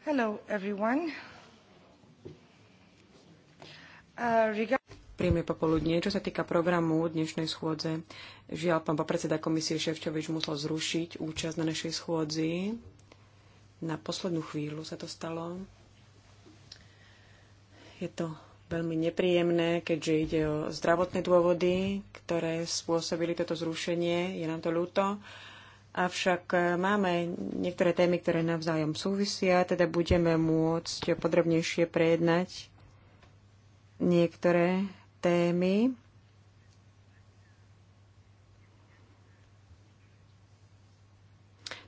Hello, everyone. Uh, Príjemné popoludnie. Čo sa týka programu dnešnej schôdze, žiaľ, pán predseda komisie Ševčovič musel zrušiť účasť na našej schôdzi. Na poslednú chvíľu sa to stalo. Je to veľmi nepríjemné, keďže ide o zdravotné dôvody, ktoré spôsobili toto zrušenie. Je nám to ľúto. Uh, Avšak e, máme niektoré témy, ktoré navzájom súvisia, teda budeme môcť podrobnejšie prejednať niektoré témy.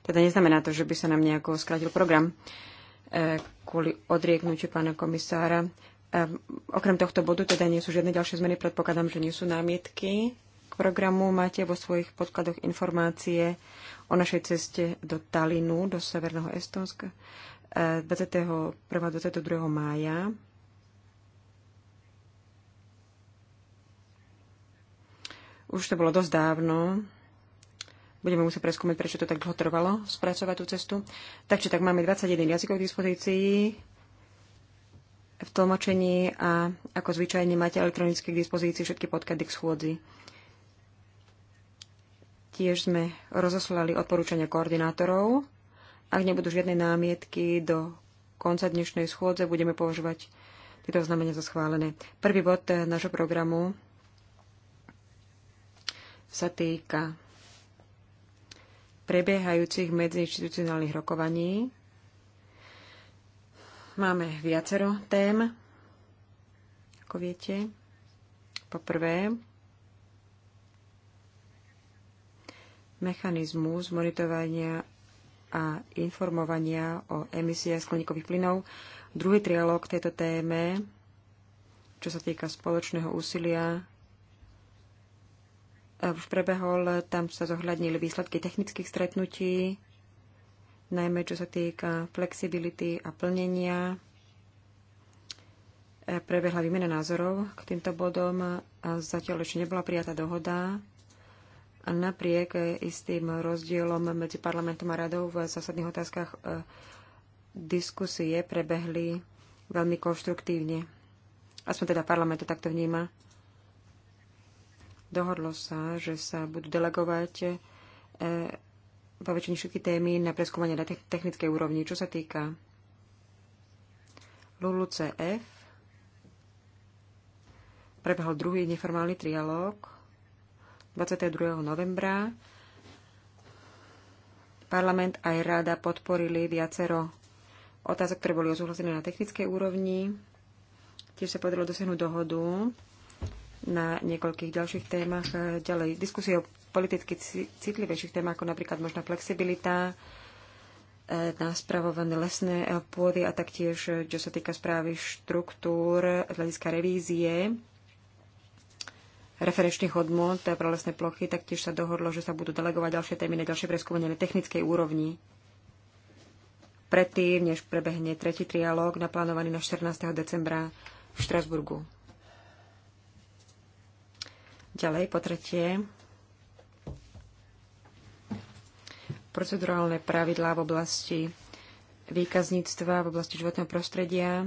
Teda neznamená to, že by sa nám nejako skladil program e, kvôli odrieknutiu pána komisára. E, okrem tohto bodu teda nie sú žiadne ďalšie zmeny, predpokladám, že nie sú námietky. K programu máte vo svojich podkladoch informácie o našej ceste do Talinu, do severného Estonska, 21. 22. mája. Už to bolo dosť dávno. Budeme musieť preskúmať, prečo to tak dlho trvalo spracovať tú cestu. Takže tak máme 21 jazykov k dispozícii v tlmočení a ako zvyčajne máte elektronicky k dispozícii všetky podklady k schôdzi. Tiež sme rozoslali odporúčania koordinátorov. Ak nebudú žiadne námietky do konca dnešnej schôdze, budeme považovať tieto oznámenia za schválené. Prvý bod nášho programu sa týka prebiehajúcich medziinstitucionálnych rokovaní. Máme viacero tém, ako viete. Po prvé, mechanizmus monitorovania a informovania o emisiách skleníkových plynov. Druhý trialog k tejto téme, čo sa týka spoločného úsilia, eh, už prebehol, tam sa zohľadnili výsledky technických stretnutí, najmä čo sa týka flexibility a plnenia. Eh, prebehla výmena názorov k týmto bodom a zatiaľ ešte nebola prijatá dohoda a napriek e, istým rozdielom medzi parlamentom a radou v zásadných otázkach e, diskusie prebehli veľmi konštruktívne. Aspoň teda parlament to takto vníma. Dohodlo sa, že sa budú delegovať e, vo väčšine všetky témy na preskúmanie na technickej úrovni. Čo sa týka LULUCF, prebehol druhý neformálny trialóg 22. novembra parlament aj rada podporili viacero otázok, ktoré boli ozúhlasené na technickej úrovni. Tiež sa podarilo dosiahnuť dohodu na niekoľkých ďalších témach. Ďalej, diskusie o politicky citlivejších témach, ako napríklad možná flexibilita e, na spravované lesné e, pôdy a taktiež, e, čo sa týka správy štruktúr z hľadiska revízie referenčných hodnot pre lesné plochy, taktiež sa dohodlo, že sa budú delegovať ďalšie témy na ďalšie preskúmanie na technickej úrovni. Predtým, než prebehne tretí trialóg, naplánovaný na 14. decembra v Štrasburgu. Ďalej, po tretie, procedurálne pravidlá v oblasti výkazníctva, v oblasti životného prostredia,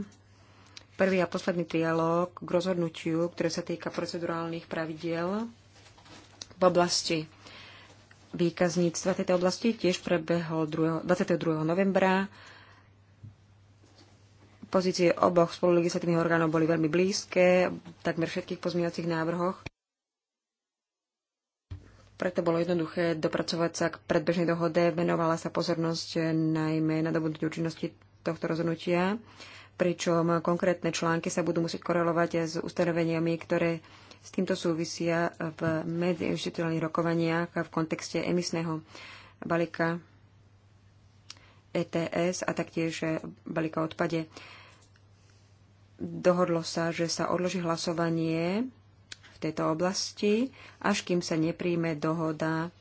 prvý a posledný dialog k rozhodnutiu, ktoré sa týka procedurálnych pravidiel v oblasti výkazníctva tejto oblasti tiež prebehol 22. novembra. Pozície oboch spolulegislatívnych orgánov boli veľmi blízke, takmer všetkých pozmeňovacích návrhoch. Preto bolo jednoduché dopracovať sa k predbežnej dohode. Venovala sa pozornosť najmä na dobudnutie účinnosti tohto rozhodnutia pričom konkrétne články sa budú musieť korelovať s ustanoveniami, ktoré s týmto súvisia v medziinstitucionálnych rokovaniach v kontexte emisného balíka ETS a taktiež balíka odpade. Dohodlo sa, že sa odloží hlasovanie v tejto oblasti, až kým sa nepríjme dohoda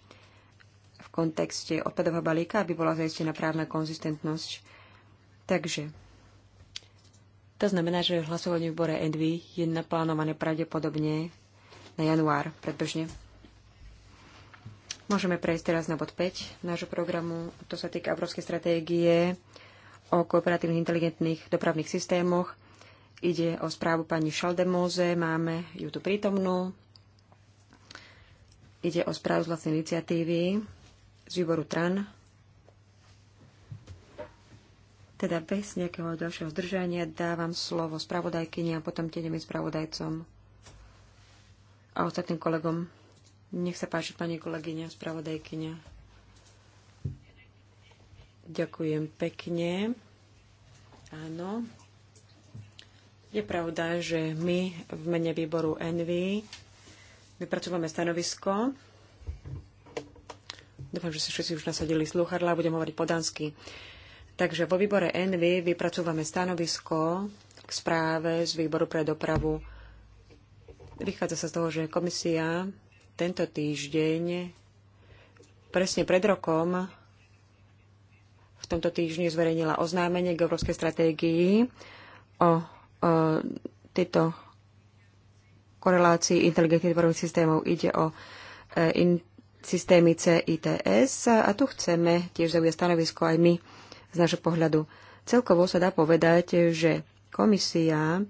v kontexte odpadového balíka, aby bola zaistená právna konzistentnosť. Takže to znamená, že hlasovanie v bore Envy je naplánované pravdepodobne na január predbežne. Môžeme prejsť teraz na bod 5 nášho programu. To sa týka Európskej stratégie o kooperatívnych inteligentných dopravných systémoch. Ide o správu pani Šaldemóze, máme ju tu prítomnú. Ide o správu z vlastnej iniciatívy z výboru TRAN. Teda bez nejakého ďalšieho zdržania dávam slovo spravodajkyni a potom tieňovým spravodajcom a ostatným kolegom. Nech sa páči, pani kolegyňa, spravodajkyňa. Ďakujem pekne. Áno. Je pravda, že my v mene výboru Envy vypracujeme stanovisko. Dúfam, že si všetci už nasadili sluchadla a budem hovoriť po dánsky. Uh, Takže vo výbore NV vypracúvame stanovisko k správe z výboru pre dopravu. Vychádza sa z toho, že komisia tento týždeň presne pred rokom v tomto týždni zverejnila oznámenie k európskej stratégii o, o tejto korelácii inteligentných dopravných systémov. Ide o e, in, systémy CITS a tu chceme tiež zaujať stanovisko aj my z nášho pohľadu. Celkovo sa dá povedať, že komisia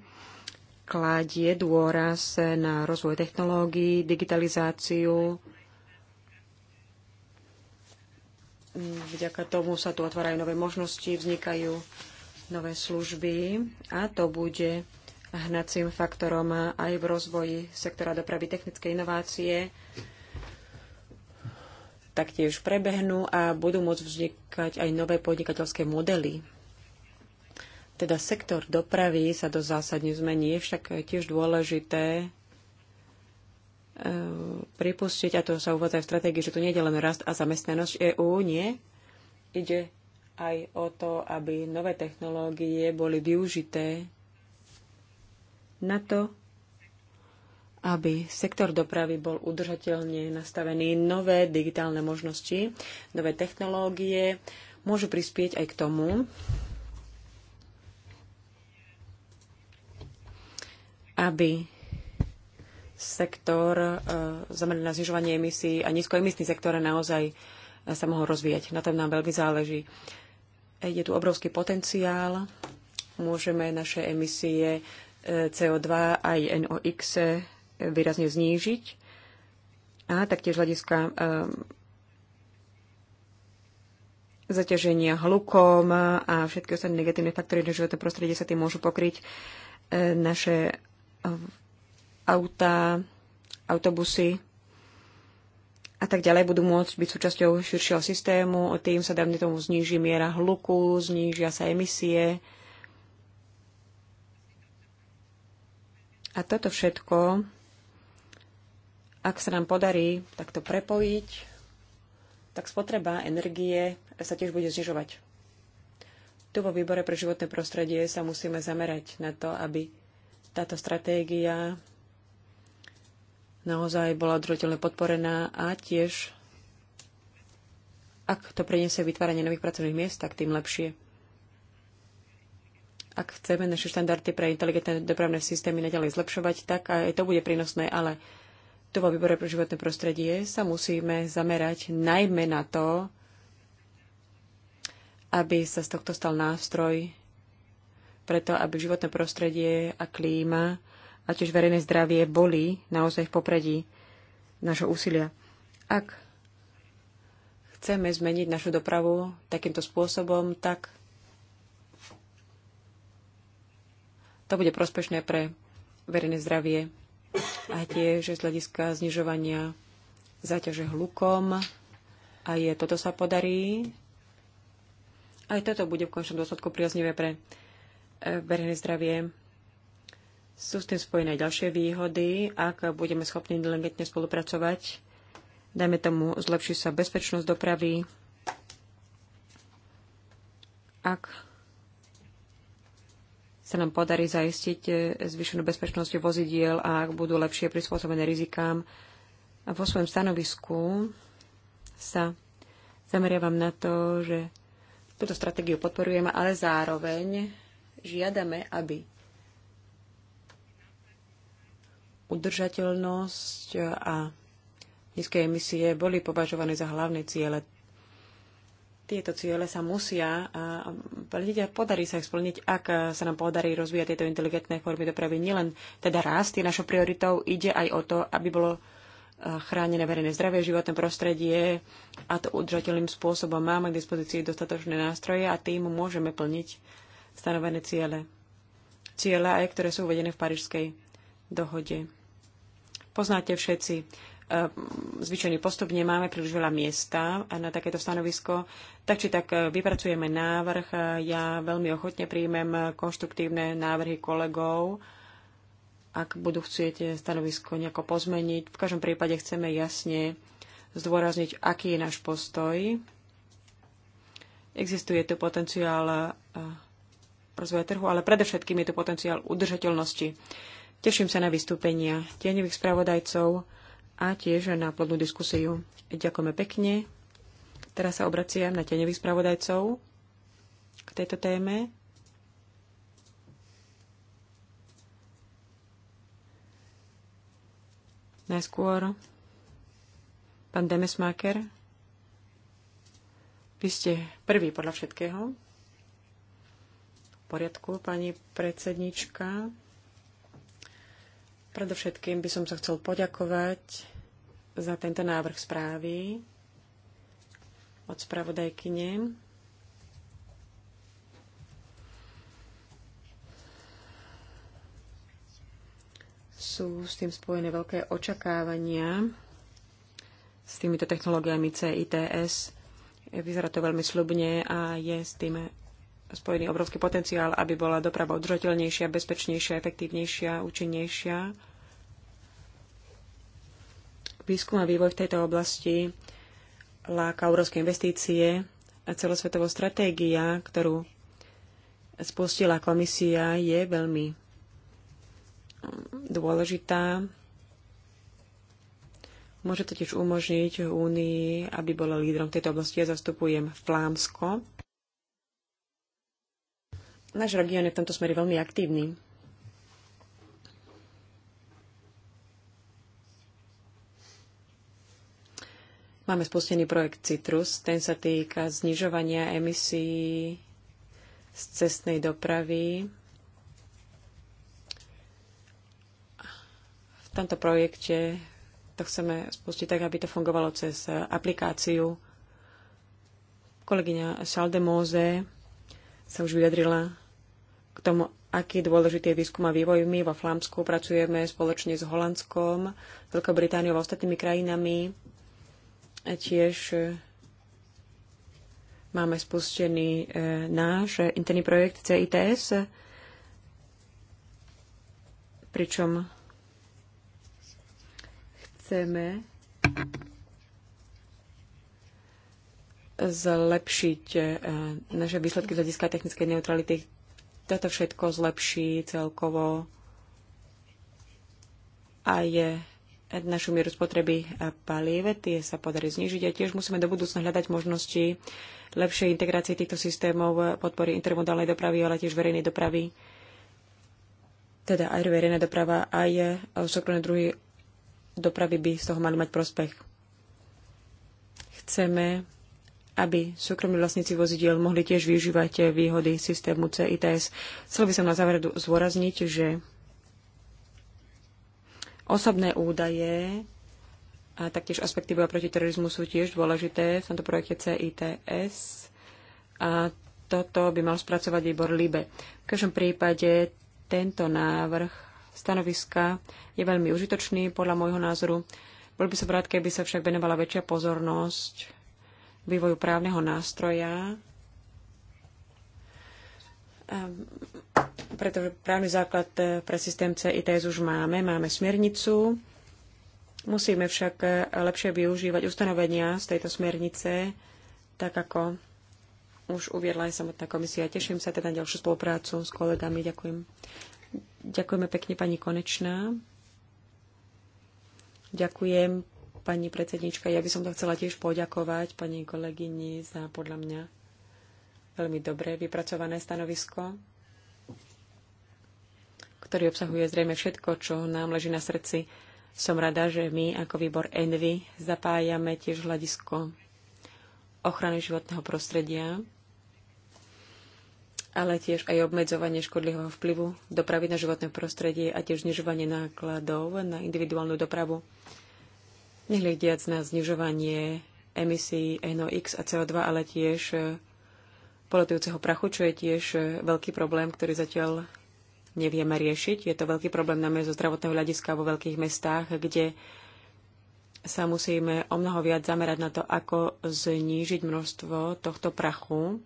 kladie dôraz na rozvoj technológií, digitalizáciu. Vďaka tomu sa tu otvárajú nové možnosti, vznikajú nové služby a to bude hnacím faktorom aj v rozvoji sektora dopravy technické inovácie taktiež prebehnú a budú môcť vznikať aj nové podnikateľské modely. Teda sektor dopravy sa do zásadne zmení. Je však tiež dôležité e, pripustiť, a to sa uvádza v stratégii, že tu nie je len rast a zamestnanosť EÚ, nie. Ide aj o to, aby nové technológie boli využité na to, aby sektor dopravy bol udržateľne nastavený. Nové digitálne možnosti, nové technológie môžu prispieť aj k tomu, aby sektor e, zameraný na znižovanie emisí a nízkoemisný sektor naozaj e, sa mohol rozvíjať. Na tom nám veľmi záleží. E, je tu obrovský potenciál. Môžeme naše emisie CO2 aj NOx výrazne znížiť a taktiež hľadiska ehm, zaťaženia hlukom a všetky ostatné negatívne faktory do životného prostredia sa tým môžu pokryť. E, naše e, autá, autobusy a tak ďalej budú môcť byť súčasťou širšieho systému. Tým sa dávne tomu zníži miera hluku, znížia sa emisie. A toto všetko ak sa nám podarí takto prepojiť, tak spotreba energie sa tiež bude znižovať. Tu vo výbore pre životné prostredie sa musíme zamerať na to, aby táto stratégia naozaj bola udržateľne podporená a tiež, ak to priniesie vytváranie nových pracovných miest, tak tým lepšie. Ak chceme naše štandardy pre inteligentné dopravné systémy nadalej zlepšovať, tak aj to bude prínosné, ale tu vo výbore pre životné prostredie sa musíme zamerať najmä na to, aby sa z tohto stal nástroj preto, aby životné prostredie a klíma a tiež verejné zdravie boli naozaj v popredí našho úsilia. Ak chceme zmeniť našu dopravu takýmto spôsobom, tak to bude prospešné pre verejné zdravie a tiež z hľadiska znižovania záťaže hlukom. A je toto sa podarí. Aj toto bude v končnom dôsledku priaznivé pre e, verejné zdravie. Sú s tým spojené ďalšie výhody, ak budeme schopní inteligentne spolupracovať. Dajme tomu, zlepší sa bezpečnosť dopravy, ak sa nám podarí zaistiť e, zvyšenú bezpečnosť vozidiel a ak budú lepšie prispôsobené rizikám. A vo svojom stanovisku sa zameriavam na to, že túto stratégiu podporujeme, ale zároveň žiadame, aby udržateľnosť a nízke emisie boli považované za hlavné ciele tieto ciele sa musia plniť a podarí sa ich splniť, ak sa nám podarí rozvíjať tieto inteligentné formy dopravy. Nielen teda rast je našou prioritou, ide aj o to, aby bolo chránené verejné zdravie, životné prostredie a to udržateľným spôsobom. Máme k dispozícii dostatočné nástroje a tým môžeme plniť stanovené ciele. Ciele aj, ktoré sú uvedené v Parížskej dohode. Poznáte všetci Ehm, zvyčajný postup, nemáme príliš veľa miesta na takéto stanovisko. Tak či tak eh, vypracujeme návrh. Ja veľmi ochotne príjmem konštruktívne návrhy kolegov, ak budú chcieť stanovisko nejako pozmeniť. V každom prípade chceme jasne zdôrazniť, aký je náš postoj. Existuje tu potenciál eh, rozvoja trhu, ale predovšetkým je tu potenciál udržateľnosti. Teším sa na vystúpenia tieňových spravodajcov a tiež na plodnú diskusiu. Ďakujeme pekne. Teraz sa obraciam na tenevých spravodajcov k tejto téme. Najskôr pán Demesmaker. Vy ste prvý podľa všetkého. V poriadku, pani predsednička. Predovšetkým by som sa chcel poďakovať za tento návrh správy od spravodajkyne. sú s tým spojené veľké očakávania s týmito technológiami CITS. Vyzerá to veľmi slubne a je s tým spojený obrovský potenciál, aby bola doprava udržateľnejšia, bezpečnejšia, efektívnejšia, účinnejšia. Výskum a vývoj v tejto oblasti láka obrovské investície a celosvetová stratégia, ktorú spustila komisia, je veľmi um, dôležitá. Môže totiž umožniť Únii, aby bola lídrom v tejto oblasti. Ja zastupujem Flámsko. Náš región je v tomto smere veľmi aktívny. Máme spustený projekt Citrus, ten sa týka znižovania emisí z cestnej dopravy. V tomto projekte to chceme spustiť tak, aby to fungovalo cez aplikáciu. Kolegyňa Saldemose sa už vyjadrila k tomu, aký dôležitý je výskum a vývoj. My vo Flámsku pracujeme spoločne s Holandskom, Veľkou Britániou a ostatnými krajinami. A tiež e, máme spustený e, náš interný projekt CITS, pričom chceme zlepšiť e, naše výsledky z hľadiska technickej neutrality. Toto všetko zlepší celkovo je našu mieru spotreby palieve, Tie sa podarí znižiť a tiež musíme do budúcna hľadať možnosti lepšej integrácie týchto systémov, podpory intermodálnej dopravy, ale tiež verejnej dopravy. Teda aj verejná doprava, aj súkromné druhy dopravy by z toho mali mať prospech. Chceme aby súkromní vlastníci vozidiel mohli tiež využívať výhody systému CITS. Chcel by som na záver zvorazniť, že osobné údaje a taktiež aspekty boja proti terorizmu sú tiež dôležité v tomto projekte CITS a toto by mal spracovať výbor LIBE. V každom prípade tento návrh stanoviska je veľmi užitočný podľa môjho názoru. Bol by som rád, keby sa však venovala väčšia pozornosť vývoju právneho nástroja, ehm, pretože právny základ e, pre systém CITS už máme, máme smernicu. Musíme však e, lepšie využívať ustanovenia z tejto smernice, tak ako už uviedla aj samotná komisia. Teším sa teda na ďalšiu spoluprácu s kolegami. Ďakujem. Ďakujeme pekne pani Konečná. Ďakujem Pani predsednička, ja by som to chcela tiež poďakovať pani kolegyni za podľa mňa veľmi dobre vypracované stanovisko, ktorý obsahuje zrejme všetko, čo nám leží na srdci. Som rada, že my ako výbor Envy zapájame tiež hľadisko ochrany životného prostredia, ale tiež aj obmedzovanie škodlivého vplyvu dopravy na životné prostredie a tiež znižovanie nákladov na individuálnu dopravu nehľadiac na znižovanie emisí NOx a CO2, ale tiež e, poletujúceho prachu, čo je tiež e, veľký problém, ktorý zatiaľ nevieme riešiť. Je to veľký problém najmä zo zdravotného hľadiska vo veľkých mestách, kde sa musíme o mnoho viac zamerať na to, ako znížiť množstvo tohto prachu.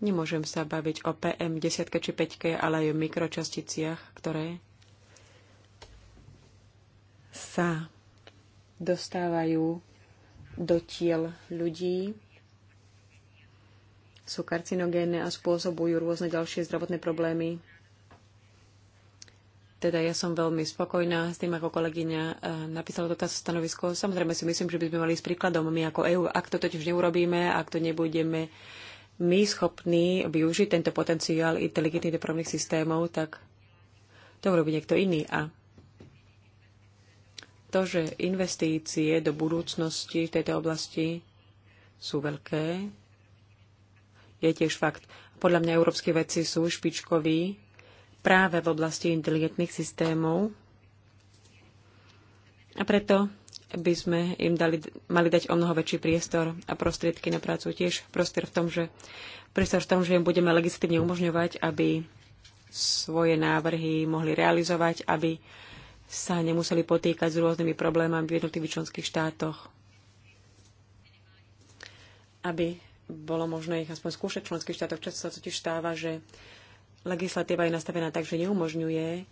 Nemôžem sa baviť o PM 10 či 5, ale aj o mikročasticiach, ktoré sa dostávajú do tiel ľudí, sú karcinogénne a spôsobujú rôzne ďalšie zdravotné problémy. Teda ja som veľmi spokojná s tým, ako kolegyňa eh, napísala toto stanovisko. Samozrejme si myslím, že by sme mali s príkladom my ako EU, ak to totiž neurobíme, ak to nebudeme my schopní využiť tento potenciál inteligentných dopravných systémov, tak to urobí niekto iný. A to, že investície do budúcnosti v tejto oblasti sú veľké, je tiež fakt. Podľa mňa európske vedci sú špičkoví práve v oblasti inteligentných systémov a preto by sme im dali, mali dať o mnoho väčší priestor a prostriedky na prácu tiež. Prostor v tom, že, priestor v tom, že im budeme legislatívne umožňovať, aby svoje návrhy mohli realizovať, aby sa nemuseli potýkať s rôznymi problémami v jednotlivých členských štátoch. Aby bolo možné ich aspoň skúšať v členských štátoch, často sa totiž stáva, že legislatíva je nastavená tak, že neumožňuje,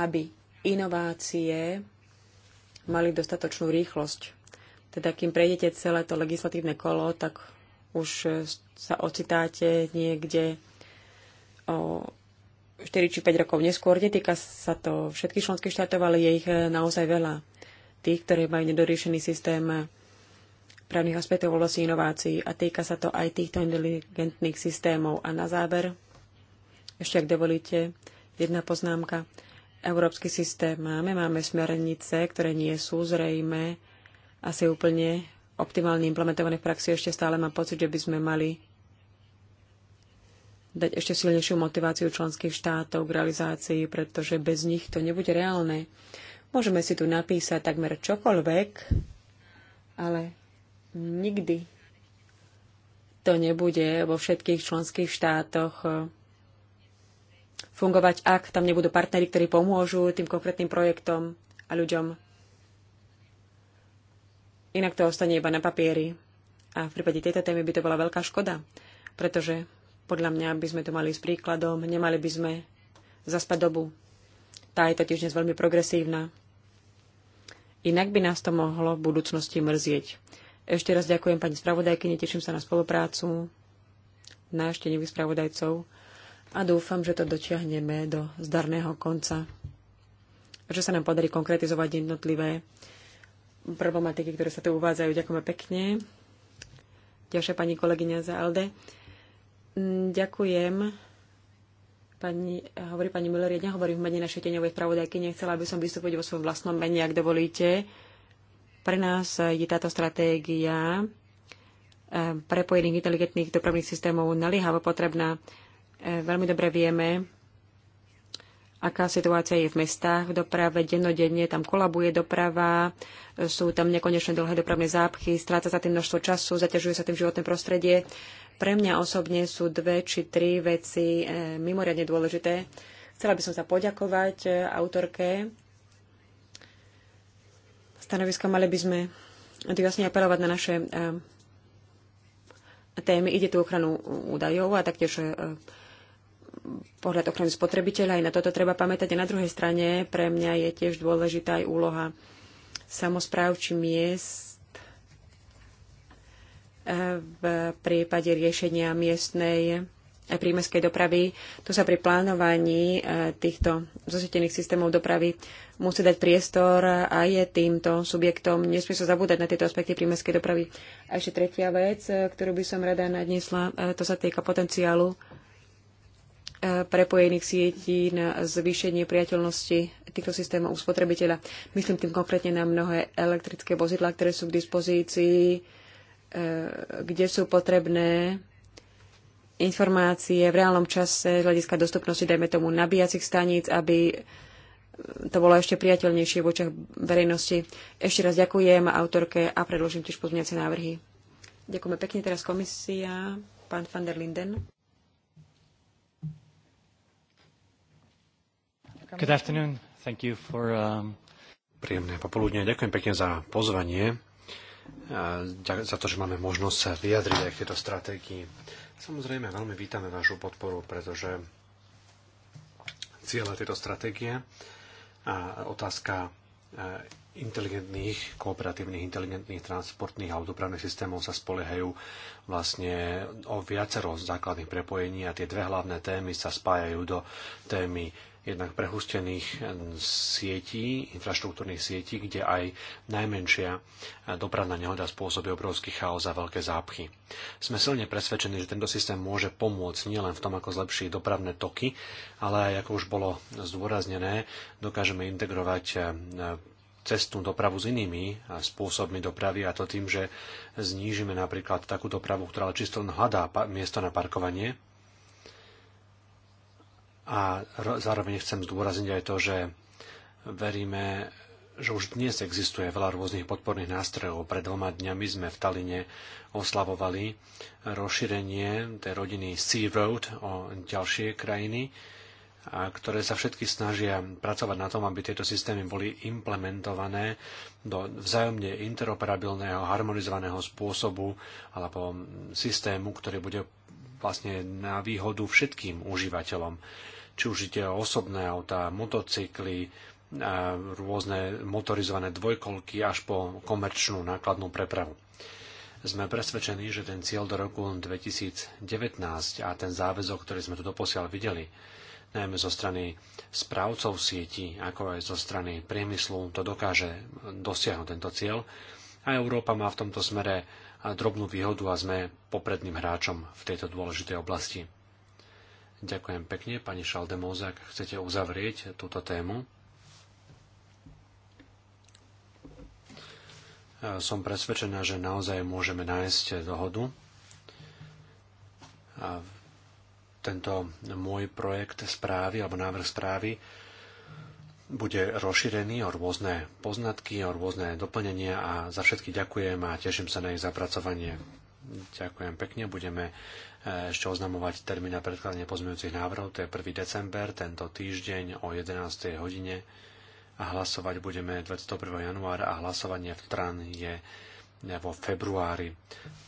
aby inovácie mali dostatočnú rýchlosť. Teda kým prejdete celé to legislatívne kolo, tak už sa ocitáte niekde o 4 či 5 rokov neskôr. Netýka sa to všetkých členských štátov, ale je ich eh, naozaj veľa. Tých, ktoré majú nedoriešený systém eh, právnych aspektov v oblasti inovácií a týka sa to aj týchto inteligentných systémov. A na záver, ešte ak dovolíte, jedna poznámka. Európsky systém máme, máme smernice, ktoré nie sú zrejme asi úplne optimálne implementované v praxi. Ešte stále mám pocit, že by sme mali dať ešte silnejšiu motiváciu členských štátov k realizácii, pretože bez nich to nebude reálne. Môžeme si tu napísať takmer čokoľvek, ale nikdy to nebude vo všetkých členských štátoch eh, fungovať, ak tam nebudú partnery, ktorí pomôžu tým konkrétnym projektom a ľuďom. Inak to ostane iba na papieri. A v prípade tejto témy by to bola veľká škoda, pretože podľa mňa by sme to mali s príkladom, nemali by sme zaspať dobu. Tá je totiž dnes veľmi progresívna. Inak by nás to mohlo v budúcnosti mrzieť. Ešte raz ďakujem pani spravodajky, neteším sa na spoluprácu, na návštevy spravodajcov a dúfam, že to dotiahneme do zdarného konca. Že sa nám podarí konkretizovať jednotlivé problematiky, ktoré sa tu uvádzajú. Ďakujeme pekne. Ďalšia pani kolegyňa za Alde. Mm, ďakujem. Pani, hovorí pani Miller, ja nehovorím v mene našej teňovej spravodajky, nechcela by som vystúpiť vo svojom vlastnom mene, ak dovolíte. Pre nás je táto stratégia eh, prepojených inteligentných dopravných systémov naliehavo potrebná. Eh, veľmi dobre vieme, aká situácia je v mestách v doprave. Dennodenne tam kolabuje doprava, sú tam nekonečné dlhé dopravné zápchy, stráca sa tým množstvo času, zaťažuje sa tým životné prostredie. Pre mňa osobne sú dve či tri veci e, mimoriadne dôležité. Chcela by som sa poďakovať e, autorke. stanovisko. mali by sme vlastne apelovať na naše e, témy. Ide tu ochranu údajov a taktiež pohľad ochrany spotrebiteľa. Aj na toto treba pamätať. A na druhej strane pre mňa je tiež dôležitá aj úloha samozpráv či miest v prípade riešenia miestnej eh, prímeskej dopravy. Tu sa pri plánovaní eh, týchto zosietených systémov dopravy musí dať priestor a je týmto subjektom. Nesmie sa zabúdať na tieto aspekty prímeskej dopravy. A ešte tretia vec, eh, ktorú by som rada nadnesla, to sa týka potenciálu prepojených sietí na zvýšenie priateľnosti týchto systémov u spotrebiteľa. Myslím tým konkrétne na mnohé elektrické vozidlá, ktoré sú k dispozícii E, kde sú potrebné informácie v reálnom čase z hľadiska dostupnosti, dajme tomu, nabíjacích staníc, aby to bolo ešte priateľnejšie v očiach verejnosti. Ešte raz ďakujem autorke a predložím tiež pozmeňacie návrhy. Ďakujeme pekne. Teraz komisia, pán van der Linden. Good afternoon. Thank you for, um... Príjemné popoludne. Ďakujem pekne za pozvanie za to, že máme možnosť sa vyjadriť aj k tejto stratégii. Samozrejme, veľmi vítame vašu podporu, pretože cieľa tejto stratégie a otázka e, inteligentných, kooperatívnych, inteligentných transportných a autopravných systémov sa spoliehajú vlastne o viacero základných prepojení a tie dve hlavné témy sa spájajú do témy jednak prehustených sietí, infraštruktúrnych sietí, kde aj najmenšia dopravná nehoda spôsobí obrovský chaos a veľké zápchy. Sme silne presvedčení, že tento systém môže pomôcť nielen v tom, ako zlepší dopravné toky, ale aj, ako už bolo zdôraznené, dokážeme integrovať eh, cestnú dopravu s inými eh, spôsobmi dopravy a to tým, že znížime napríklad takú dopravu, ktorá čisto hľadá miesto na parkovanie a zároveň chcem zdôrazniť aj to, že veríme, že už dnes existuje veľa rôznych podporných nástrojov. Pred dvoma dňami sme v Taline oslavovali rozšírenie tej rodiny Sea Road o ďalšie krajiny, a ktoré sa všetky snažia pracovať na tom, aby tieto systémy boli implementované do vzájomne interoperabilného, harmonizovaného spôsobu alebo systému, ktorý bude vlastne na výhodu všetkým užívateľom či už ide o osobné autá, motocykly, rôzne motorizované dvojkolky až po komerčnú nákladnú prepravu. Sme presvedčení, že ten cieľ do roku 2019 a ten záväzok, ktorý sme tu doposiaľ videli, najmä zo strany správcov sieti, ako aj zo strany priemyslu, to dokáže dosiahnuť tento cieľ. A Európa má v tomto smere drobnú výhodu a sme popredným hráčom v tejto dôležitej oblasti. Ďakujem pekne. Pani Šaldemóza, ak chcete uzavrieť túto tému. E, som presvedčená, že naozaj môžeme nájsť dohodu. A tento môj projekt správy alebo návrh správy bude rozšírený o rôzne poznatky, o rôzne doplnenia a za všetky ďakujem a teším sa na ich zapracovanie. Ďakujem pekne. Budeme e, ešte oznamovať termín na predkladanie pozmeňujúcich návrhov. To je 1. december, tento týždeň o 11. hodine. A hlasovať budeme 21. januára a hlasovanie v TRAN je vo februári.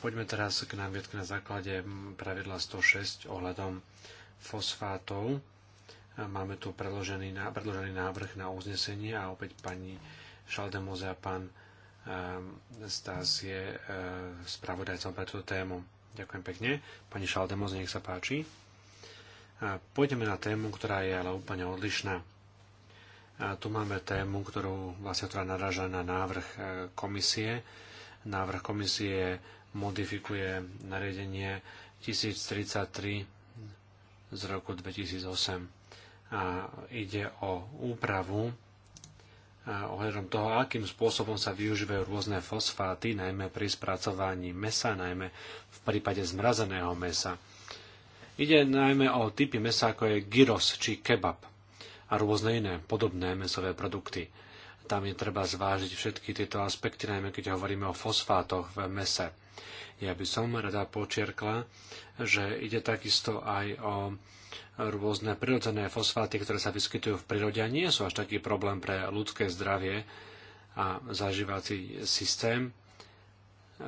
Poďme teraz k námietke na základe pravidla 106 ohľadom fosfátov. Máme tu predložený, predložený návrh na uznesenie a opäť pani Šaldemoze a pán Ehm, Stas je eh, spravodajcom pre túto tému. Ďakujem pekne. Pani Šaldemoz, nech sa páči. Pôjdeme na tému, ktorá je ale úplne odlišná. A tu máme tému, ktorú vlastne ktorá naraža na návrh eh, komisie. Návrh komisie modifikuje nariadenie 1033 z roku 2008 a ide o úpravu ohľadom toho, akým spôsobom sa využívajú rôzne fosfáty, najmä pri spracovaní mesa, najmä v prípade zmrazeného mesa. Ide najmä o typy mesa, ako je gyros či kebab a rôzne iné podobné mesové produkty. Tam je treba zvážiť všetky tieto aspekty, najmä keď hovoríme o fosfátoch v mese. Ja by som rada počierkla, že ide takisto aj o rôzne prirodzené fosfáty, ktoré sa vyskytujú v prírode a nie sú až taký problém pre ľudské zdravie a zažívací systém,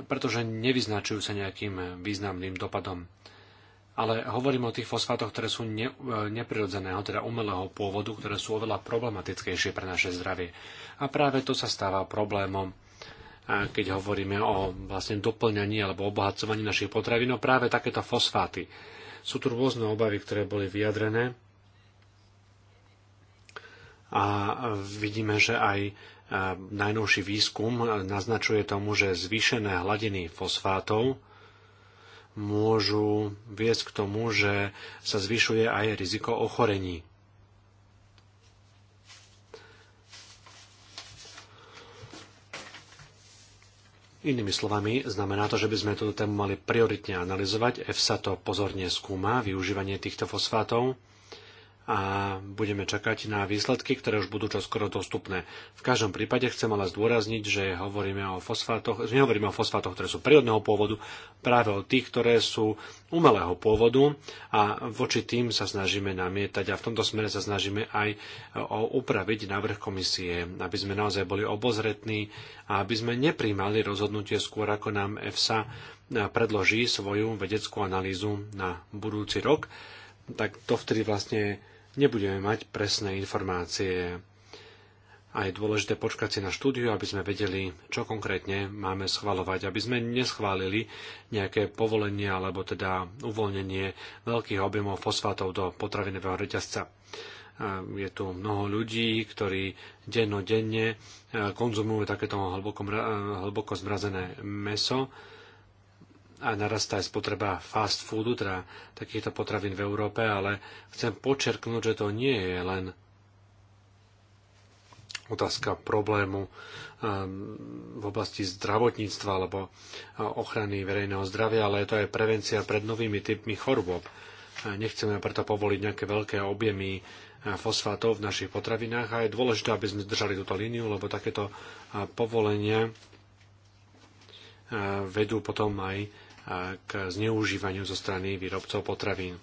pretože nevyznačujú sa nejakým významným dopadom. Ale hovorím o tých fosfátoch, ktoré sú ne, e, neprirodzeného, teda umelého pôvodu, ktoré sú oveľa problematickejšie pre naše zdravie. A práve to sa stáva problémom a keď hovoríme o vlastne doplňaní alebo obohacovaní našich potravín, no práve takéto fosfáty sú tu rôzne obavy, ktoré boli vyjadrené a vidíme, že aj e, najnovší výskum naznačuje tomu, že zvýšené hladiny fosfátov môžu viesť k tomu, že sa zvyšuje aj riziko ochorení. Inými slovami, znamená to, že by sme túto tému mali prioritne analyzovať. EFSA to pozorne skúma, využívanie týchto fosfátov a budeme čakať na výsledky, ktoré už budú čoskoro dostupné. V každom prípade chcem ale zdôrazniť, že hovoríme o fosfátoch, nehovoríme o fosfátoch, ktoré sú prírodného pôvodu, práve o tých, ktoré sú umelého pôvodu a voči tým sa snažíme namietať a v tomto smere sa snažíme aj upraviť návrh komisie, aby sme naozaj boli obozretní a aby sme nepríjmali rozhodnutie skôr, ako nám EFSA predloží svoju vedeckú analýzu na budúci rok tak to vtedy vlastne nebudeme mať presné informácie. A je dôležité počkať si na štúdiu, aby sme vedeli, čo konkrétne máme schvalovať, aby sme neschválili nejaké povolenie alebo teda uvoľnenie veľkých objemov fosfátov do potravinového reťazca. Je tu mnoho ľudí, ktorí dennodenne e, konzumujú takéto hlboko, e, hlboko zmrazené meso a narastá aj spotreba fast foodu, teda takýchto potravín v Európe, ale chcem počerknúť, že to nie je len otázka problému ehm, v oblasti zdravotníctva alebo ochrany verejného zdravia, ale je to aj prevencia pred novými typmi chorôb. Nechceme preto povoliť nejaké veľké objemy e, fosfátov v našich potravinách a je dôležité, aby sme držali túto líniu, lebo takéto povolenie e, vedú potom aj k zneužívaniu zo strany výrobcov potravín.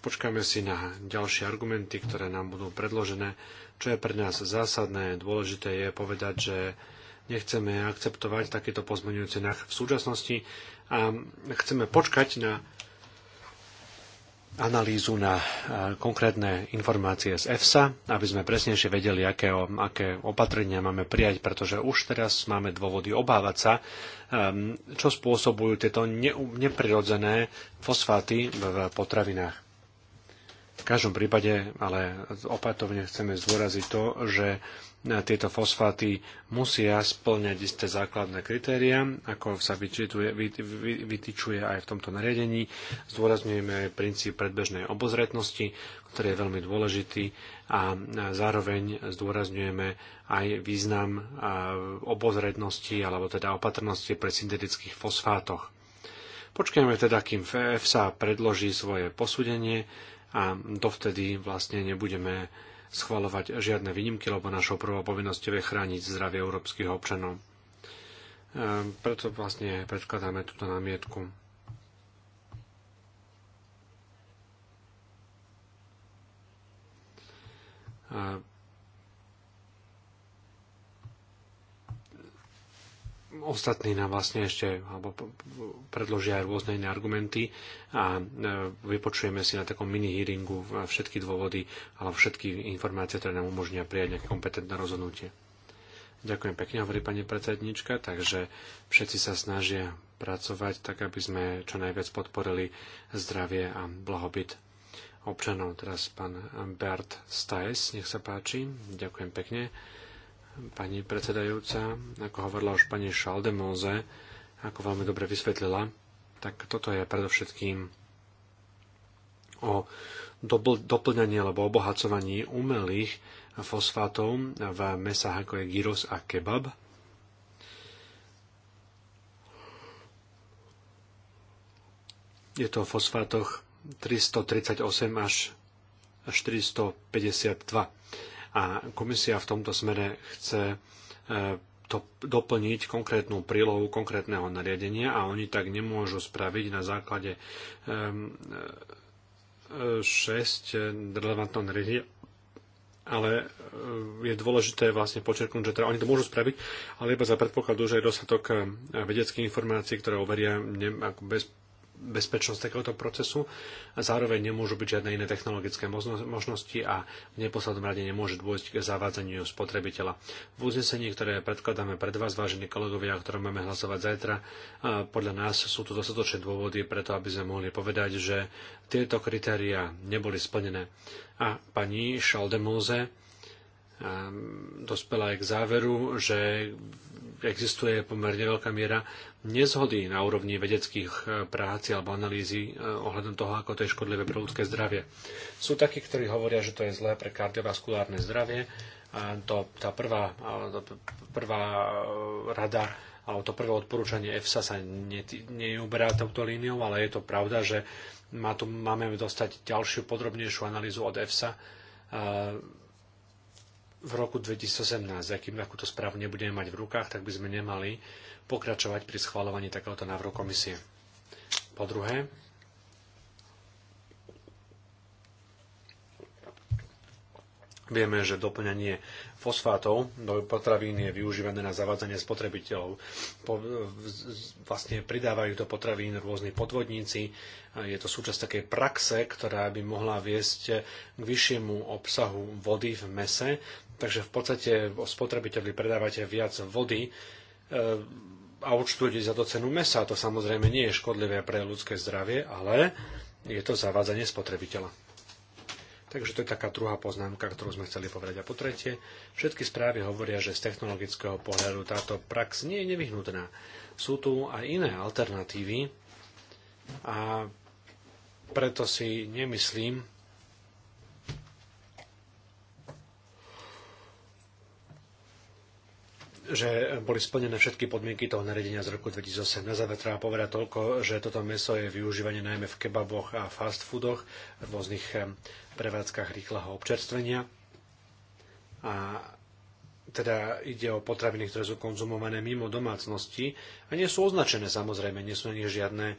Počkáme si na ďalšie argumenty, ktoré nám budú predložené. Čo je pre nás zásadné, dôležité je povedať, že nechceme akceptovať takýto pozmeňujúci návrh v súčasnosti a chceme počkať na analýzu na e, konkrétne informácie z EFSA, aby sme presnejšie vedeli, aké, aké opatrenia máme prijať, pretože už teraz máme dôvody obávať sa, ehm, čo spôsobujú tieto ne, neprirodzené fosfáty v potravinách. V každom prípade ale opatovne chceme zdôraziť to, že tieto fosfáty musia splňať isté základné kritéria, ako sa vyčituje, vytičuje aj v tomto nariadení. Zdôrazňujeme aj princíp predbežnej obozretnosti, ktorý je veľmi dôležitý a zároveň zdôrazňujeme aj význam obozretnosti alebo teda opatrnosti pre syntetických fosfátoch. Počkajme teda, kým FSA predloží svoje posúdenie a dovtedy vlastne nebudeme schvalovať žiadne výnimky, lebo našou prvou povinnosťou je chrániť zdravie európskych občanov. E, preto vlastne predkladáme túto námietku. A e, ostatní nám vlastne ešte alebo predložia aj rôzne iné argumenty a e, vypočujeme si na takom mini-hearingu všetky dôvody alebo všetky informácie, ktoré nám umožnia prijať nejaké kompetentné rozhodnutie. Ďakujem pekne, hovorí pani predsednička, takže všetci sa snažia pracovať tak, aby sme čo najviac podporili zdravie a blahobyt občanov. Teraz pán Bert Stajs, nech sa páči. Ďakujem pekne pani predsedajúca, ako hovorila už pani Šaldemóze, ako veľmi dobre vysvetlila, tak toto je predovšetkým o doplňaní alebo obohacovaní umelých fosfátov v mesách ako je gyros a kebab. Je to v fosfátoch 338 až 452 a komisia v tomto smere chce e, to doplniť konkrétnu prílohu konkrétneho nariadenia a oni tak nemôžu spraviť na základe 6 e, relevantného nariadenia ale e, je dôležité vlastne počerknúť, že teda oni to môžu spraviť, ale iba za predpokladu, že je dostatok vedeckých informácií, ktoré overia ako bez bezpečnosť takéhoto procesu a zároveň nemôžu byť žiadne iné technologické možnosti a v neposlednom rade nemôže dôjsť k zavádzaniu spotrebiteľa. V uznesení, ktoré predkladáme pred vás, vážení kolegovia, o ktorom máme hlasovať zajtra, podľa nás sú tu dostatočné dôvody preto, aby sme mohli povedať, že tieto kritéria neboli splnené. A pani Šaldemose dospela aj k záveru, že existuje pomerne veľká miera nezhody na úrovni vedeckých e, prác alebo analýzy e, ohľadom toho, ako to je škodlivé pre ľudské zdravie. Sú takí, ktorí hovoria, že to je zlé pre kardiovaskulárne zdravie. A to, tá prvá, to prvá e, rada alebo to prvé odporúčanie EFSA sa ne, neuberá touto líniou, ale je to pravda, že má tu, máme dostať ďalšiu podrobnejšiu analýzu od EFSA v roku 2017. Akým takúto správu nebudeme mať v rukách, tak by sme nemali pokračovať pri schváľovaní takéhoto návrhu komisie. Po druhé, Vieme, že doplňanie fosfátov do potravín je využívané na zavádzanie spotrebiteľov. Po, vlastne pridávajú do potravín rôzni podvodníci. Je to súčasť takej praxe, ktorá by mohla viesť k vyššiemu obsahu vody v mese Takže v podstate spotrebiteľi predávate viac vody e, a účtujete za to cenu mesa. To samozrejme nie je škodlivé pre ľudské zdravie, ale je to zavádzanie spotrebiteľa. Takže to je taká druhá poznámka, ktorú sme chceli povedať. A po tretie, všetky správy hovoria, že z technologického pohľadu táto prax nie je nevyhnutná. Sú tu aj iné alternatívy a preto si nemyslím, že boli splnené všetky podmienky toho nariadenia z roku 2008. Na záver treba povedať toľko, že toto meso je využívanie najmä v kebaboch a fast foodoch, v rôznych prevádzkach rýchleho občerstvenia. A teda ide o potraviny, ktoré sú konzumované mimo domácnosti a nie sú označené samozrejme, nie sú na nich žiadne e,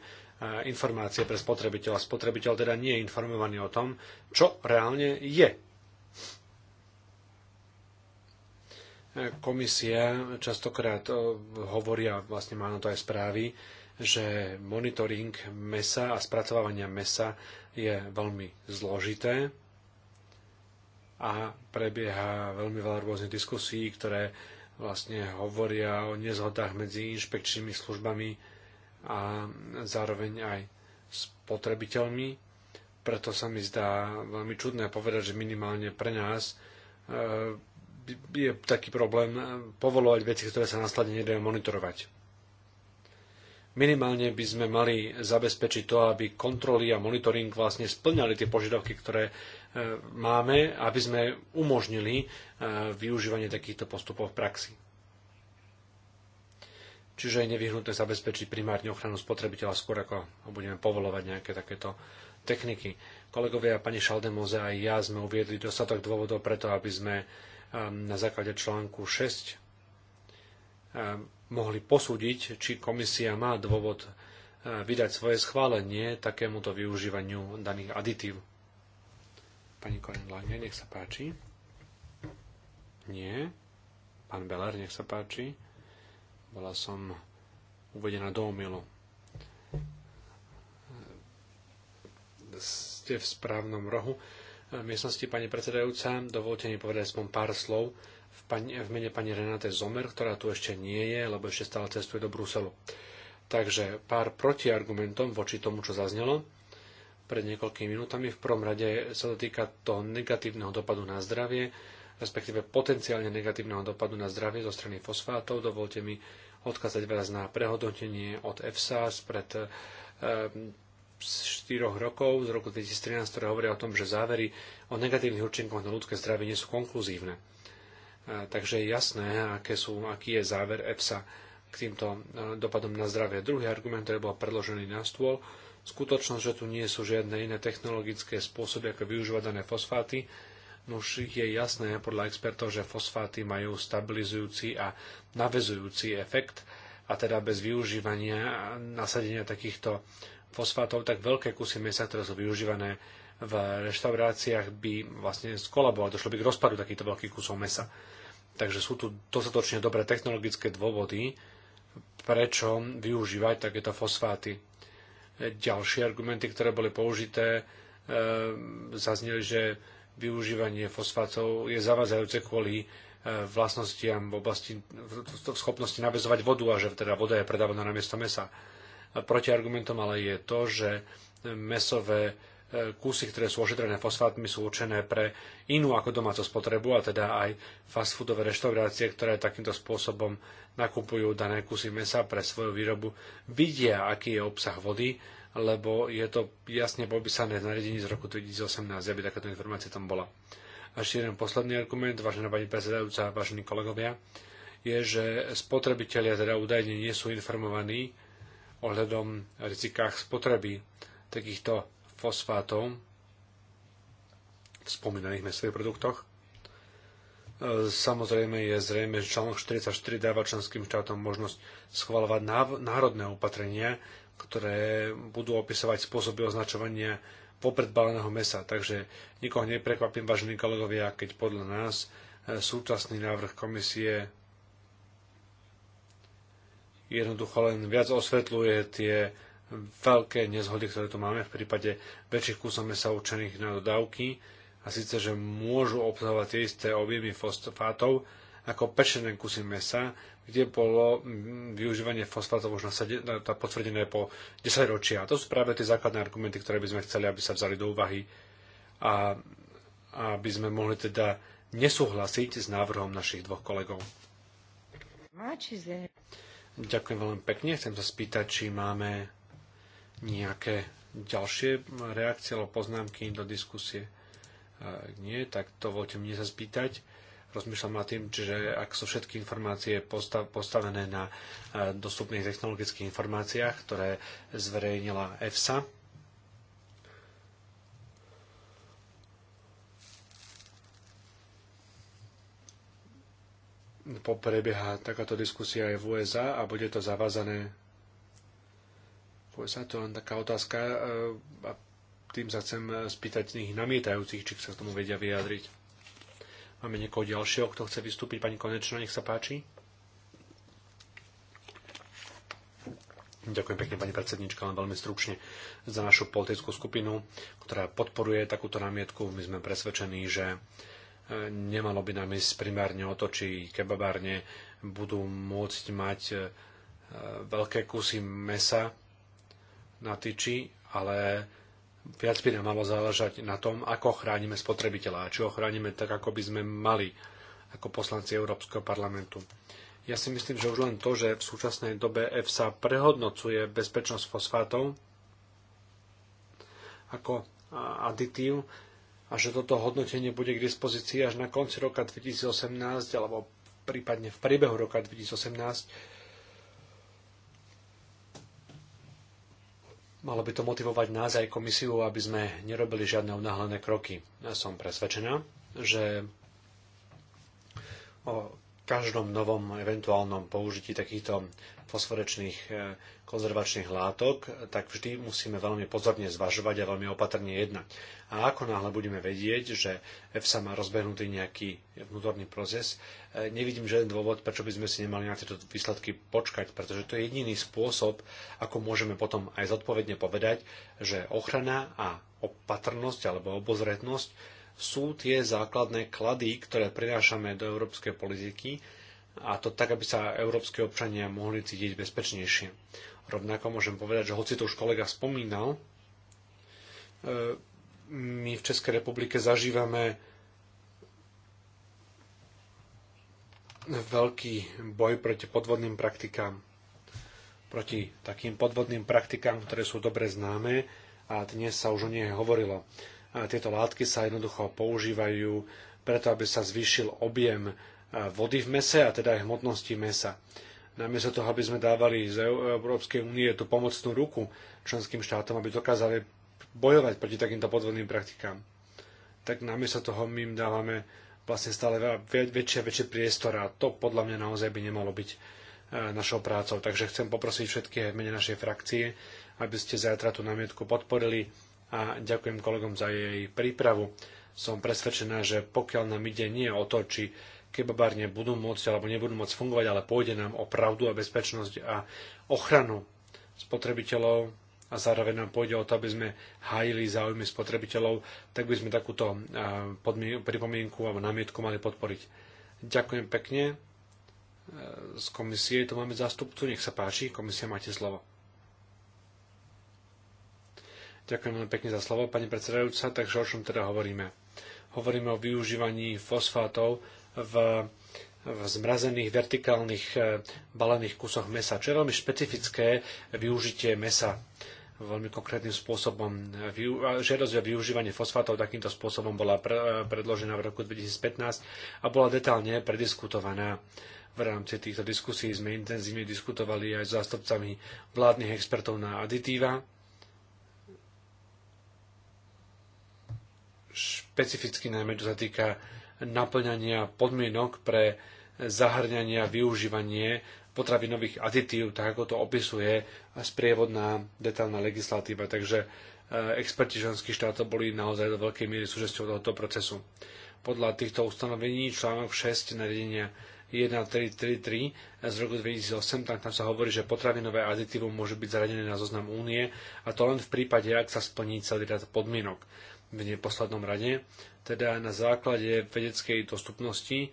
informácie pre spotrebiteľa. Spotrebiteľ teda nie je informovaný o tom, čo reálne je Komisia častokrát e, hovoria, vlastne má na to aj správy, že monitoring mesa a spracovávania mesa je veľmi zložité a prebieha veľmi veľa rôznych diskusí, ktoré vlastne hovoria o nezhodách medzi inšpekčnými službami a zároveň aj spotrebiteľmi. Preto sa mi zdá veľmi čudné povedať, že minimálne pre nás e, je taký problém eh, povolovať veci, ktoré sa následne nedajú monitorovať. Minimálne by sme mali zabezpečiť to, aby kontroly a monitoring vlastne splňali tie požiadavky, ktoré eh, máme, aby sme umožnili eh, využívanie takýchto postupov v praxi. Čiže je nevyhnutné zabezpečiť primárne ochranu spotrebiteľa skôr, ako budeme povolovať nejaké takéto techniky. Kolegovia, pani Šaldemoze a ja sme uviedli dostatok dôvodov preto, aby sme Ehm, na základe článku 6 ehm, mohli posúdiť, či komisia má dôvod ehm, vydať svoje schválenie takémuto využívaniu daných aditív. Pani Korenláne, nech sa páči. Nie. Pán Beller, nech sa páči. Bola som uvedená do omilu. Ste v správnom rohu miestnosti, pani predsedajúca. Dovolte mi povedať aspoň pár slov v, pani, v mene pani Renate Zomer, ktorá tu ešte nie je, lebo ešte stále cestuje do Bruselu. Takže pár protiargumentom voči tomu, čo zaznelo pred niekoľkými minútami. V prvom rade sa to týka toho negatívneho dopadu na zdravie, respektíve potenciálne negatívneho dopadu na zdravie zo strany fosfátov. Dovolte mi odkázať vás na prehodnotenie od EFSAS pred eh, 4 rokov z roku 2013, ktoré hovoria o tom, že závery o negatívnych účinkoch na ľudské zdravie nie sú konkluzívne. E, takže je jasné, aké sú, aký je záver EPSA k týmto e, dopadom na zdravie. Druhý argument, ktorý bol predložený na stôl, skutočnosť, že tu nie sú žiadne iné technologické spôsoby, ako využívať dané fosfáty, už no je jasné podľa expertov, že fosfáty majú stabilizujúci a navezujúci efekt a teda bez využívania a nasadenia takýchto fosfátov, tak veľké kusy mesa, ktoré sú využívané v reštauráciách, by vlastne skolabovali, došlo by k rozpadu takýchto veľkých kusov mesa. Takže sú tu dostatočne dobré technologické dôvody, prečo využívať takéto fosfáty. Ďalšie argumenty, ktoré boli použité, e, zazneli, že využívanie fosfátov je zavádzajúce kvôli e, vlastnostiam v oblasti v schopnosti navezovať vodu a že teda voda je predávaná na miesto mesa protiargumentom ale je to, že mesové e, kusy, ktoré sú ošetrené fosfátmi, sú určené pre inú ako domácu spotrebu, a teda aj fast foodové reštaurácie, ktoré takýmto spôsobom nakupujú dané kusy mesa pre svoju výrobu, vidia, aký je obsah vody, lebo je to jasne popísané v nariadení z roku 2018, aby takáto informácia tam bola. A ešte jeden posledný argument, vážená pani predsedajúca, vážení kolegovia, je, že spotrebitelia teda údajne nie sú informovaní ohľadom rizikách spotreby takýchto fosfátov v spomínaných mesových produktoch. E, samozrejme je zrejme, že článok 44 dáva členským štátom možnosť schvalovať národné opatrenia, ktoré budú opisovať spôsoby označovania popred baleného mesa. Takže nikoho neprekvapím, vážení kolegovia, keď podľa nás e, súčasný návrh komisie jednoducho len viac osvetľuje tie veľké nezhody, ktoré tu máme v prípade väčších kusov mesa určených na dodávky, a síce, že môžu obsahovať tie isté objemy fosfátov ako pečené kusy mesa, kde bolo mm, využívanie fosfátov už potvrdené po 10 ročia. A to sú práve tie základné argumenty, ktoré by sme chceli, aby sa vzali do úvahy a aby sme mohli teda nesúhlasiť s návrhom našich dvoch kolegov. Ďakujem veľmi pekne. Chcem sa spýtať, či máme nejaké ďalšie reakcie alebo poznámky do diskusie. Ak e, nie, tak to voľte mne sa spýtať. Rozmýšľam nad tým, že ak sú všetky informácie postavené na e, dostupných technologických informáciách, ktoré zverejnila EFSA, prebieha takáto diskusia aj v USA a bude to zavázané. V USA to len taká otázka e, a tým sa chcem spýtať tých namietajúcich, či sa k tomu vedia vyjadriť. Máme niekoho ďalšieho, kto chce vystúpiť. Pani Konečná, nech sa páči. Ďakujem pekne, pani predsednička, len veľmi stručne za našu politickú skupinu, ktorá podporuje takúto námietku. My sme presvedčení, že Nemalo by nám ísť primárne o to, či kebabárne budú môcť mať e, veľké kusy mesa na tyči, ale viac by nám malo záležať na tom, ako chránime spotrebiteľa a či ho chránime tak, ako by sme mali ako poslanci Európskeho parlamentu. Ja si myslím, že už len to, že v súčasnej dobe EFSA prehodnocuje bezpečnosť fosfátov ako aditív, a že toto hodnotenie bude k dispozícii až na konci roka 2018 alebo prípadne v priebehu roka 2018. Malo by to motivovať nás aj komisiu, aby sme nerobili žiadne unáhlené kroky. Ja som presvedčená, že každom novom eventuálnom použití takýchto fosforečných e, konzervačných látok, tak vždy musíme veľmi pozorne zvažovať a veľmi opatrne jednať. A ako náhle budeme vedieť, že EFSA má rozbehnutý nejaký vnútorný proces, e, nevidím žiaden dôvod, prečo by sme si nemali na tieto výsledky počkať, pretože to je jediný spôsob, ako môžeme potom aj zodpovedne povedať, že ochrana a opatrnosť alebo obozretnosť sú tie základné klady, ktoré prinášame do európskej politiky a to tak, aby sa európske občania mohli cítiť bezpečnejšie. Rovnako môžem povedať, že hoci to už kolega spomínal, e, my v Českej republike zažívame veľký boj proti podvodným praktikám. Proti takým podvodným praktikám, ktoré sú dobre známe a dnes sa už o nej hovorilo tieto látky sa jednoducho používajú preto, aby sa zvýšil objem vody v mese a teda aj hmotnosti mesa. Namiesto toho, aby sme dávali z Európskej únie tú pomocnú ruku členským štátom, aby dokázali bojovať proti takýmto podvodným praktikám, tak namiesto toho my im dávame vlastne stále väčšie a väčšie priestor a to podľa mňa naozaj by nemalo byť našou prácou. Takže chcem poprosiť všetkých aj v mene našej frakcie, aby ste zajtra tú námietku podporili a ďakujem kolegom za jej prípravu. Som presvedčená, že pokiaľ nám ide nie o to, či kebabárne budú môcť alebo nebudú môcť fungovať, ale pôjde nám o pravdu a bezpečnosť a ochranu spotrebiteľov a zároveň nám pôjde o to, aby sme hájili záujmy spotrebiteľov, tak by sme takúto pripomienku alebo námietku mali podporiť. Ďakujem pekne. E, z komisie tu máme zástupcu, nech sa páči, komisia máte slovo. Ďakujem veľmi pekne za slovo, pani predsedajúca. Takže o čom teda hovoríme? Hovoríme o využívaní fosfátov v v zmrazených vertikálnych eh, balených kusoch mesa, čo je veľmi špecifické využitie mesa veľmi konkrétnym spôsobom. Žiadosť o využívanie fosfátov takýmto spôsobom bola eh, predložená v roku 2015 a bola detálne prediskutovaná. V rámci týchto diskusí sme intenzívne diskutovali aj s zástupcami vládnych expertov na aditíva, špecificky najmä čo sa týka naplňania podmienok pre zahrňanie a využívanie potravinových aditív, tak ako to opisuje sprievodná detailná legislatíva. Takže eh, experti členských štátov boli naozaj do veľkej miery súčasťou tohoto procesu. Podľa týchto ustanovení článok 6 nariadenia 1333 z roku 2008, tak tam sa hovorí, že potravinové aditívum môže byť zaradené na zoznam únie a to len v prípade, ak sa splní celý rad podmienok v neposlednom rade, teda na základe vedeckej dostupnosti.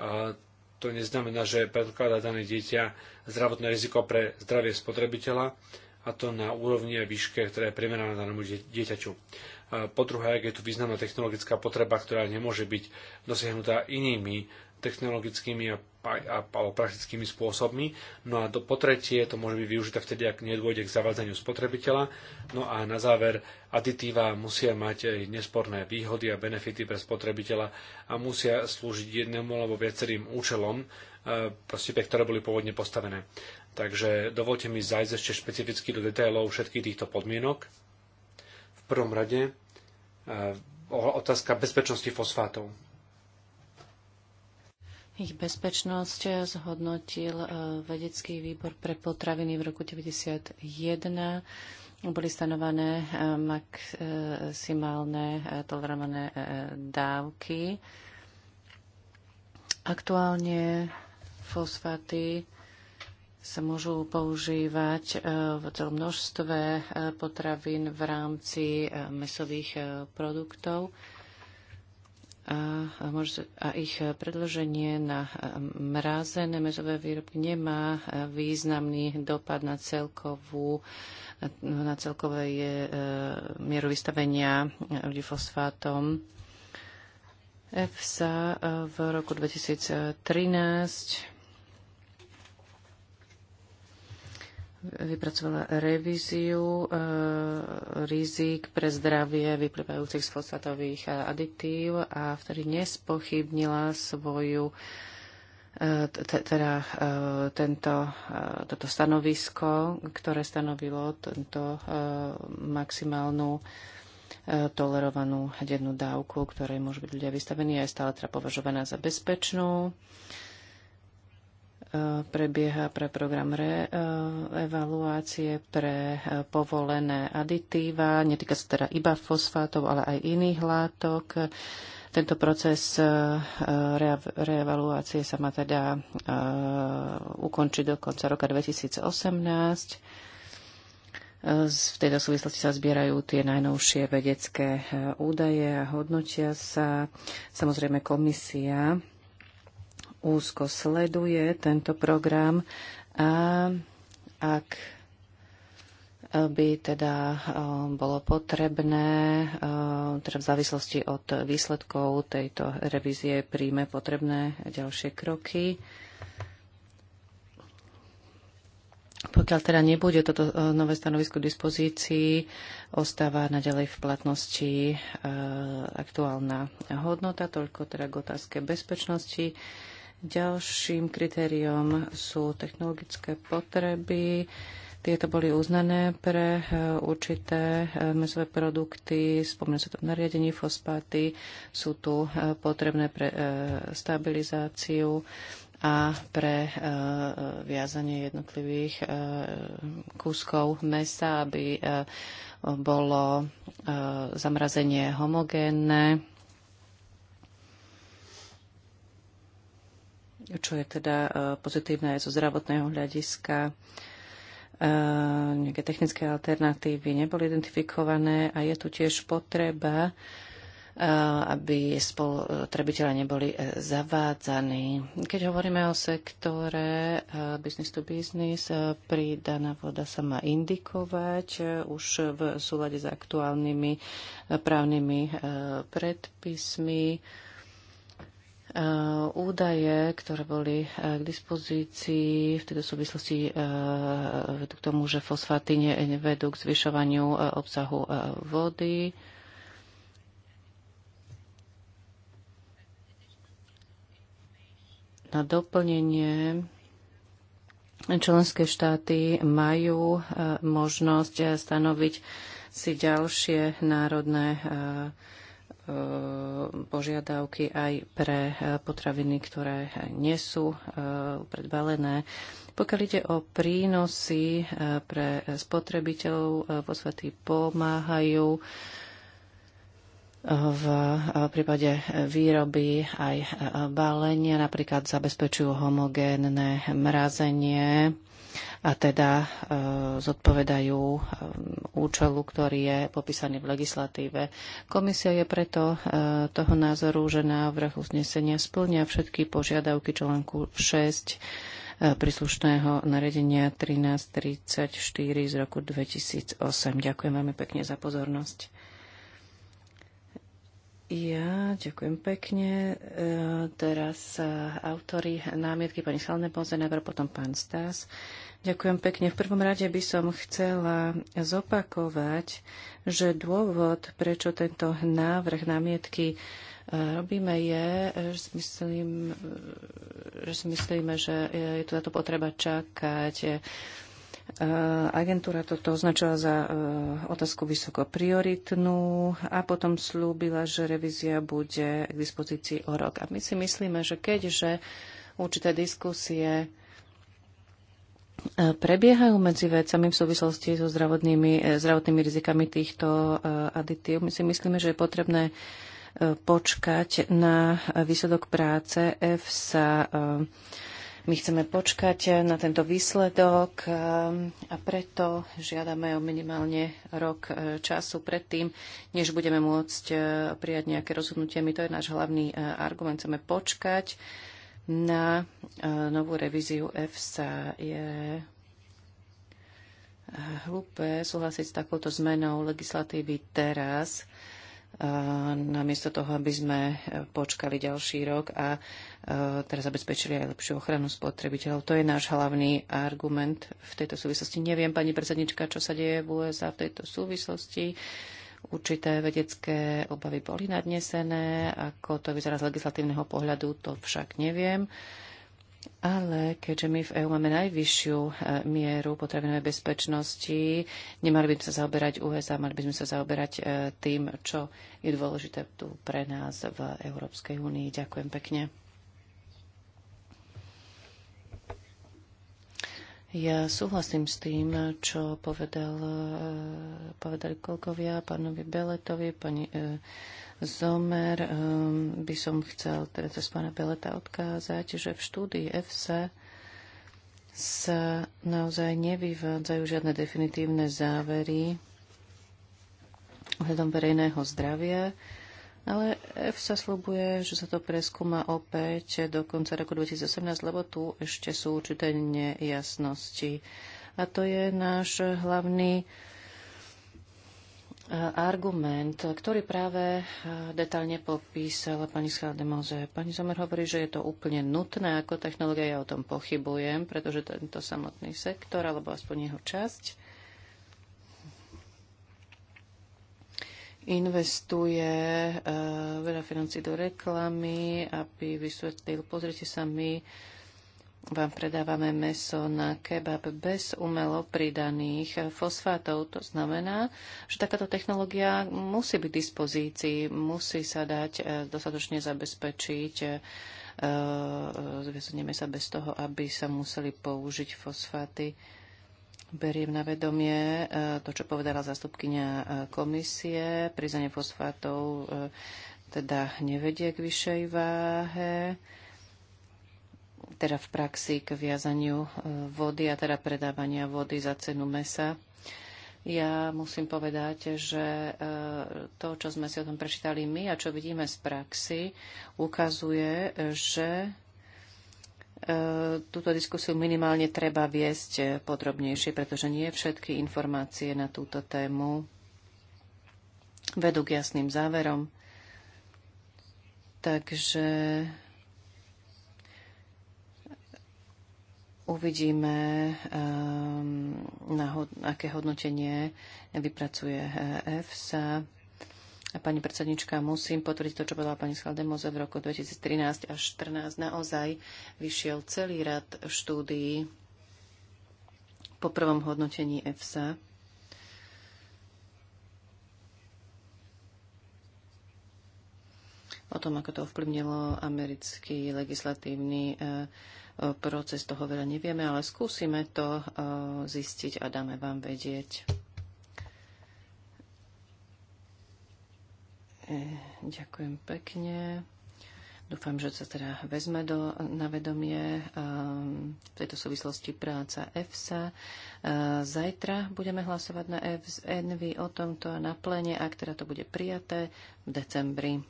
A to neznamená, že predkladá dané dieťa zdravotné riziko pre zdravie spotrebiteľa, a to na úrovni a výške, ktorá je primeraná danému dieťaťu. Po druhé, ak je tu významná technologická potreba, ktorá nemôže byť dosiahnutá inými technologickými a, a, a praktickými spôsobmi. No a do, po tretie, to môže byť využité vtedy, ak nedôjde k zavádzaniu spotrebiteľa. No a na záver, aditíva musia mať nesporné výhody a benefity pre spotrebiteľa a musia slúžiť jednému alebo viacerým účelom, e, proste, ktoré boli pôvodne postavené. Takže dovolte mi zajsť ešte špecificky do detailov všetkých týchto podmienok. V prvom rade e, otázka bezpečnosti fosfátov ich bezpečnosť zhodnotil e, vedecký výbor pre potraviny v roku 1991. Boli stanované e, maximálne e, tolerované dávky. Aktuálne fosfaty sa môžu používať v celom množstve potravín v rámci mesových produktov a, a, môže, a ich predloženie na mrázené mezové výrobky nemá významný dopad na, celkovú, na celkové je, e, mieru vystavenia glyfosfátom. EFSA e, v roku 2013 vypracovala revíziu e, rizik pre zdravie vyplývajúcich z fosfatových aditív a vtedy nespochybnila svoju e, teda e, tento, e, toto stanovisko, ktoré stanovilo tento maximálnu tolerovanú dennú dávku, ktorej môžu byť ľudia vystavení a je stále teda považovaná za bezpečnú. E, prebieha pre program re, e, evaluácie pre e, povolené aditíva. Netýka sa teda iba fosfátov, ale aj iných látok. Tento proces reevaluácie sa má teda ukončiť do konca roka 2018. V tejto súvislosti sa zbierajú tie najnovšie vedecké údaje a hodnotia sa. Samozrejme komisia úzko sleduje tento program a ak by teda eh, bolo potrebné, eh, teda v závislosti od výsledkov tejto revízie príjme potrebné ďalšie kroky. Pokiaľ teda nebude toto eh, nové stanovisko k dispozícii, ostáva naďalej v platnosti aktuálna hodnota, toľko teda k otázke bezpečnosti. Ďalším kritériom sú technologické potreby. Tieto boli uznané pre eh, určité eh, mesové produkty, Spomne sa to v nariadení fosfáty, sú tu eh, potrebné pre stabilizáciu a pre viazanie jednotlivých kúskov mesa, aby bolo zamrazenie homogénne čo je teda e, pozitívne aj zo zdravotného hľadiska. E, nejaké technické alternatívy neboli identifikované a je tu tiež potreba, e, aby spotrebiteľe neboli zavádzaní. Keď hovoríme o sektore business to business, pridaná voda sa má indikovať už v súlade s aktuálnymi právnymi predpismi Eh, údaje, ktoré boli eh, k dispozícii v tejto súvislosti eh, k tomu, že fosfáty nevedú k zvyšovaniu obsahu vody. Na doplnenie členské štáty majú možnosť stanoviť si ďalšie národné Eh, požiadavky aj pre eh, potraviny, ktoré nie sú eh, predbalené. Pokiaľ ide o prínosy pre spotrebiteľov, posvety pomáhajú v prípade výroby aj balenia, napríklad zabezpečujú homogénne mrazenie a teda e, zodpovedajú e, účelu, ktorý je popísaný v legislatíve. Komisia je preto e, toho názoru, že návrh uznesenia splňa všetky požiadavky článku 6 príslušného naredenia 1334 z roku 2008. Ďakujem veľmi pekne za pozornosť. Ja ďakujem pekne. E, teraz e, autory námietky pani Salnepoze, najprv potom pán Stas. Ďakujem pekne. V prvom rade by som chcela zopakovať, že dôvod, prečo tento návrh námietky e, robíme je, že si, myslím, e, že si myslíme, že e, je tu to potreba čakať Eh, agentúra toto označila za eh, otázku vysoko prioritnú a potom slúbila, že revízia bude k dispozícii o rok. A my si myslíme, že keďže určité diskusie eh, prebiehajú medzi vecami v súvislosti so zdravotnými, zdravotnými rizikami týchto aditív. My si myslíme, že je potrebné počkať na výsledok práce EFSA. sa my chceme počkať na tento výsledok eh, a preto žiadame o minimálne rok eh, času predtým, než budeme môcť eh, prijať nejaké rozhodnutie. My to je náš hlavný argument. Chceme počkať na novú revíziu EFSA. Je hlúpe súhlasiť s takouto zmenou legislatívy teraz, namiesto toho, aby sme e, počkali ďalší rok a e, teraz zabezpečili aj lepšiu ochranu spotrebiteľov. To je náš hlavný argument v tejto súvislosti. Neviem, pani predsednička, čo sa deje v USA v tejto súvislosti. Určité vedecké obavy boli nadnesené, ako to vyzerá z legislatívneho pohľadu, to však neviem. Uh, ale keďže my v EÚ máme najvyššiu e, mieru potravinovej bezpečnosti, nemali by sme sa zaoberať USA, mali by sme sa zaoberať e, tým, čo je dôležité tu pre nás v Európskej únii. Ďakujem pekne. Ja súhlasím s tým, čo povedal, e, povedali kolkovia, pánovi Beletovi, pani Zomer um, by som chcel teda cez pána Peleta odkázať, že v štúdii FC sa naozaj nevyvádzajú žiadne definitívne závery ohľadom verejného zdravia, ale EFSA slubuje, že sa to preskúma opäť do konca roku 2018, lebo tu ešte sú určité nejasnosti. A to je náš hlavný argument, ktorý práve eh, detálne popísala pani Schaldemose. Pani Zomer hovorí, že je to úplne nutné ako technológia, ja o tom pochybujem, pretože tento samotný sektor, alebo aspoň jeho časť, investuje eh, veľa financí do reklamy, aby vysvetlil, pozrite sa, my vám predávame meso na kebab bez umelo pridaných fosfátov. To znamená, že takáto technológia musí byť v dispozícii, musí sa dať e, dostatočne zabezpečiť e, e, zväzenie sa bez toho, aby sa museli použiť fosfáty. Beriem na vedomie to, čo povedala zastupkynia komisie. Priznanie fosfátov teda nevedie k vyššej váhe teda v praxi k viazaniu e, vody a teda predávania vody za cenu mesa. Ja musím povedať, že e, to, čo sme si o tom prečítali my a čo vidíme z praxi, ukazuje, že e, túto diskusiu minimálne treba viesť podrobnejšie, pretože nie všetky informácie na túto tému vedú k jasným záverom. Takže Uvidíme, ehm, na ho- aké hodnotenie vypracuje eh, EFSA. Pani predsednička, musím potvrdiť to, čo povedala pani Schaldemoze v roku 2013 až 2014. Naozaj vyšiel celý rad štúdií po prvom hodnotení EFSA. o tom, ako to ovplyvnilo americký legislatívny eh, proces, toho veľa nevieme, ale skúsime to eh, zistiť a dáme vám vedieť. Eh, ďakujem pekne. Dúfam, že sa teda vezme do, na vedomie um, v tejto súvislosti práca EFSA. Uh, zajtra budeme hlasovať na ENVY o tomto a na plene, ak teda to bude prijaté v decembri.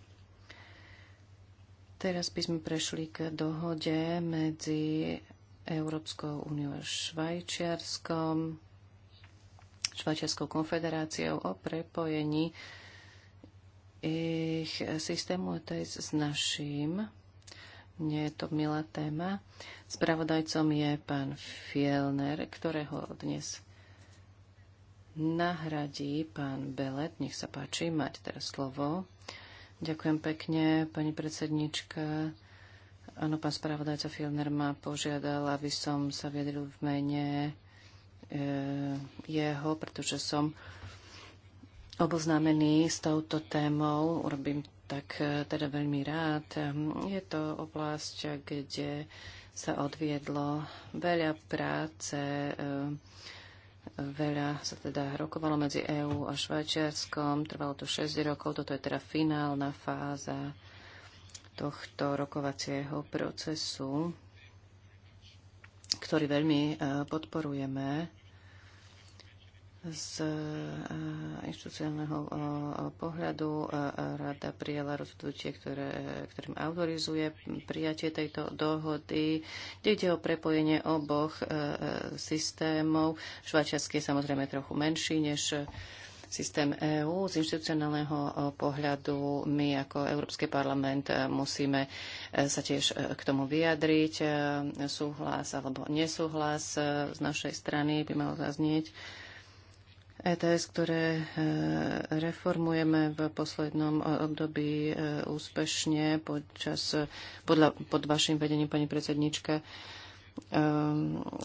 Teraz by sme prešli k dohode medzi Európskou úniou a Švajčiarskom, Švajčiarskou konfederáciou o prepojení ich systému ETS s naším. Nie je to milá téma. Spravodajcom je pán Fielner, ktorého dnes nahradí pán Belet. Nech sa páči, mať teraz slovo. Ďakujem pekne, pani predsednička. Áno, pán spravodajca Filner ma požiadal, aby som sa viedril v mene e, jeho, pretože som oboznámený s touto témou. Urobím tak e, teda veľmi rád. Je to oblasť, kde sa odviedlo veľa práce. E, Veľa sa teda rokovalo medzi EÚ a Švajčiarskom, trvalo to 6 rokov, toto je teda finálna fáza tohto rokovacieho procesu, ktorý veľmi e, podporujeme. Z e, inštitucionálneho e, pohľadu e, rada prijala rozhodnutie, ktoré, ktorým autorizuje prijatie tejto dohody, ide o prepojenie oboch systémov. Švajčiarsky je samozrejme trochu menší než systém EÚ. Z inštitucionálneho pohľadu my ako Európsky parlament musíme sa tiež k tomu vyjadriť. Súhlas alebo nesúhlas z našej strany by mal zaznieť. ETS, ktoré e, reformujeme v poslednom e, období e, úspešne počas, podľa, pod vašim vedením, pani predsednička.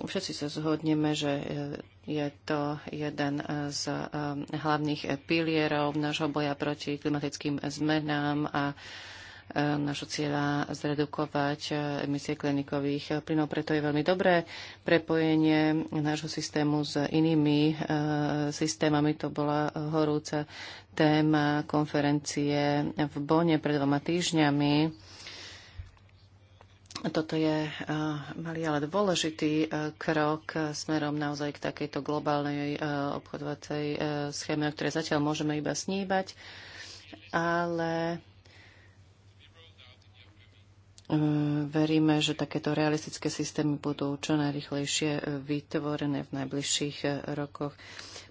Všetci sa zhodneme, že je to jeden z hlavných pilierov nášho boja proti klimatickým zmenám a E, nášho cieľa zredukovať e, emisie kleníkových plynov. Preto je veľmi dobré prepojenie nášho systému s inými e, systémami. To bola horúca téma konferencie v Bone pred dvoma týždňami. Toto je malý, ale dôležitý krok smerom naozaj k takejto globálnej obchodovacej schéme, o ktorej zatiaľ môžeme iba snívať, ale E, veríme, že takéto realistické systémy budú čo najrychlejšie e, vytvorené v najbližších e, rokoch.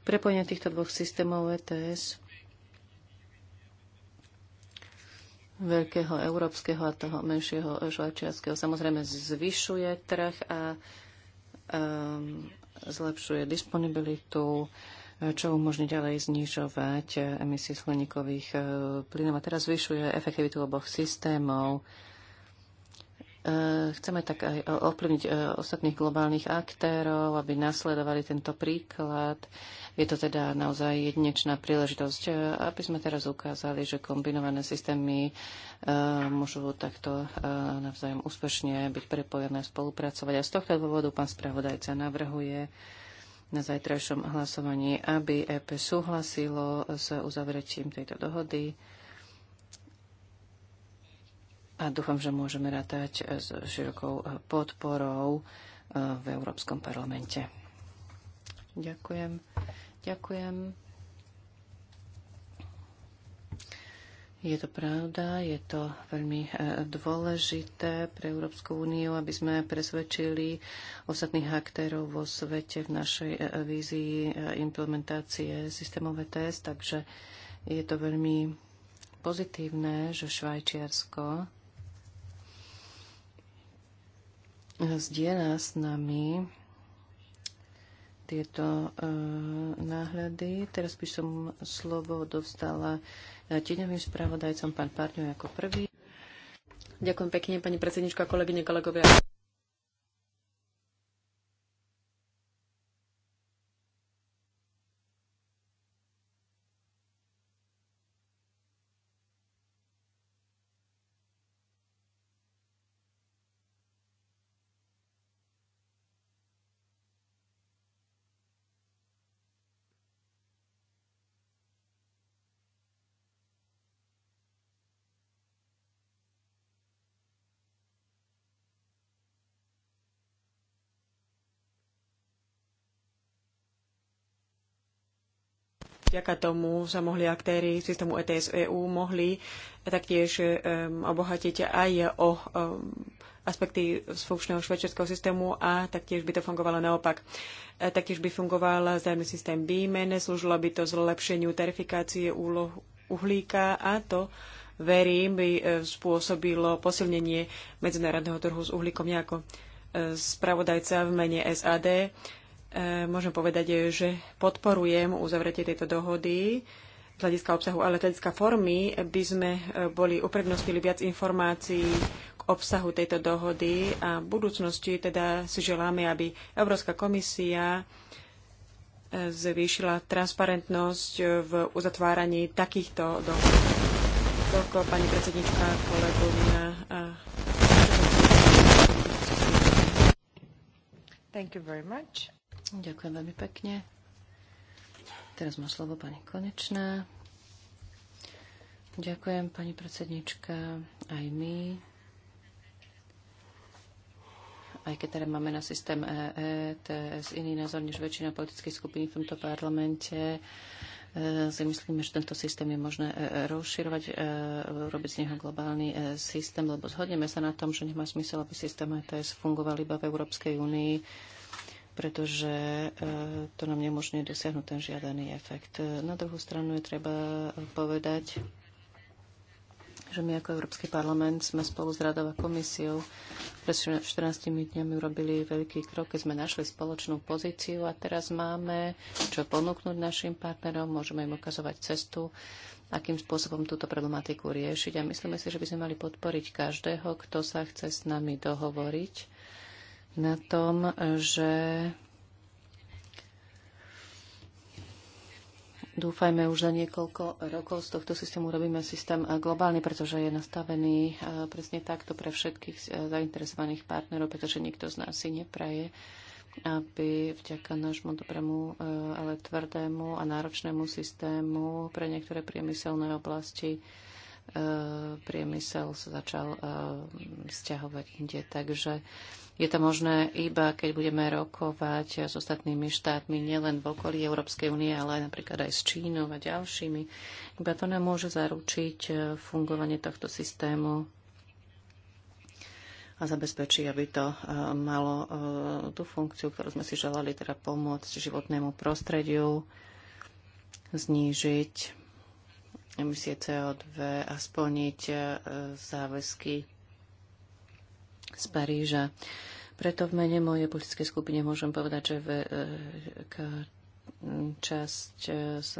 Prepojenie týchto dvoch systémov ETS veľkého európskeho a toho menšieho švajčiarského samozrejme zvyšuje trh a um, zlepšuje disponibilitu, čo umožní ďalej znižovať emisie skleníkových plynov. A teraz zvyšuje efektivitu oboch systémov chceme tak aj ovplyvniť e, ostatných globálnych aktérov, aby nasledovali tento príklad. Je to teda naozaj jedinečná príležitosť, e, aby sme teraz ukázali, že kombinované systémy e, môžu takto navzájom úspešne byť prepojené, spolupracovať. A z tohto dôvodu pán spravodajca navrhuje na zajtrajšom hlasovaní, aby EP súhlasilo s uzavretím tejto dohody a dúfam, že môžeme rátať e, s širokou e, podporou e, v Európskom parlamente. Ďakujem. Ďakujem. Je to pravda, je to veľmi dôležité pre Európsku úniu, aby sme presvedčili ostatných aktérov vo svete v našej vízii implementácie systémové test. takže je to veľmi pozitívne, že Švajčiarsko zdieľa s nami tieto e, náhľady. Teraz by som slovo dostala e, tieňovým spravodajcom, pán Parňo ako prvý. Ďakujem pekne, pani predsednička, kolegyne, kolegovia. Vďaka tomu sa mohli aktéry systému ETS EU mohli eh, taktiež um, obohatiť aj eh, o um, aspekty z funkčného švedského systému a taktiež by to fungovalo naopak. Eh, taktiež by fungoval zájemný systém BIMEN, slúžilo by to zlepšeniu tarifikácie úloh uhlíka a to verím, by spôsobilo posilnenie medzinárodného trhu s uhlíkom nejako spravodajca v mene SAD E, môžem povedať, e, že podporujem uzavretie tejto dohody z hľadiska obsahu, ale z hľadiska formy by sme e, boli uprednostili viac informácií k obsahu tejto dohody a v budúcnosti teda si želáme, aby Európska komisia zvýšila transparentnosť v uzatváraní takýchto dohod. Toľko, pani predsednička, kolegovia. A... Thank you very much. Ďakujem veľmi pekne. Teraz má slovo pani Konečná. Ďakujem, pani predsednička, aj my. Aj keď teda máme na systém EETS iný názor než väčšina politických skupín v tomto parlamente, e, si myslíme, že tento systém je možné e, e, rozširovať, robiť z neho globálny systém, lebo zhodneme sa na tom, že nemá smysel, aby systém ETS fungoval iba v Európskej únii pretože e, to nám nemožňuje dosiahnuť ten žiadaný efekt. Na druhú stranu je treba povedať, že my ako Európsky parlament sme spolu s Radou a komisiou pred 14 dňami urobili veľký krok, keď sme našli spoločnú pozíciu a teraz máme čo ponúknuť našim partnerom, môžeme im ukazovať cestu, akým spôsobom túto problematiku riešiť a myslíme si, že by sme mali podporiť každého, kto sa chce s nami dohovoriť na tom, že dúfajme už za niekoľko rokov z tohto systému robíme systém eh, globálny, pretože je nastavený eh, presne takto pre všetkých eh, zainteresovaných partnerov, pretože nikto z nás si nepraje, aby vďaka nášmu dobrému, ale tvrdému a náročnému systému pre niektoré priemyselné oblasti priemysel sa začal vzťahovať inde. Takže je to možné iba, keď budeme rokovať s ostatnými štátmi, nielen v okolí Európskej únie, ale aj napríklad aj s Čínou a ďalšími. Iba to nám môže zaručiť eh, fungovanie tohto systému a zabezpečí, aby to eh, malo eh, tú funkciu, ktorú sme si želali, teda pomôcť životnému prostrediu, znížiť emisie CO2 a splniť záväzky z Paríža. Preto v mene mojej politickej skupine môžem povedať, že v, eh, k, časť eh, z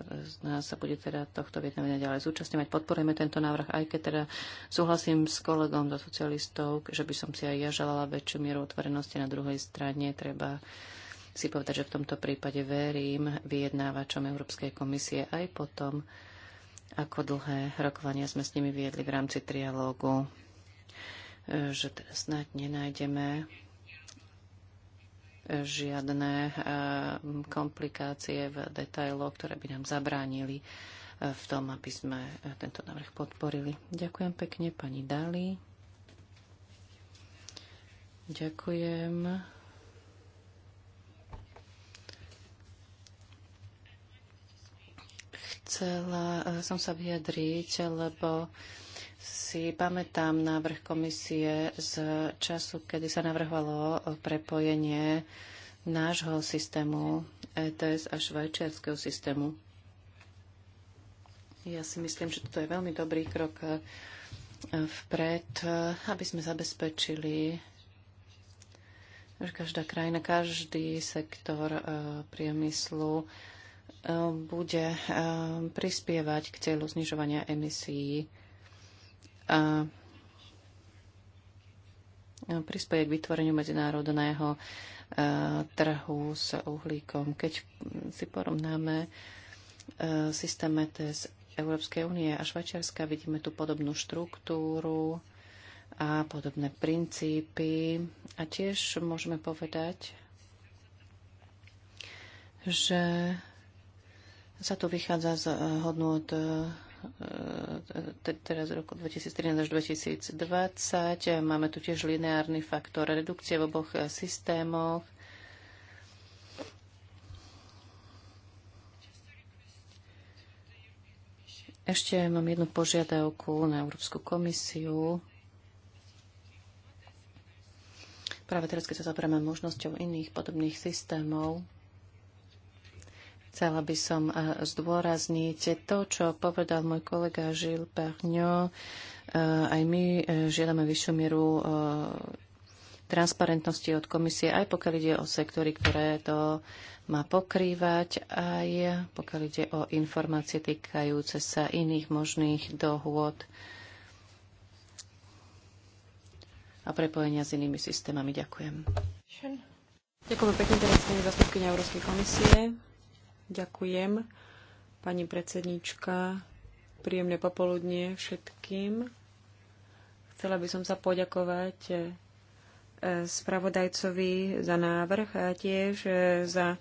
nás sa bude teda tohto vietnamenia ďalej zúčastňovať. Podporujeme tento návrh, aj keď teda súhlasím s kolegom do socialistov, že by som si aj ja želala väčšiu mieru otvorenosti. Na druhej strane treba si povedať, že v tomto prípade verím vyjednávačom Európskej komisie aj potom, ako dlhé rokovania sme s nimi viedli v rámci trialógu že snáď nenájdeme žiadne eh, komplikácie v detailoch, ktoré by nám zabránili eh, v tom, aby sme eh, tento návrh podporili. Ďakujem pekne pani Dali. Ďakujem. Chcela som sa vyjadriť, lebo si pamätám návrh komisie z času, kedy sa navrhovalo prepojenie nášho systému ETS a švajčiarského systému. Ja si myslím, že toto je veľmi dobrý krok eh, vpred, eh, aby sme zabezpečili, že každá krajina, každý sektor eh, priemyslu bude prispievať k cieľu znižovania emisí a prispieje k vytvoreniu medzinárodného trhu s uhlíkom. Keď si porovnáme systém ETS Európskej únie a Švajčiarska, vidíme tu podobnú štruktúru a podobné princípy. A tiež môžeme povedať, že sa tu vychádza z hodnot E, teraz roku 2013 až 2020. Máme tu tiež lineárny faktor redukcie v oboch systémoch. Ešte mám jednu požiadavku na Európsku komisiu. Práve teraz, keď sa zaberáme možnosťou iných podobných systémov, Chcela by som eh, zdôrazniť to, čo povedal môj kolega Žil Perňo. Eh, aj my eh, žiadame vyššiu mieru transparentnosti od komisie, aj pokiaľ ide o sektory, ktoré to má pokrývať, aj pokiaľ ide o informácie týkajúce sa iných možných dohôd a prepojenia s inými systémami. Ďakujem. Ďakujem pekne teraz pani zastupkynia Európskej komisie. Ďakujem, pani predsednička. Príjemné popoludnie všetkým. Chcela by som sa poďakovať e, spravodajcovi za návrh a tiež e, za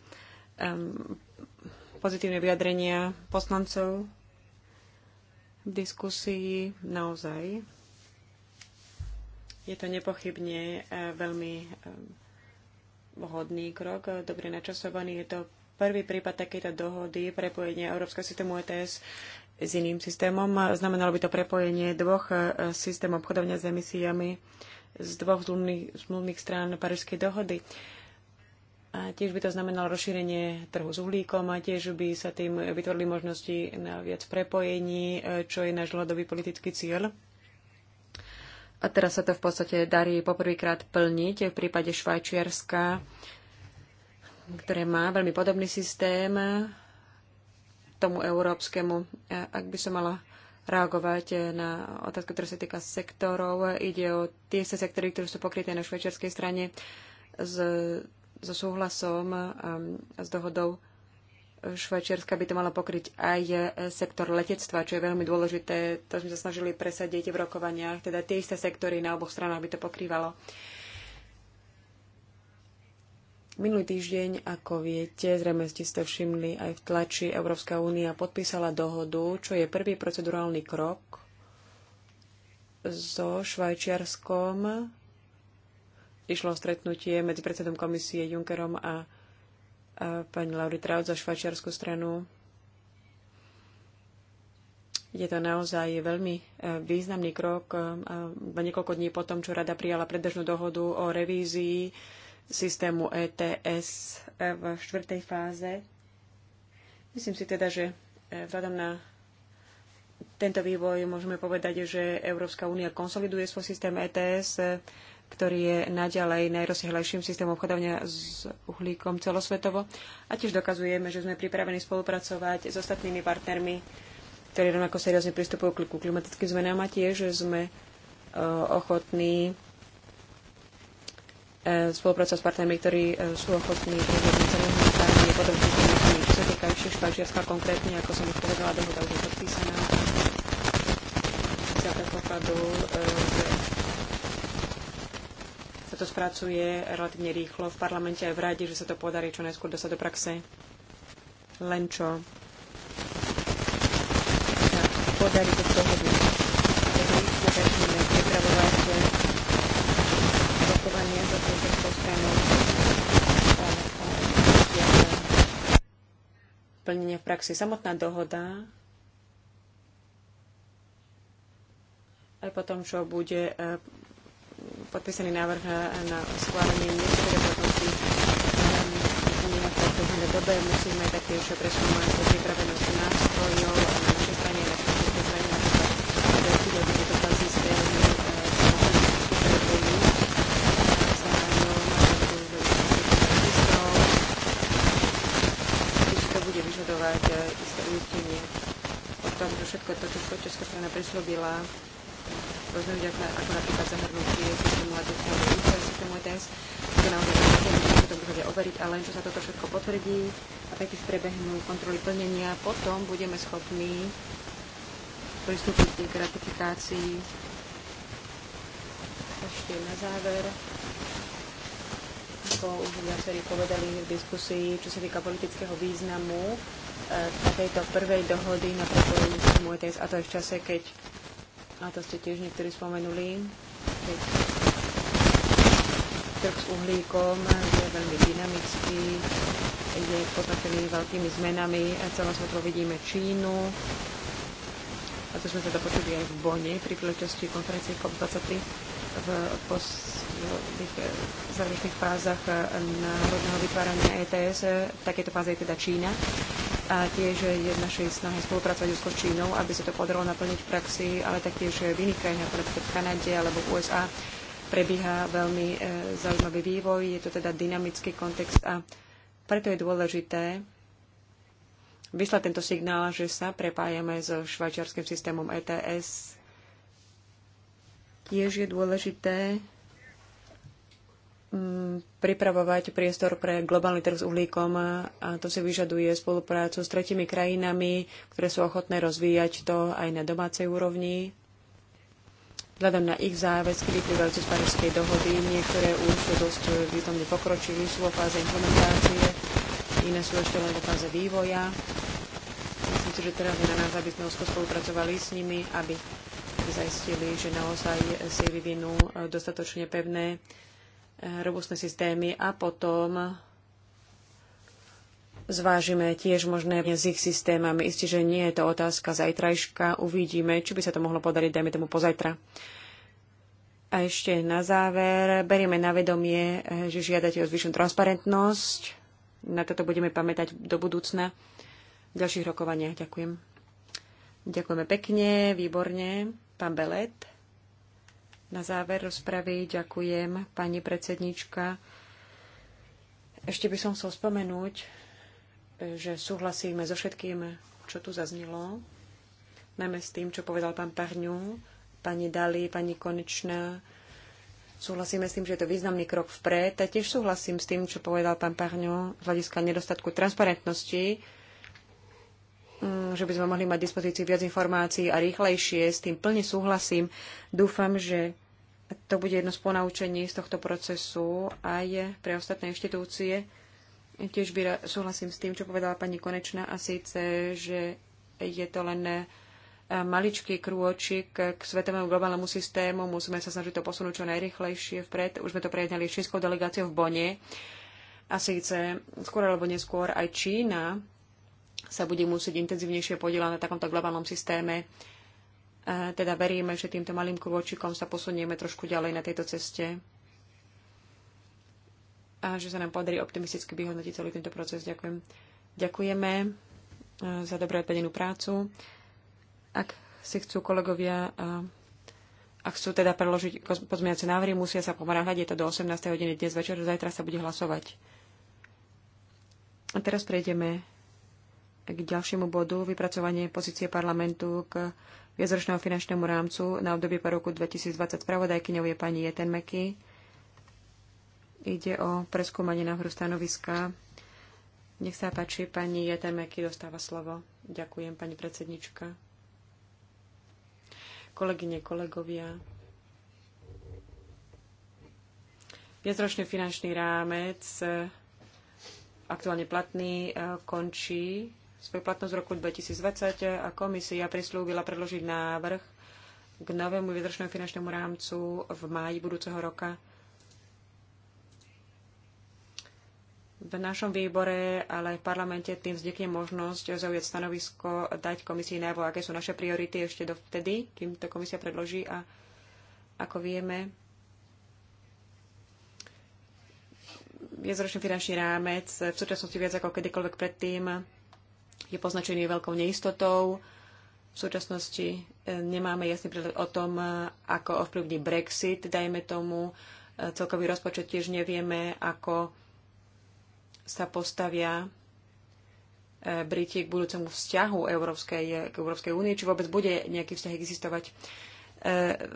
pozitívne vyjadrenia poslancov v diskusii naozaj. Je to nepochybne e, veľmi vhodný krok, dobre načasovaný, je to Prvý prípad takéto dohody, prepojenie Európskeho systému ETS s iným systémom, znamenalo by to prepojenie dvoch e, systémov obchodovania s emisiami z dvoch zmluvných strán Parížskej dohody. A tiež by to znamenalo rozšírenie trhu s uhlíkom a tiež by sa tým vytvorili možnosti na viac prepojení, e, čo je náš dlhodobý politický cieľ. A teraz sa to v podstate darí poprvýkrát plniť v prípade Švajčiarska ktoré má veľmi podobný systém tomu európskemu. Ak by som mala reagovať na otázku, ktorá sa týka sektorov, ide o tie sektory, ktoré sú pokryté na švečerskej strane s, so súhlasom a s dohodou Švajčiarska by to mala pokryť aj sektor letectva, čo je veľmi dôležité. To sme sa snažili presadiť v rokovaniach, teda tie isté sektory na oboch stranách by to pokrývalo. Uh, Minulý týždeň, ako viete, zrejme ste ste všimli aj v tlači, Európska únia podpísala dohodu, čo je prvý procedurálny krok so Švajčiarskom. Išlo o stretnutie medzi predsedom komisie Junckerom a, a pani Lauri Traut za švajčiarsku stranu. Je to naozaj veľmi e, významný krok. E, a niekoľko dní potom, čo rada prijala predbežnú dohodu o revízii systému ETS e, v štvrtej fáze. Myslím si teda, že e, vzhľadom na tento vývoj môžeme povedať, že Európska únia konsoliduje svoj systém ETS, e, ktorý je naďalej najrozsiahlejším systémom obchodovania s uhlíkom celosvetovo. A tiež dokazujeme, že sme pripravení spolupracovať s ostatnými partnermi, ktorí rovnako seriózne pristupujú k klimatickým zmenám a tiež že sme ochotní E, spolupracovať s partnermi, ktorí e, sú ochotní prijať medzinárodné medzinárodné podrobnosti mechanizmy. Čo sa týka ešte Švajčiarska konkrétne, ako som už povedala, dohoda už je podpísaná. Za predpokladu, e, že sa to spracuje relatívne rýchlo v parlamente aj v rade, že sa to podarí čo najskôr dostať do praxe. Len čo sa podarí tú dohodu plnenia v praxi. Samotná dohoda aj po tom, čo bude e, podpísaný návrh e, na schválenie musí rozhodnutí v e, nejakej dobe. Musíme taktiež preskúmať pripravenosť nástrojov, všetko to, čo Česká strana prislúbila, rôznych ľudia, ako napríklad zahrnutie systému ETS do ITER systému ETS. To naozaj pracuje, musíme si to bude overiť, ale len čo sa toto všetko potvrdí a taktiež prebehnú kontroly plnenia, potom budeme schopní pristúpiť k ratifikácii. Ešte na záver, ako už viacerí povedali v diskusii, čo sa týka politického významu E, takejto prvej dohody na prepojení systému ETS, a to je v čase, keď, a to ste tiež niektorí spomenuli, keď trh s uhlíkom je veľmi dynamický, je poznačený veľkými zmenami, to vidíme Čínu, a to sme teda počuli aj v Bone pri príležitosti konferencie COP23 v, pos, e, v fázach e, národného vytvárania ETS. V fáze je teda Čína a tiež je v našej snahe spolupracovať úzko s Čínou, aby sa to podarilo naplniť v praxi, ale taktiež v iných krajinách, ako napríklad v Kanade alebo v USA, prebieha veľmi e, zaujímavý vývoj. Je to teda dynamický kontext a preto je dôležité vyslať tento signál, že sa prepájame so švajčiarským systémom ETS. Tiež je dôležité Mm, pripravovať priestor pre globálny trh s uhlíkom a to si vyžaduje spoluprácu s tretimi krajinami, ktoré sú ochotné rozvíjať to aj na domácej úrovni. Vzhľadom na ich záväzky vyplývajúce z Parížskej dohody, niektoré už sú dosť významne pokročili, sú vo fáze implementácie, iné sú ešte len vo fáze vývoja. Myslím si, že teraz je na nás, aby sme úzko spolupracovali s nimi, aby zaistili, že naozaj si vyvinú e, dostatočne pevné robustné systémy a potom zvážime tiež možné s ich systémami. Isté, že nie je to otázka zajtrajška. Uvidíme, či by sa to mohlo podariť, dajme tomu pozajtra. A ešte na záver, berieme na vedomie, že žiadate o zvyšnú transparentnosť. Na toto budeme pamätať do budúcna v ďalších rokovaniach. Ďakujem. Ďakujeme pekne, výborne. Pán Belet. Na záver rozpravy ďakujem, pani predsednička. Ešte by som chcel spomenúť, že súhlasíme so všetkým, čo tu zaznelo, najmä s tým, čo povedal pán Parňu, pani Dali, pani Konečná. Súhlasíme s tým, že je to významný krok vpred a tiež súhlasím s tým, čo povedal pán Parňu z hľadiska nedostatku transparentnosti, mm, že by sme mohli mať dispozícii viac informácií a rýchlejšie. S tým plne súhlasím. Dúfam, že to bude jedno z ponaučení z tohto procesu aj pre ostatné inštitúcie. Tiež by súhlasím s tým, čo povedala pani Konečná a síce, že je to len eh, maličký krôčik k svetovému globálnemu systému. Musíme sa snažiť to posunúť čo najrychlejšie vpred. Už sme to prejednali čínskou delegáciou v Bone. A síce skôr alebo neskôr aj Čína sa bude musieť intenzívnejšie podielať na takomto globálnom systéme teda veríme, že týmto malým krôčikom sa posunieme trošku ďalej na tejto ceste a že sa nám podarí optimisticky vyhodnotiť celý tento proces. Ďakujem. Ďakujeme e, za dobré odpadenú prácu. Ak si chcú kolegovia, e, ak chcú teda preložiť pozmeňovacie návrhy, musia sa pomáhať. Je to do 18. hodiny dnes večer, zajtra sa bude hlasovať. A teraz prejdeme k ďalšiemu bodu, vypracovanie pozície parlamentu k viacročného finančnému rámcu na obdobie po roku 2020. Spravodajkyňou je pani Jeten Meky. Ide o preskúmanie návrhu stanoviska. Nech sa páči, pani Jeten Meky dostáva slovo. Ďakujem, pani predsednička. Kolegyne, kolegovia. Viacročný finančný rámec eh, aktuálne platný eh, končí svoju platnosť v roku 2020 a komisia prislúbila predložiť návrh k novému výdržnému finančnému rámcu v máji budúceho roka. v našom výbore, ale aj v parlamente tým vznikne možnosť zaujať stanovisko, dať komisii najavo, aké sú naše priority ešte dovtedy, kým to komisia predloží a ako vieme, viacročný finančný rámec v súčasnosti viac ako kedykoľvek predtým je poznačený veľkou neistotou. V súčasnosti e, nemáme jasný prehľad o tom, e, ako ovplyvní Brexit, dajme tomu. E, celkový rozpočet tiež nevieme, ako sa postavia Briti k budúcemu vzťahu Európskej, k Európskej únie, či vôbec bude nejaký vzťah existovať.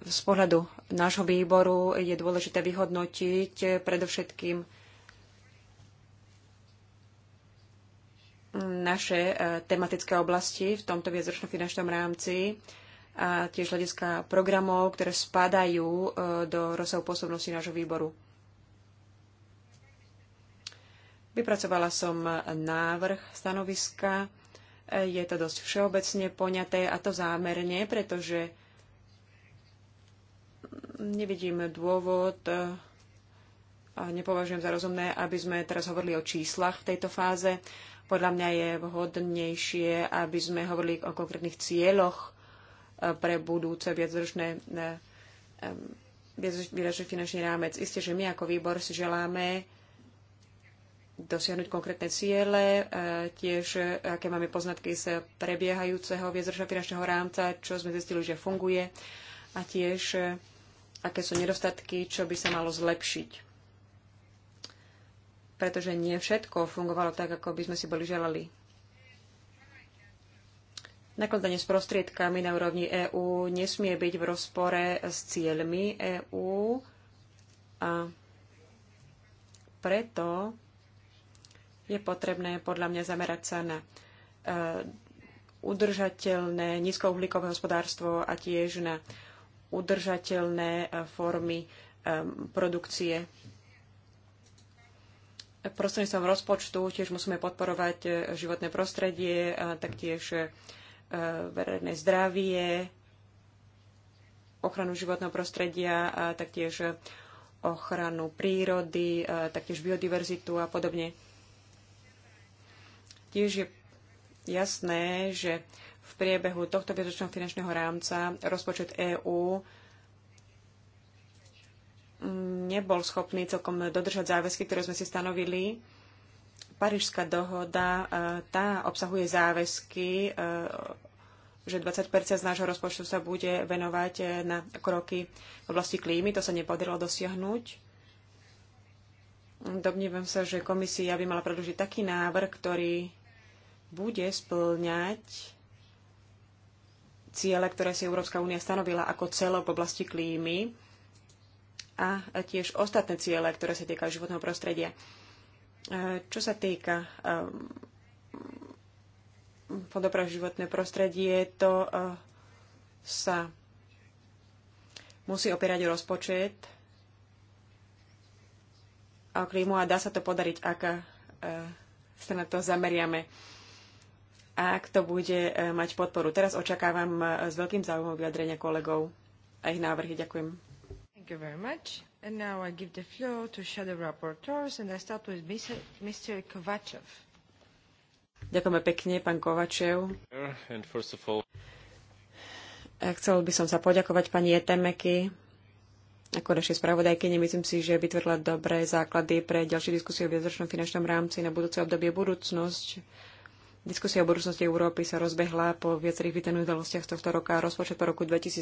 Z pohľadu nášho výboru je dôležité vyhodnotiť predovšetkým naše e, tematické oblasti v tomto viacročnom finančnom rámci a tiež hľadiska programov, ktoré spadajú e, do rozsahu pôsobnosti nášho výboru. Vypracovala som návrh stanoviska. E, je to dosť všeobecne poňaté a to zámerne, pretože nevidím dôvod a nepovažujem za rozumné, aby sme teraz hovorili o číslach v tejto fáze. Podľa mňa je vhodnejšie, aby sme hovorili o konkrétnych cieľoch e, pre budúce viacročné e, e, výražný finančný rámec. Isté, že my ako výbor si želáme dosiahnuť konkrétne ciele, tiež aké máme poznatky z prebiehajúceho viacročného finančného rámca, čo sme zistili, že funguje a tiež aké sú nedostatky, čo by sa malo zlepšiť pretože nie všetko fungovalo tak, ako by sme si boli želali. Nakladanie s prostriedkami na úrovni EÚ nesmie byť v rozpore s cieľmi EÚ a preto je potrebné podľa mňa zamerať sa na e, udržateľné nízkouhlíkové hospodárstvo a tiež na udržateľné e, formy e, produkcie prostredníctvom rozpočtu tiež musíme podporovať e, životné prostredie, a taktiež e, verejné zdravie, ochranu životného prostredia, a taktiež ochranu prírody, a taktiež biodiverzitu a podobne. Tiež je jasné, že v priebehu tohto viacročného finančného rámca rozpočet EÚ nebol schopný celkom dodržať záväzky, ktoré sme si stanovili. Parížská dohoda, e, tá obsahuje záväzky, e, že 20 z nášho rozpočtu sa bude venovať e, na kroky v oblasti klímy. To sa nepodarilo dosiahnuť. Domnívam sa, že komisia by mala predložiť taký návrh, ktorý bude splňať ciele, ktoré si Európska únia stanovila ako celo v oblasti klímy a tiež ostatné ciele, ktoré sa týkajú životného prostredia. E, čo sa týka e, Fondu životné prostredie, to e, sa musí opierať rozpočet a klímu a dá sa to podariť, ak sa na to zameriame a ak to bude mať podporu. Teraz očakávam s veľkým záujmom vyjadrenia kolegov a ich návrhy. Ďakujem. Thank you very much. now I give the floor to shadow rapporteurs and I start with Mr. Kovačev. Ďakujeme pekne, pán Kovačev. And first of all... Eh, chcel by som sa poďakovať pani Etemeky ako našej spravodajky. Nemyslím si, že vytvorila dobré základy pre ďalšie diskusie o viacročnom finančnom rámci na budúce obdobie budúcnosť Diskusia o budúcnosti Európy sa rozbehla po viacerých výtených udalostiach z tohto roka. Rozpočet po roku 2020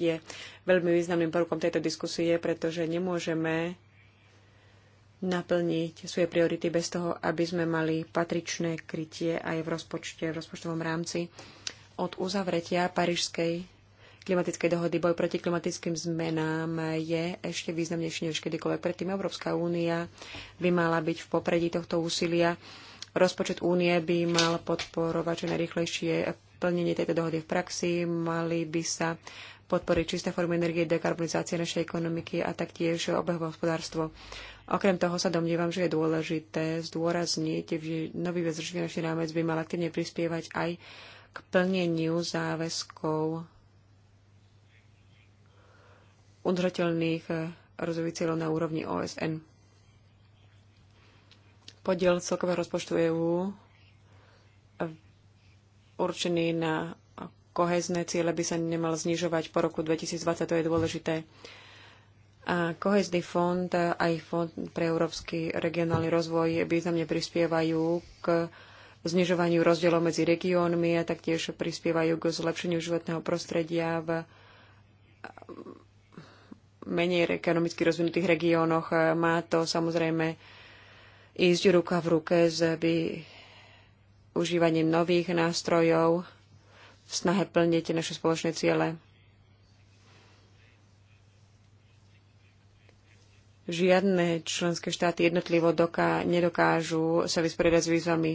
je veľmi významným prvkom tejto diskusie, pretože nemôžeme naplniť svoje priority bez toho, aby sme mali patričné krytie aj v rozpočte, v rozpočtovom rámci. Od uzavretia Parížskej klimatickej dohody boj proti klimatickým zmenám je ešte významnejší než kedykoľvek. Predtým Európska únia by mala byť v popredí tohto úsilia Rozpočet únie by mal podporovať čo najrychlejšie plnenie tejto dohody v praxi, mali by sa podporiť čisté formy energie, dekarbonizácie našej ekonomiky a taktiež obehové hospodárstvo. Okrem toho sa domnievam, že je dôležité zdôrazniť, že nový bezročný finančný rámec by mal aktívne prispievať aj k plneniu záväzkov udržateľných rozvojových cieľov na úrovni OSN. Podiel celkového rozpočtu EÚ eh, určený na kohezné ciele by sa nemal znižovať po roku 2020, to je dôležité. A kohezný fond a aj fond pre európsky regionálny rozvoj významne prispievajú k znižovaniu rozdielov medzi regiónmi a taktiež prispievajú k zlepšeniu životného prostredia v menej ekonomicky rozvinutých regiónoch. Má to samozrejme ísť ruka v ruke s užívaním nových nástrojov v snahe plniť naše spoločné ciele. Žiadne členské štáty jednotlivo doká- nedokážu sa vysporiadať s výzvami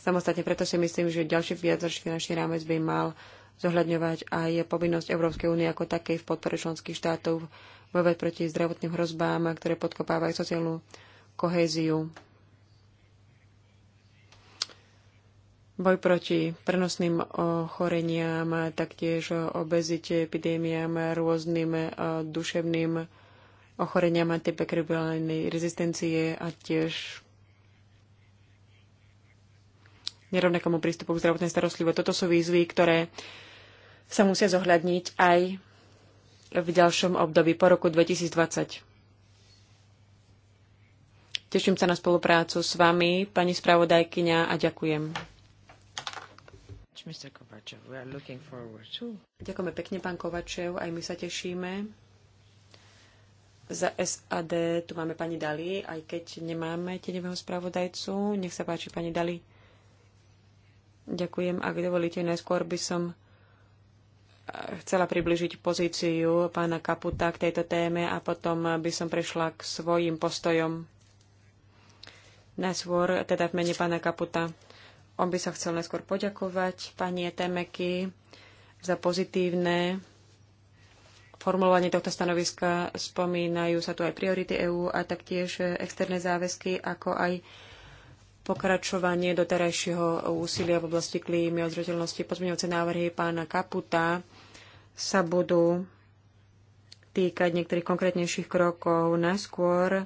samostatne. Preto si myslím, že ďalší viacročný finančný rámec by mal zohľadňovať aj povinnosť Európskej únie ako takej v podpore členských štátov vôbec proti zdravotným hrozbám, ktoré podkopávajú sociálnu kohéziu. boj proti prenosným ochoreniam, taktiež obezite, epidémiám, rôznym e, duševným ochoreniam antipekribulálnej rezistencie a tiež nerovnakomu prístupu k zdravotnej starostlivosti. Toto sú výzvy, ktoré sa musia zohľadniť aj v ďalšom období po roku 2020. Teším sa na spoluprácu s vami, pani spravodajkyňa, a ďakujem much, Mr. Kovačev. We are looking forward to. Ďakujeme pekne, pán Kovačev. Aj my sa tešíme. Za SAD tu máme pani Dali, aj keď nemáme tenevého spravodajcu. Nech sa páči, pani Dali. Ďakujem. Ak dovolíte, najskôr by som eh, chcela približiť pozíciu pána Kaputa k tejto téme a potom by som prešla k svojim postojom. Najskôr teda v mene pána Kaputa on by sa chcel najskôr poďakovať pani Temeky za pozitívne formulovanie tohto stanoviska. Spomínajú sa tu aj priority EÚ a taktiež externé záväzky, ako aj pokračovanie doterajšieho úsilia v oblasti klímy, odzretelnosti, pozmeňujúce návrhy pána Kaputa sa budú týkať niektorých konkrétnejších krokov. Najskôr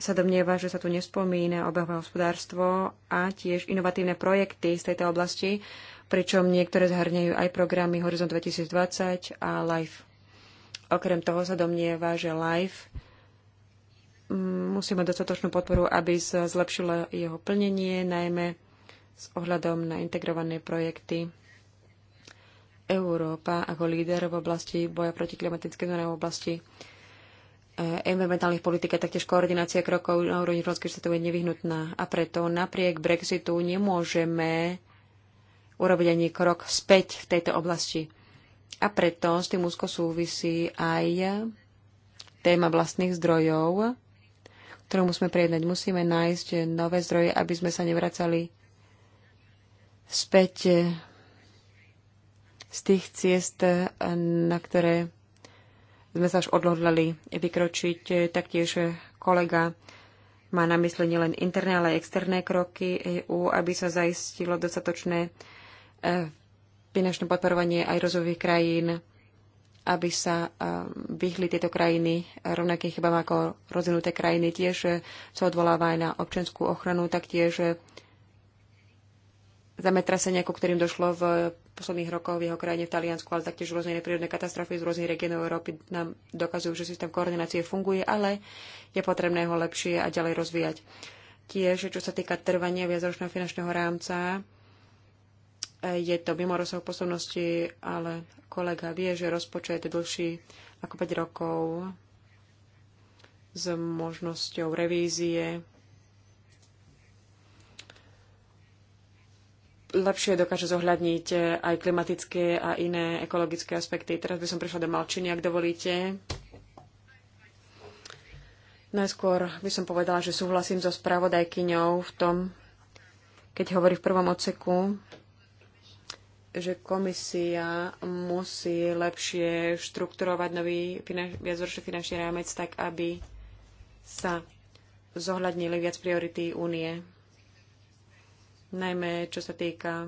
sa domnieva, že sa tu nespomína obehové hospodárstvo a tiež inovatívne projekty z tejto oblasti, pričom niektoré zhrňajú aj programy Horizon 2020 a LIFE. Okrem toho sa domnieva, že LIFE mm, musí mať dostatočnú podporu, aby sa zlepšilo jeho plnenie, najmä s ohľadom na integrované projekty. Európa ako líder v oblasti boja proti klimatickej zmenám v oblasti environmentálnych politik a taktiež koordinácia krokov na úrovni členských štátov je nevyhnutná. A preto napriek Brexitu nemôžeme urobiť ani krok späť v tejto oblasti. A preto s tým úzko súvisí aj téma vlastných zdrojov, ktorú musíme prejednať. Musíme nájsť nové zdroje, aby sme sa nevracali späť z tých ciest, na ktoré sme sa až odhodlali vykročiť. Taktiež kolega má na mysle nielen interné, ale aj externé kroky EÚ, aby sa zaistilo dostatočné e, finančné podporovanie aj rozvojových krajín, aby sa e, vyhli tieto krajiny rovnakým chybám ako rozvinuté krajiny. Tiež sa odvoláva aj na občianskú ochranu, taktiež zemetrasenia, ku ktorým došlo v posledných rokoch v jeho krajine v Taliansku, ale taktiež rôzne neprírodné katastrofy z rôznych regiónov Európy nám dokazujú, že systém koordinácie funguje, ale je potrebné ho lepšie a ďalej rozvíjať. Tiež, čo sa týka trvania viacročného finančného rámca, je to mimo rozsahu posobnosti, ale kolega vie, že rozpočet je dlhší ako 5 rokov s možnosťou revízie lepšie dokáže zohľadniť eh, aj klimatické a iné ekologické aspekty. Teraz by som prišla do Malčiny, ak dovolíte. Najskôr by som povedala, že súhlasím so spravodajkyňou v tom, keď hovorí v prvom odseku, že komisia musí lepšie štrukturovať nový finanč, viacročný finančný rámec tak, aby sa zohľadnili viac priority únie najmä čo sa týka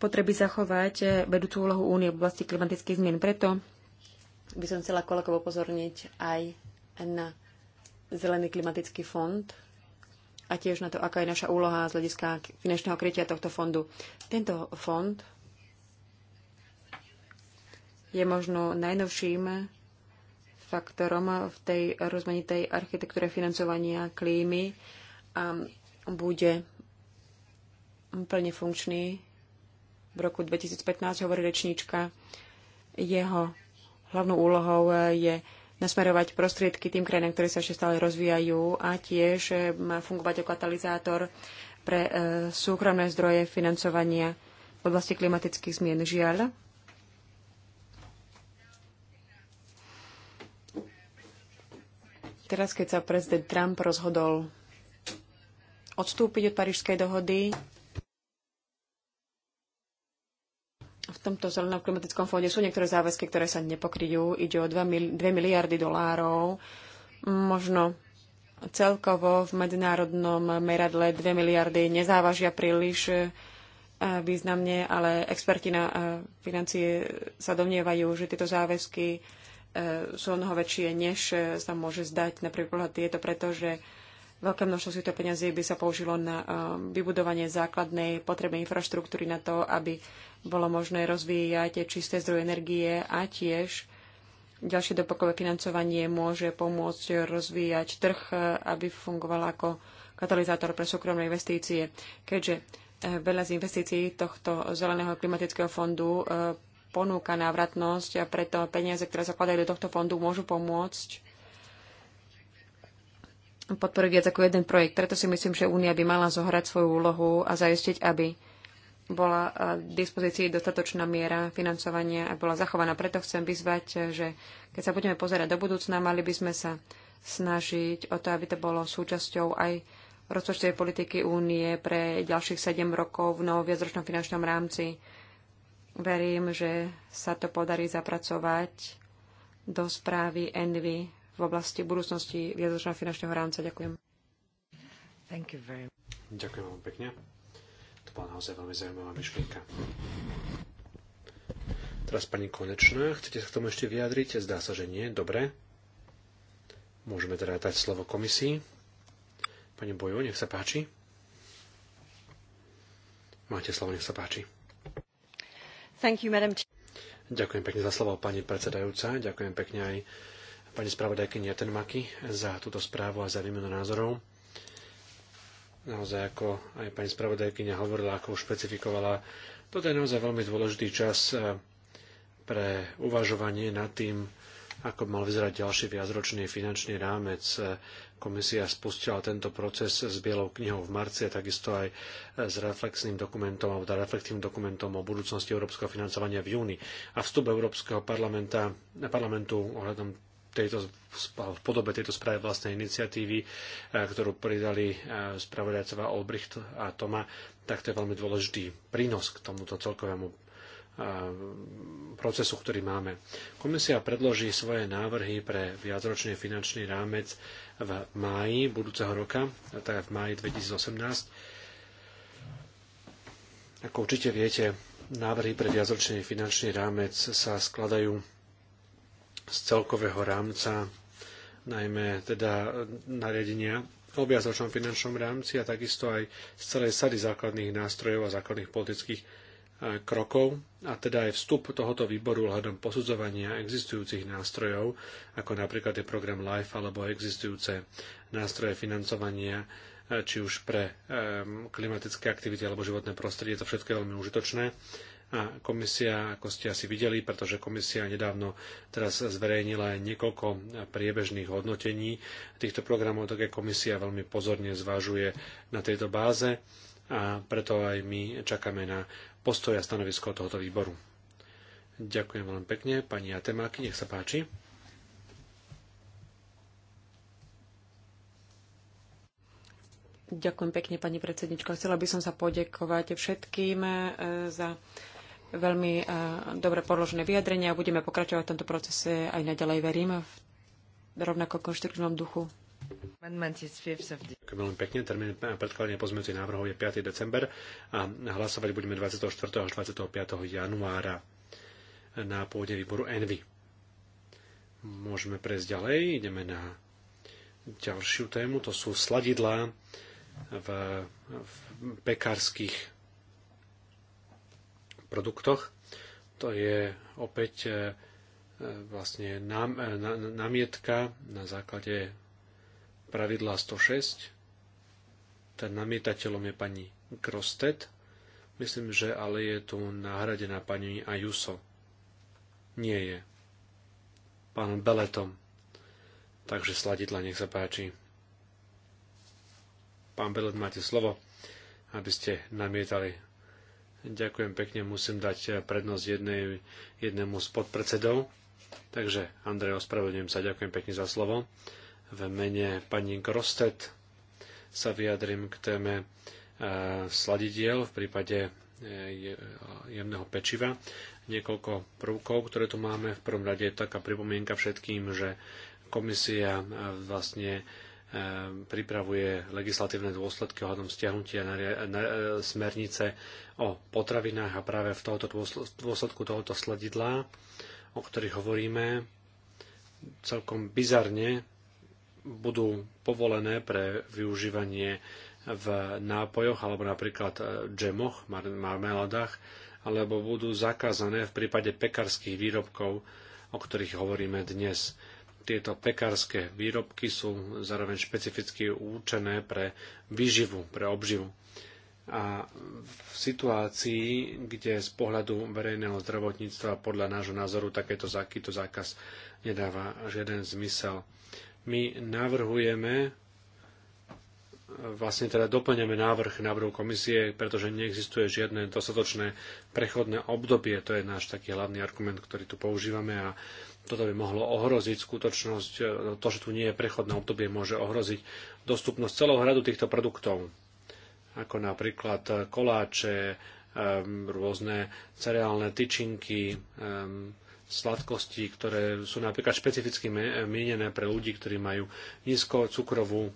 potreby zachovať vedúcu úlohu únie v oblasti klimatických zmien. Preto by som chcela kolegov upozorniť aj na Zelený klimatický fond a tiež na to, aká je naša úloha z hľadiska finančného krytia tohto fondu. Tento fond je možno najnovším faktorom v tej rozmanitej architektúre financovania klímy a bude plne funkčný v roku 2015, hovorí rečníčka. Jeho hlavnou úlohou je nasmerovať prostriedky tým krajinám, ktoré sa ešte stále rozvíjajú a tiež eh, má fungovať ako katalizátor pre eh, súkromné zdroje financovania v oblasti klimatických zmien. Žiaľ, Teraz, keď sa prezident Trump rozhodol odstúpiť od Parížskej dohody, v tomto zelenom klimatickom fóde sú niektoré záväzky, ktoré sa nepokryjú. Ide o 2, mil- 2 miliardy dolárov. Možno celkovo v medzinárodnom meradle 2 miliardy nezávažia príliš e, významne, ale experti na e, financie sa domnievajú, že tieto záväzky sú mnoho väčšie, než sa môže zdať na prvý pohľad. Je to preto, že veľké množstvo týchto peňazí by sa použilo na um, vybudovanie základnej potreby infraštruktúry na to, aby bolo možné rozvíjať čisté zdroje energie a tiež ďalšie dopokové financovanie môže pomôcť rozvíjať trh, eh, aby fungoval ako katalizátor pre súkromné investície. Keďže eh, veľa z investícií tohto zeleného klimatického fondu eh, ponúka návratnosť a preto peniaze, ktoré sa kladajú do tohto fondu, môžu pomôcť podporiť viac ako jeden projekt. Preto si myslím, že Únia by mala zohrať svoju úlohu a zajistiť, aby bola eh, v dispozícii dostatočná miera financovania a bola zachovaná. Preto chcem vyzvať, eh, že keď sa budeme pozerať do budúcna, mali by sme sa snažiť o to, aby to bolo súčasťou aj rozpočtovej politiky únie pre ďalších 7 rokov v novom viacročnom finančnom rámci. Verím, že sa to podarí zapracovať do správy Envy v oblasti budúcnosti viedočného finančného rámca. Ďakujem. Thank you very much. Ďakujem vám pekne. To bola naozaj veľmi zaujímavá myšlienka. Teraz pani Konečná, chcete sa k tomu ešte vyjadriť? Zdá sa, že nie. Dobre. Môžeme teda dať slovo komisii. Pani Bojo, nech sa páči. Máte slovo, nech sa páči. Ďakujem pekne za slovo, pani predsedajúca. Ďakujem pekne aj pani spravodajkyni Jatenmaki za túto správu a za výmenu názorov. Naozaj, ako aj pani spravodajkyňa hovorila, ako už špecifikovala, toto je naozaj veľmi dôležitý čas eh, pre uvažovanie nad tým, ako mal vyzerať ďalší viacročný finančný rámec. Komisia spustila tento proces s Bielou knihou v marci a takisto aj s reflexným dokumentom alebo teda reflektívnym dokumentom o budúcnosti európskeho financovania v júni a vstup Európskeho parlamentu ohľadom tejto, v podobe tejto správy vlastnej iniciatívy, eh, ktorú pridali eh, spravodajcova Olbricht a Toma, tak to je veľmi dôležitý prínos k tomuto celkovému procesu, ktorý máme. Komisia predloží svoje návrhy pre viacročný finančný rámec v máji budúceho roka, teda v máji 2018. Ako určite viete, návrhy pre viacročný finančný rámec sa skladajú z celkového rámca, najmä teda nariadenia o viacročnom finančnom rámci a takisto aj z celej sady základných nástrojov a základných politických e, krokov, a teda aj vstup tohoto výboru hľadom posudzovania existujúcich nástrojov, ako napríklad je program LIFE alebo existujúce nástroje financovania, e, či už pre klimatické aktivity alebo životné prostredie, to všetko je veľmi užitočné. A komisia, ako ste asi videli, pretože komisia nedávno teraz zverejnila aj niekoľko priebežných hodnotení týchto programov, také komisia veľmi pozorne zvažuje na tejto báze a preto aj my čakáme na postoj a stanovisko tohoto výboru. Ďakujem veľmi pekne. Pani Atemáky, nech sa páči. Ďakujem pekne, pani predsednička. Chcela by som sa podekovať všetkým e, za veľmi e, dobre položené vyjadrenia. Budeme pokračovať v tomto procese aj naďalej, verím, v rovnako konštruktívnom duchu. Ďakujem veľmi pekne. Termín predkladania pozmeňujúcich návrhov je 5. december a hlasovať budeme 24. až 25. januára na pôde výboru Envy. Môžeme prejsť ďalej. Ideme na ďalšiu tému. To sú sladidlá v, v pekárskych produktoch. To je opäť e, e, vlastne nám, na, e, na, namietka na základe pravidlá 106. Ten namietateľom je pani Krostet. Myslím, že ale je tu nahradená pani Ajuso. Nie je. pán Beletom. Takže sladidla, nech sa páči. Pán Belet, máte slovo, aby ste namietali. Ďakujem pekne, musím dať prednosť jednej, jednému z podpredsedov. Takže, Andrej, ospravedlňujem sa, ďakujem pekne za slovo v mene pani Grostet sa vyjadrím k téme e, sladidiel v prípade e, e, jemného pečiva. Niekoľko prvkov, ktoré tu máme. V prvom rade je taká pripomienka všetkým, že komisia vlastne pripravuje legislatívne dôsledky ohľadom stiahnutia na, na, smernice o potravinách a práve v tohoto dôsledku tohoto sladidla, o ktorých hovoríme, celkom bizarne budú povolené pre využívanie v nápojoch alebo napríklad e, džemoch, marmeladách, alebo budú zakázané v prípade pekárskych výrobkov, o ktorých hovoríme dnes. Tieto pekárske výrobky sú zároveň špecificky určené pre výživu, pre obživu. A v situácii, kde z pohľadu verejného zdravotníctva podľa nášho názoru takéto, zákaz nedáva žiaden zmysel my navrhujeme, vlastne teda doplňame návrh návrhu komisie, pretože neexistuje žiadne dostatočné prechodné obdobie. To je náš taký hlavný argument, ktorý tu používame a toto by mohlo ohroziť skutočnosť, to, že tu nie je prechodné obdobie, môže ohroziť dostupnosť celého hradu týchto produktov, ako napríklad koláče, ehm, rôzne cereálne tyčinky, ehm, sladkostí, ktoré sú napríklad špecificky mienené pre ľudí, ktorí majú nízko cukrovú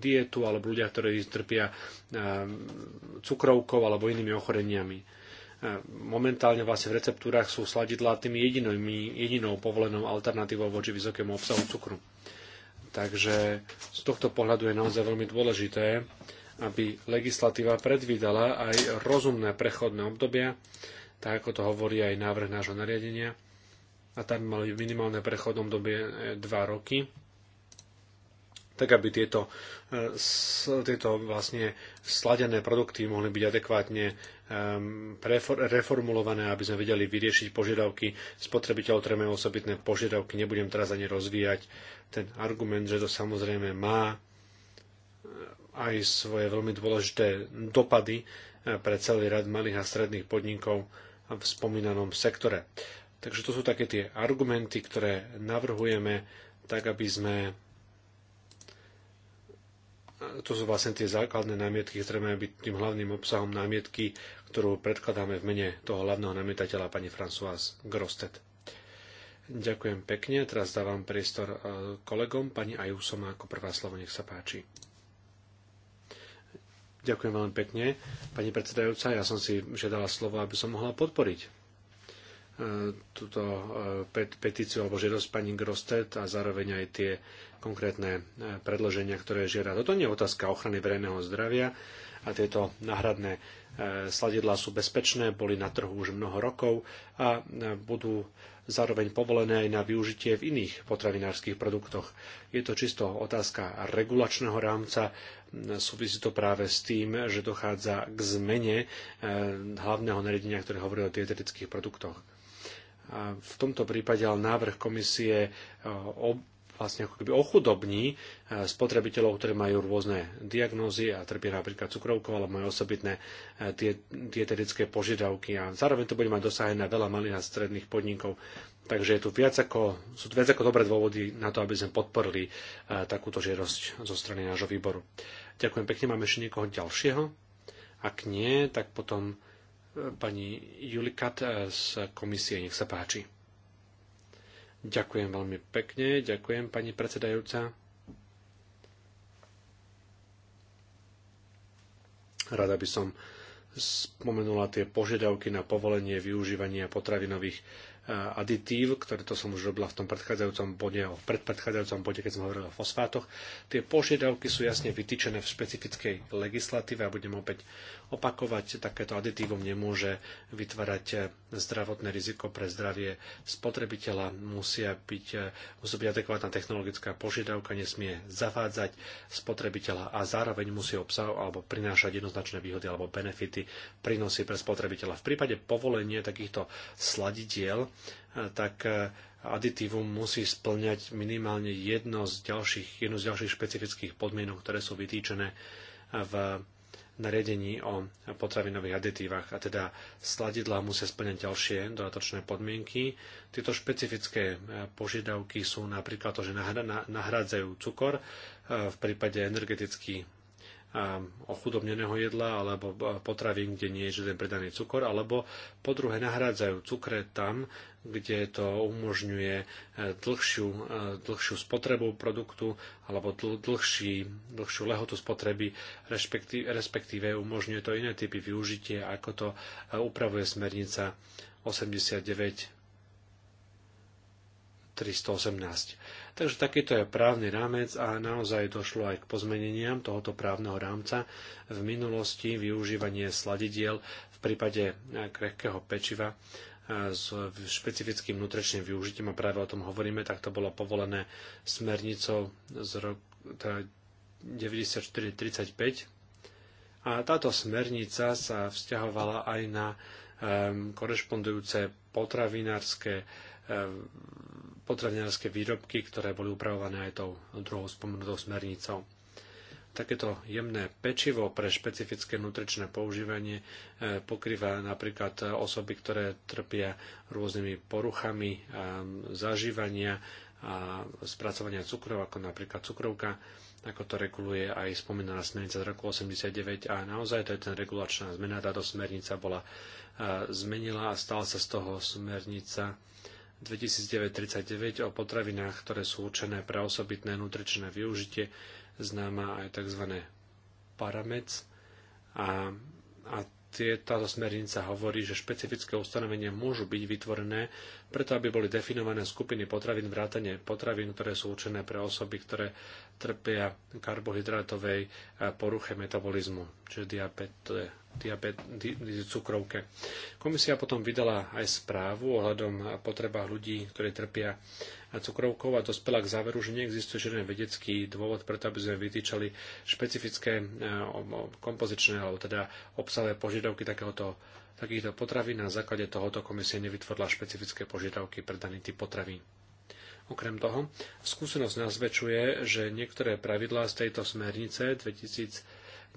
dietu alebo ľudia, ktorí trpia cukrovkou alebo inými ochoreniami. Momentálne vlastne v receptúrach sú sladidlá tými jedinými, jedinou povolenou alternatívou voči vysokému obsahu cukru. Takže z tohto pohľadu je naozaj veľmi dôležité, aby legislatíva predvídala aj rozumné prechodné obdobia, tak ako to hovorí aj návrh nášho nariadenia. A tam mali minimálne prechodom dobie 2 eh, roky, tak aby tieto, eh, tieto vlastne sladené produkty mohli byť adekvátne ehm, reformulované, aby sme vedeli vyriešiť požiadavky spotrebiteľov, ktoré majú osobitné požiadavky. Nebudem teraz ani rozvíjať ten argument, že to samozrejme má eh, aj svoje veľmi dôležité dopady pre celý rad malých a stredných podnikov v spomínanom sektore. Takže to sú také tie argumenty, ktoré navrhujeme, tak aby sme to sú vlastne tie základné námietky, ktoré majú byť tým hlavným obsahom námietky, ktorú predkladáme v mene toho hlavného namietateľa pani Françoise Grostet. Ďakujem pekne, teraz dávam priestor e, kolegom. Pani Ajusoma, ako prvá slovo, nech sa páči. Ďakujem veľmi pekne. Pani predsedajúca, ja som si žiadala slovo, aby som mohla podporiť e, túto e, petíciu alebo žiadosť pani Grostet a zároveň aj tie konkrétne e, predloženia, ktoré žiada. Toto nie je otázka ochrany verejného zdravia a tieto náhradné sladidlá sú bezpečné, boli na trhu už mnoho rokov a budú zároveň povolené aj na využitie v iných potravinárskych produktoch. Je to čisto otázka regulačného rámca, súvisí to práve s tým, že dochádza k zmene eh, hlavného nariadenia, ktoré hovorí o dietetických produktoch. A v tomto prípade ale návrh komisie eh, vlastne ako keby ochudobní e, spotrebiteľov, ktorí majú rôzne diagnózy a trpia napríklad cukrovkou, alebo majú osobitné e, dietetické požiadavky a zároveň to bude mať dosahy na veľa malých a stredných podnikov. Takže je tu viac ako, sú tu viac ako dobré dôvody na to, aby sme podporili e, takúto žiadosť zo strany nášho výboru. Ďakujem pekne. Máme ešte niekoho ďalšieho? Ak nie, tak potom pani Julikat z komisie, nech sa páči. Ďakujem veľmi pekne, ďakujem pani predsedajúca. Rada by som spomenula tie požiadavky na povolenie využívania potravinových Eh, aditív, ktoré to som už robila v tom predchádzajúcom bode, v predpredchádzajúcom bode, keď som hovorili o fosfátoch. Tie požiadavky sú jasne vytýčené v špecifickej legislatíve a budem opäť opakovať, takéto aditívom nemôže vytvárať eh, zdravotné riziko pre zdravie spotrebiteľa. Musia byť, eh, musí byť adekvátna technologická požiadavka, nesmie zavádzať spotrebiteľa a zároveň musí obsah alebo prinášať jednoznačné výhody alebo benefity, prínosy pre spotrebiteľa. V prípade povolenie takýchto sladidiel tak e, aditívum musí splňať minimálne jedno z ďalších, jednu z ďalších špecifických podmienok, ktoré sú vytýčené v nariadení o potravinových aditívach, a teda sladidla musia splňať ďalšie dodatočné podmienky. Tieto špecifické e, požiadavky sú napríklad to, že nahradzajú cukor e, v prípade energeticky Um, ochudobneného jedla alebo uh, potravín, kde nie je žiaden predaný cukor, alebo po druhé nahrádzajú cukre tam, kde to umožňuje uh, dlhšiu, uh, dlhšiu spotrebu produktu alebo dlhší, dlhšiu lehotu spotreby, respektíve, respektíve umožňuje to iné typy využitie, ako to upravuje smernica 89 318. Takže takýto je právny rámec a naozaj došlo aj k pozmeneniam tohoto právneho rámca. V minulosti využívanie sladidiel v prípade eh, krehkého pečiva eh, s špecifickým nutričným využitím, a práve o tom hovoríme, tak to bolo povolené smernicou z roku teda 94-35. A táto smernica sa vzťahovala aj na ehm, korešpondujúce potravinárske ehm, potravinárske výrobky, ktoré boli upravované aj tou druhou spomenutou smernicou. Takéto jemné pečivo pre špecifické nutričné používanie e, pokrýva napríklad osoby, ktoré trpia rôznymi poruchami e, zažívania a spracovania cukrov, ako napríklad cukrovka, ako to reguluje aj spomínaná smernica z roku 89 a naozaj to je ten regulačná zmena. Táto smernica bola e, zmenila a stala sa z toho smernica 2009-39 o potravinách, ktoré sú určené pre osobitné nutričné využitie, známa aj tzv. paramec. A, a tie, táto smernica hovorí, že špecifické ustanovenia môžu byť vytvorené preto, aby boli definované skupiny potravín vrátane potravín, ktoré sú určené pre osoby, ktoré trpia karbohydrátovej e, poruche metabolizmu, čiže diabetes. diabet, di, di, cukrovke. Komisia potom vydala aj správu ohľadom potrebách ľudí, ktorí trpia cukrovkou a dospela k záveru, že neexistuje žiadny vedecký dôvod preto, aby sme vytýčali špecifické e, kompozičné alebo teda obsahové požiadavky takéhoto takýchto potravín na základe tohoto komisia nevytvorila špecifické požiadavky pre daný typ potravín. Okrem toho, skúsenosť nazvečuje, že niektoré pravidlá z tejto smernice 2039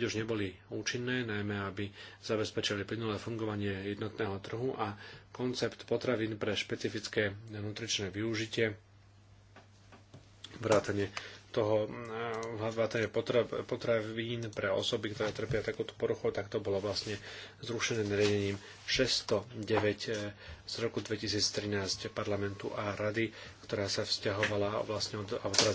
už neboli účinné, najmä aby zabezpečili plynulé fungovanie jednotného trhu a koncept potravín pre špecifické nutričné využitie vrátane toho hľadáte eh, potravín pre osoby, ktoré trpia takúto poruchou, tak to bolo vlastne zrušené nariadením 609 eh, z roku 2013 parlamentu a rady, ktorá sa vzťahovala vlastne od, ktorá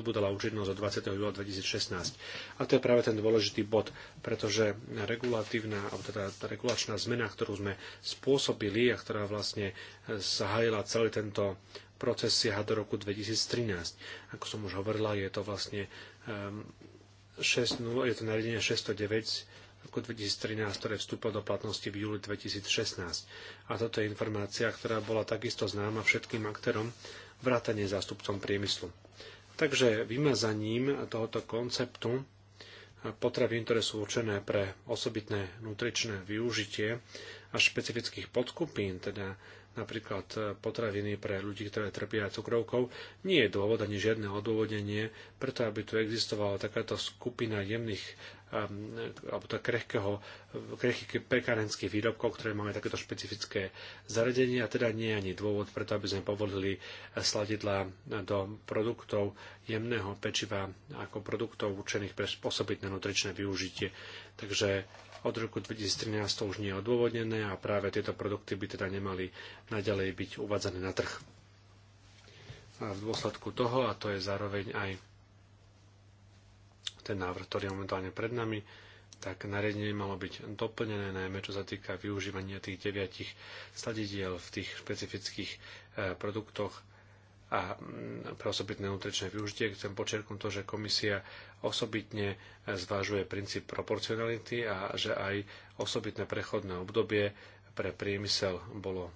dala účinnosť od 20. júla 2016. A to je práve ten dôležitý bod, pretože regulatívna, alebo teda regulačná zmena, ktorú sme spôsobili a ktorá vlastne eh, zahájila celý tento proces siaha do roku 2013. Ako som už hovorila, je to vlastne 6, ehm, je to nariadenie 609 roku 2013, ktoré vstúpilo do platnosti v júli 2016. A toto je informácia, ktorá bola takisto známa všetkým aktérom, vrátane zástupcom priemyslu. Takže vymazaním tohoto konceptu potravín, ktoré sú určené pre osobitné nutričné využitie a špecifických podkupín, teda napríklad e, potraviny pre ľudí, ktoré trpia cukrovkou, nie je dôvod ani žiadne odôvodnenie, preto aby tu existovala takáto skupina jemných e, alebo to krehkého, e, krehkých pekárenských výrobkov, ktoré máme takéto špecifické zariadenie a teda nie je ani dôvod preto, aby sme povolili sladidla do produktov jemného pečiva ako produktov určených pre osobitné nutričné využitie. Takže od roku 2013 to už nie je odôvodnené a práve tieto produkty by teda nemali naďalej byť uvádzané na trh. A v dôsledku toho, a to je zároveň aj ten návrh, ktorý je momentálne pred nami, tak nariadenie malo byť doplnené, najmä čo sa týka využívania tých deviatich sladidiel v tých špecifických eh, produktoch a mm, pre osobitné nutričné využitie. Chcem počerknúť to, že komisia osobitne e, zvážuje princíp proporcionality a že aj osobitné prechodné obdobie pre priemysel bolo,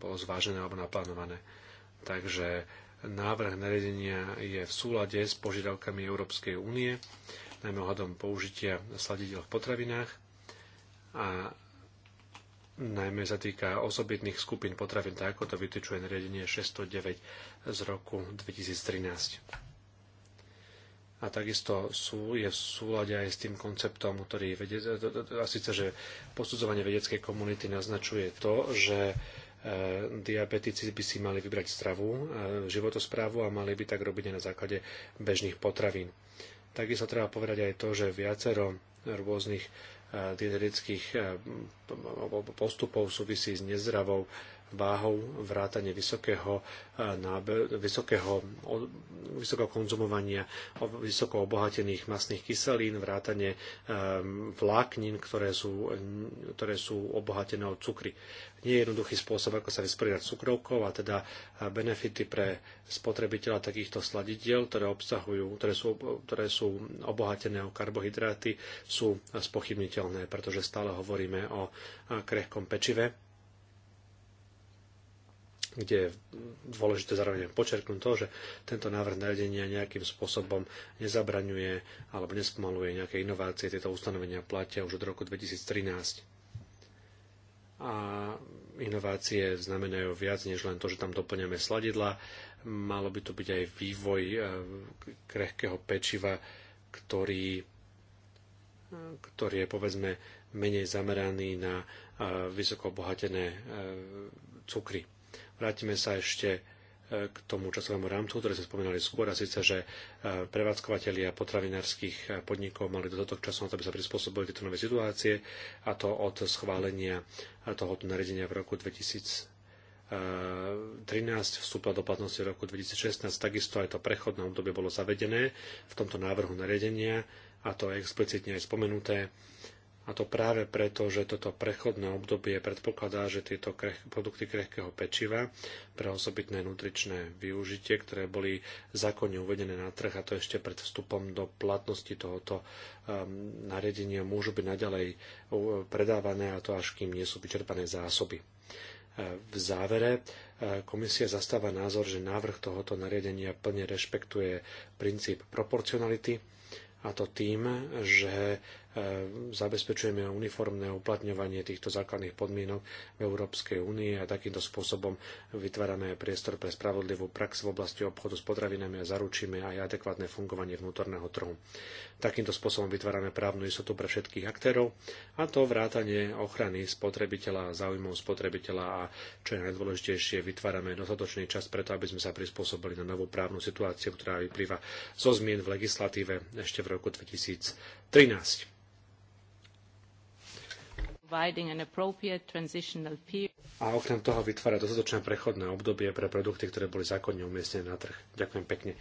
bolo zvážené alebo naplánované. Takže návrh nariadenia je v súlade s požiadavkami Európskej únie, najmä ohľadom použitia sladidel v potravinách a najmä sa týka osobitných skupín potravín, tak ako to vytýčuje nariadenie 609 z roku 2013 a takisto sú, je v súlade aj s tým konceptom, ktorý vede, a síce, že posudzovanie vedeckej komunity naznačuje to, že e, diabetici by si mali vybrať stravu, e, životosprávu a mali by tak robiť aj na základe bežných potravín. Takisto treba povedať aj to, že viacero rôznych Eh, dietetických eh, postupov súvisí s nezdravou váhou vrátane vysokého, eh, nábe, vysokého, vysokého konzumovania vysoko obohatených masných kyselín, vrátane eh, vláknin, ktoré sú, ktoré sú obohatené od cukry. Nie je jednoduchý spôsob, ako sa vysporiadať cukrovkou a teda eh, benefity pre spotrebiteľa takýchto sladidiel, ktoré, obsahujú, ktoré, sú, ktoré sú obohatené o karbohydráty, sú spochybniteľné, pretože stále hovoríme o krehkom pečive kde je dôležité zároveň počerknúť to, že tento návrh nariadenia nejakým spôsobom nezabraňuje alebo nespomaluje nejaké inovácie. Tieto ustanovenia platia už od roku 2013. A inovácie znamenajú viac než len to, že tam doplňame sladidla. Malo by to byť aj vývoj eh, krehkého pečiva, ktorý, eh, ktorý je povedzme menej zameraný na eh, vysoko obohatené cukry Vrátime sa ešte e, k tomu časovému rámcu, ktoré sme spomínali skôr, a síce, že e, prevádzkovateľia potravinárskych e, podnikov mali dodatok času na to, aby sa prispôsobili tieto nové situácie, a to od schválenia tohoto nariadenia v roku 2000 13 vstúpila do platnosti v roku 2016, takisto aj to prechodné obdobie bolo zavedené v tomto návrhu nariadenia a to je explicitne aj spomenuté a to práve preto, že toto prechodné obdobie predpokladá, že tieto kreh, produkty krehkého pečiva pre osobitné nutričné využitie, ktoré boli zákonne uvedené na trh, a to ešte pred vstupom do platnosti tohoto um, nariadenia, môžu byť naďalej predávané, a to až kým nie sú vyčerpané zásoby. E, v závere e, komisia zastáva názor, že návrh tohoto nariadenia plne rešpektuje princíp proporcionality, a to tým, že E, zabezpečujeme uniformné uplatňovanie týchto základných podmienok v Európskej únii a takýmto spôsobom vytvárame priestor pre spravodlivú prax v oblasti obchodu s potravinami a zaručíme aj adekvátne fungovanie vnútorného trhu. Takýmto spôsobom vytvárame právnu istotu pre všetkých aktérov a to vrátanie ochrany spotrebiteľa, záujmov spotrebiteľa a čo je najdôležitejšie, vytvárame dostatočný čas preto, aby sme sa prispôsobili na novú právnu situáciu, ktorá vyplýva zo zmien v legislatíve ešte v roku 2013. A okrem toho vytvára dostatočné prechodné obdobie pre produkty, ktoré boli zákonne umiestnené na trh. Ďakujem pekne.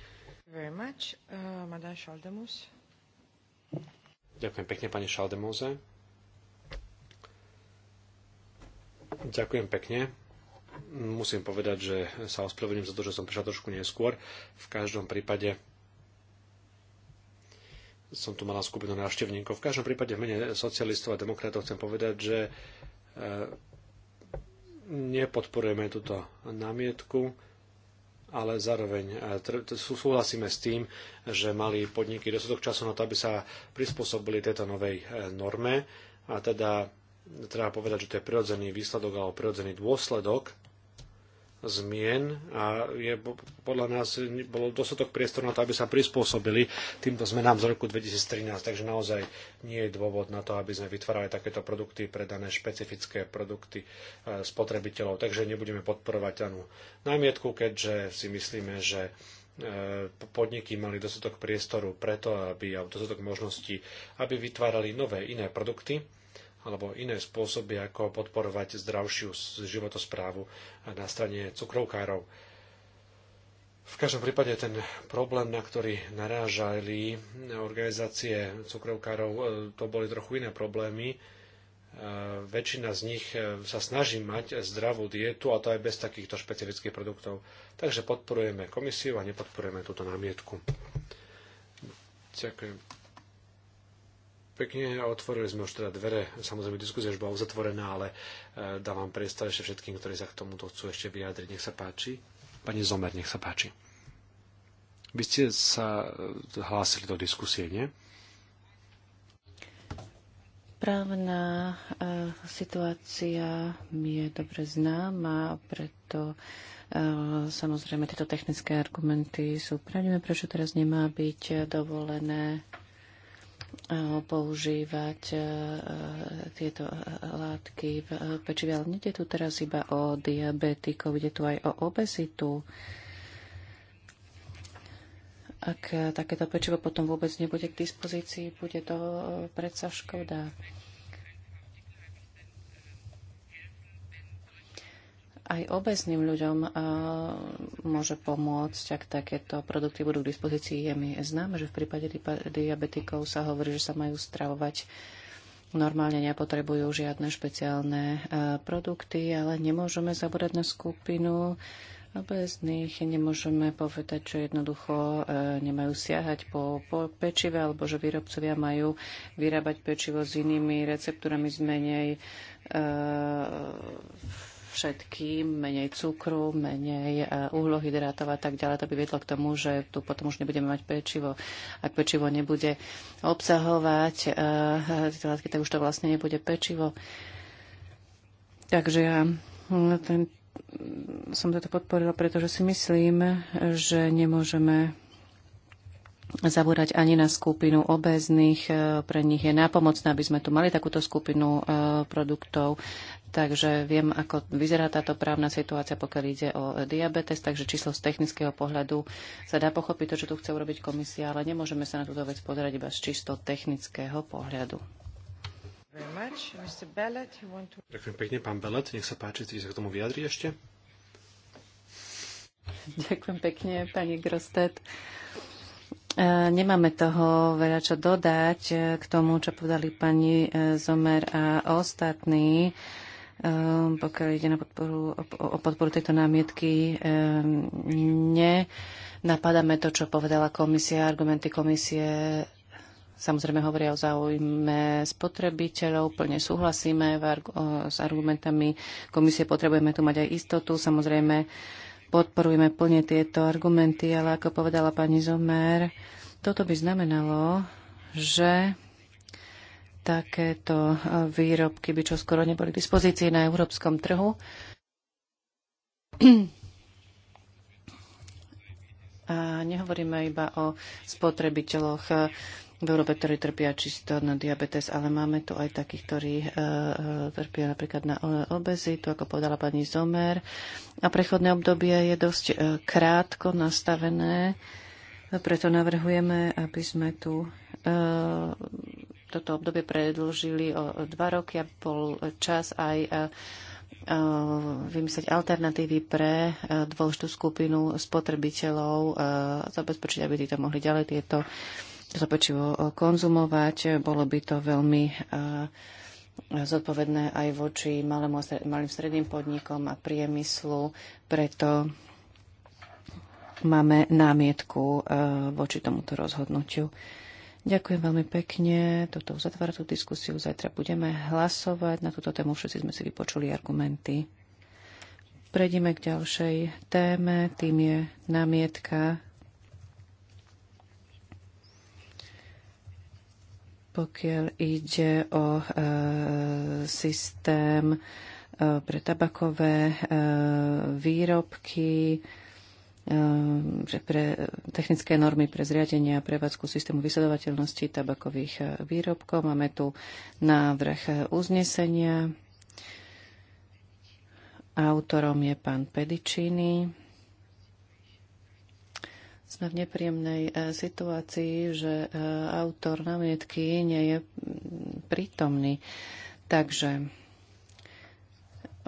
Uh, Ďakujem pekne, pani Šaldemuse. Ďakujem pekne. Musím povedať, že sa ospravedlňujem za to, že som prišla trošku neskôr. V každom prípade som tu mala skupinu návštevníkov. V každom prípade v mene socialistov a demokratov chcem povedať, že e, nepodporujeme túto námietku, ale zároveň e, súhlasíme s tým, že mali podniky dostatok času na to, aby sa prispôsobili tejto novej e, norme a teda treba povedať, že to je prirodzený výsledok alebo prirodzený dôsledok zmien a je, podľa nás bolo dostatok priestoru na to, aby sa prispôsobili týmto zmenám z roku 2013. Takže naozaj nie je dôvod na to, aby sme vytvárali takéto produkty pre dané špecifické produkty e, spotrebiteľov. Takže nebudeme podporovať danú námietku, keďže si myslíme, že e, podniky mali dostatok priestoru preto, aby a dostatok možností, aby vytvárali nové iné produkty alebo iné spôsoby, ako podporovať zdravšiu životosprávu na strane cukrovkárov. V každom prípade ten problém, na ktorý narážali organizácie cukrovkárov, e, to boli trochu iné problémy. E, väčšina z nich e, sa snaží mať zdravú dietu a to aj bez takýchto špecifických produktov. Takže podporujeme komisiu a nepodporujeme túto námietku. Ďakujem pekne. Otvorili sme už teda dvere. Samozrejme, diskusia už bola uzatvorená, ale e, dávam priestor ešte všetkým, ktorí sa k tomuto chcú ešte vyjadriť. Nech sa páči. Pani Zomer, nech sa páči. Vy ste sa e, hlásili do diskusie, nie? Právna e, situácia mi je dobre známa, preto samozrejme tieto technické argumenty sú pravdivé, prečo teraz nemá byť dovolené Eh, používať eh, eh, tieto látky v pečive. Ale nie tu teraz iba o diabetikov, ide tu aj o obezitu. Ak takéto pečivo potom vôbec nebude k dispozícii, bude to predsa škoda. aj obezným ľuďom uh, môže pomôcť, ak takéto produkty budú k dispozícii. Je mi známe, že v prípade diabetikov sa hovorí, že sa majú stravovať normálne nepotrebujú žiadne špeciálne uh, produkty, ale nemôžeme zabúdať na skupinu obezných. Nemôžeme povedať, že jednoducho uh, nemajú siahať po, po pečive alebo že výrobcovia majú vyrábať pečivo s inými receptúrami z menej všetkým, menej cukru, menej e, uhlohydrátov a tak ďalej. To by viedlo k tomu, že tu potom už nebudeme mať pečivo. Ak pečivo nebude obsahovať e, tieto látky, tak už to vlastne nebude pečivo. Takže ja mm, ten, mm, som toto podporila, pretože si myslím, že nemôžeme zabúrať ani na skupinu obéznych. E, pre nich je nápomocné, aby sme tu mali takúto skupinu produktov. Takže viem, ako vyzerá táto právna situácia, pokiaľ ide o diabetes, takže číslo z technického pohľadu sa dá pochopiť to, čo tu chce urobiť komisia, ale nemôžeme sa na túto vec pozerať iba z čisto technického pohľadu. Ďakujem pekne, pán Belet, nech sa páči, chcete sa k tomu vyjadriť ešte? Ďakujem pekne, pani Grostet. E, nemáme toho veľa čo dodať e, k tomu, čo povedali pani e, Zomer a ostatní. Ehm, pokiaľ ide na podporu, o podporu tejto námietky, ehm, Napadáme to, čo povedala komisia. Argumenty komisie samozrejme hovoria o záujme spotrebiteľov, plne súhlasíme s argumentami komisie, potrebujeme tu mať aj istotu, samozrejme podporujeme plne tieto argumenty, ale ako povedala pani Zomer, toto by znamenalo, že takéto e, výrobky by čoskoro neboli k dispozícii na európskom trhu. A nehovoríme iba o spotrebiteľoch e, v Európe, ktorí trpia čisto na diabetes, ale máme tu aj takých, ktorí e, trpia napríklad na obezitu, ako povedala pani Zomer. A prechodné obdobie je dosť krátko nastavené, preto navrhujeme, aby sme tu toto obdobie predlžili o dva roky a bol čas aj e, e, vymyslieť alternatívy pre e, dôležitú skupinu spotrebiteľov, zabezpečiť, aby títo mohli ďalej tieto zapečivo konzumovať. Bolo by to veľmi zodpovedné aj voči malému, malým stredným podnikom a priemyslu, preto máme námietku voči tomuto rozhodnutiu. Ďakujem veľmi pekne. Toto uzatvára tú diskusiu. Zajtra budeme hlasovať. Na túto tému všetci sme si vypočuli argumenty. Prejdeme k ďalšej téme. Tým je námietka. Pokiaľ ide o e, systém e, pre tabakové e, výrobky, e, Ehm, že pre eh, technické normy pre zriadenie a prevádzku systému vysledovateľnosti tabakových eh, výrobkov. Máme tu návrh eh, uznesenia. Autorom je pán Pedičiny. Sme v nepríjemnej situácii, že autor námietky nie je mm, prítomný. Takže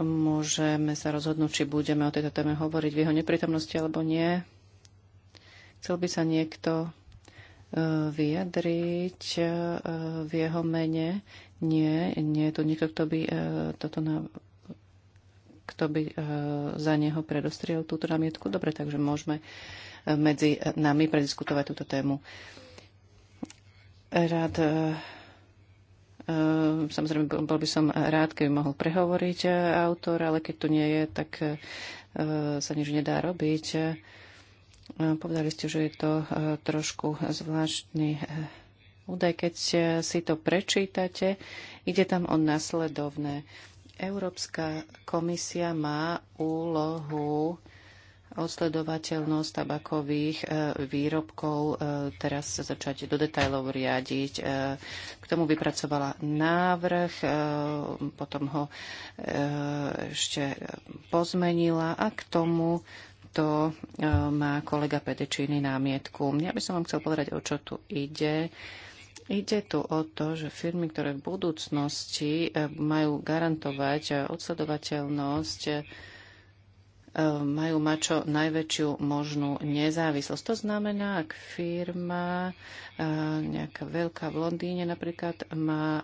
môžeme sa rozhodnúť, či budeme o tejto téme hovoriť v jeho neprítomnosti alebo nie. Chcel by sa niekto e, vyjadriť e, v jeho mene. Nie, nie je tu nikto, kto by e, toto na, kto by za neho predostriel túto námietku. Dobre, takže môžeme medzi nami prediskutovať túto tému. Rád Ehm, samozrejme, bol by som rád, keby mohol prehovoriť e, autor, ale keď tu nie je, tak e, sa nič nedá robiť. E, povedali ste, že je to trošku zvláštny údaj. Keď si to prečítate, ide tam o nasledovné. Európska komisia má úlohu odsledovateľnosť tabakových e, výrobkov e, teraz sa začať do detajlov riadiť. E, k tomu vypracovala návrh, potom ho ešte pozmenila a k tomu to má kolega Pedečiny námietku. Ja by som vám chcel povedať, o čo tu ide. Ide tu o to, že firmy, ktoré v budúcnosti majú garantovať odsledovateľnosť, majú mať čo najväčšiu možnú nezávislosť. To znamená, ak firma nejaká veľká v Londýne napríklad má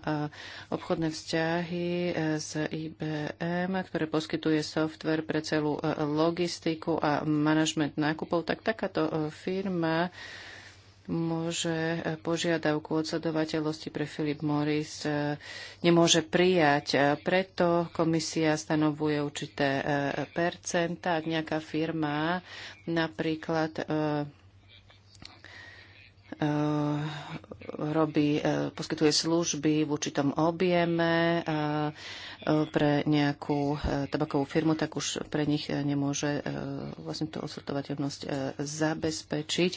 obchodné vzťahy e, s IBM, ktoré poskytuje software pre celú e, logistiku a manažment nákupov, tak takáto e, firma môže eh, požiadavku odsadovateľosti pre Philip Morris eh, nemôže prijať. Eh, preto komisia stanovuje určité percenta. Ak nejaká firma napríklad Eh, robí, eh, poskytuje služby v určitom objeme eh, pre nejakú tabakovú firmu, tak už pre nich nemôže vlastne tú odsortovateľnosť zabezpečiť.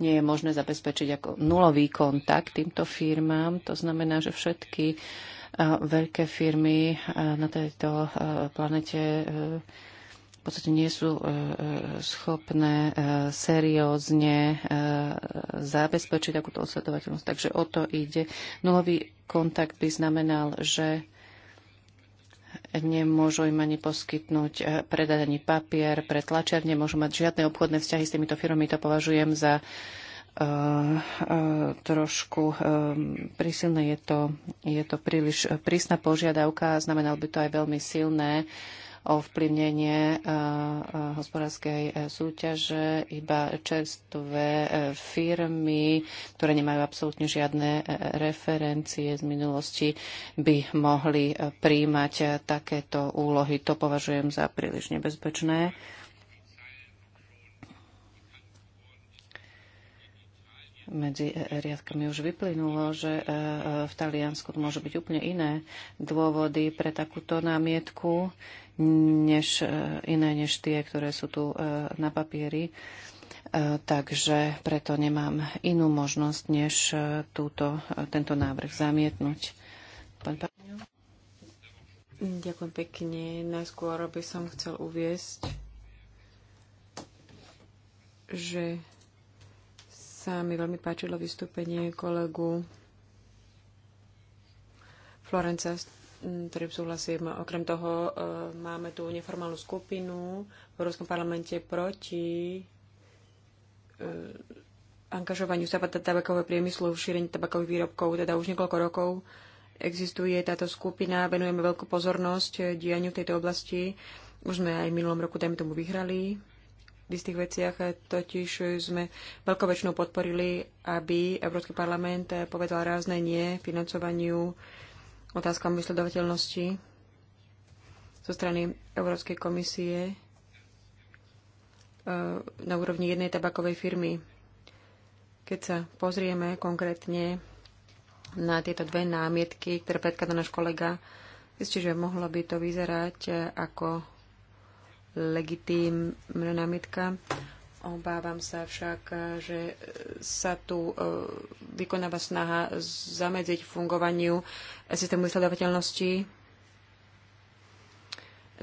Nie je možné zabezpečiť ako nulový kontakt týmto firmám. To znamená, že všetky veľké firmy na tejto planete podstate nie sú e, e, schopné e, seriózne zabezpečiť takúto odsledovateľnosť. Takže o to ide. Nulový kontakt by znamenal, že nemôžu im ani poskytnúť predať ani papier pre tlačiarne, nemôžu mať žiadne obchodné vzťahy s týmito firmami. To považujem za uh, uh, trošku uh, prísilné. Je to, je to príliš prísna požiadavka, znamenal by to aj veľmi silné uh, ovplyvnenie e, e, hospodárskej e, súťaže, iba čerstvé firmy, ktoré nemajú absolútne žiadne referencie z minulosti, by mohli príjmať takéto úlohy. To považujem za príliš nebezpečné. medzi riadkami už vyplynulo, že v Taliansku to môžu byť úplne iné dôvody pre takúto námietku než, e, iné než tie, ktoré sú tu e, na papieri. E, takže preto nemám inú možnosť, než túto, tento návrh zamietnúť. Pán Páňo. Ďakujem pekne. Najskôr by som chcel uviesť, že sa mi veľmi páčilo vystúpenie kolegu Florenca Mm, ktorým súhlasím. Okrem toho e, máme tu neformálnu skupinu v Európskom parlamente proti e, angažovaniu sa tabakového priemyslu v šírení tabakových výrobkov. Teda už niekoľko rokov existuje táto skupina, venujeme veľkú pozornosť e, dianiu v tejto oblasti. Už sme aj v minulom roku, dajme tomu, vyhrali v istých veciach, totiž sme veľkou väčšinou podporili, aby Európsky parlament povedal rázne nie financovaniu otázkam vysledovateľnosti zo strany Európskej komisie e, na úrovni jednej tabakovej firmy. Keď sa pozrieme konkrétne na tieto dve námietky, ktoré predkladá náš kolega, zistí, že mohlo by to vyzerať ako legitímna námietka. Obávam sa však, eh, že sa tu eh, vykonáva snaha zamedziť fungovaniu eh, systému vysledovateľnosti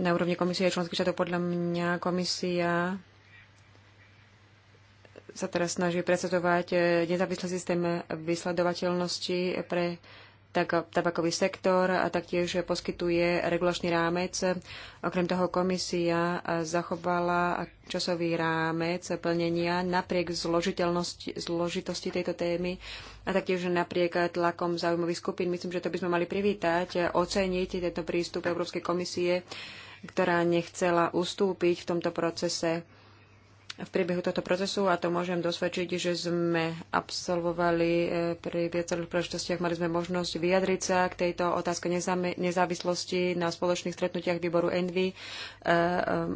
na úrovni komisie členských štátov. Podľa mňa komisia sa teraz snaží predsedovať nezávislý systém vysledovateľnosti pre tak tabakový sektor a taktiež poskytuje regulačný rámec. Okrem toho komisia zachovala časový rámec plnenia napriek zložitosti tejto témy a taktiež napriek tlakom záujmových skupín. Myslím, že to by sme mali privítať, oceniť tento prístup Európskej komisie, ktorá nechcela ustúpiť v tomto procese v priebehu tohto procesu a to môžem dosvedčiť, že sme absolvovali e, pri viacerých príležitostiach, mali sme možnosť vyjadriť sa k tejto otázke nezávislosti na spoločných stretnutiach výboru Envy, e, e,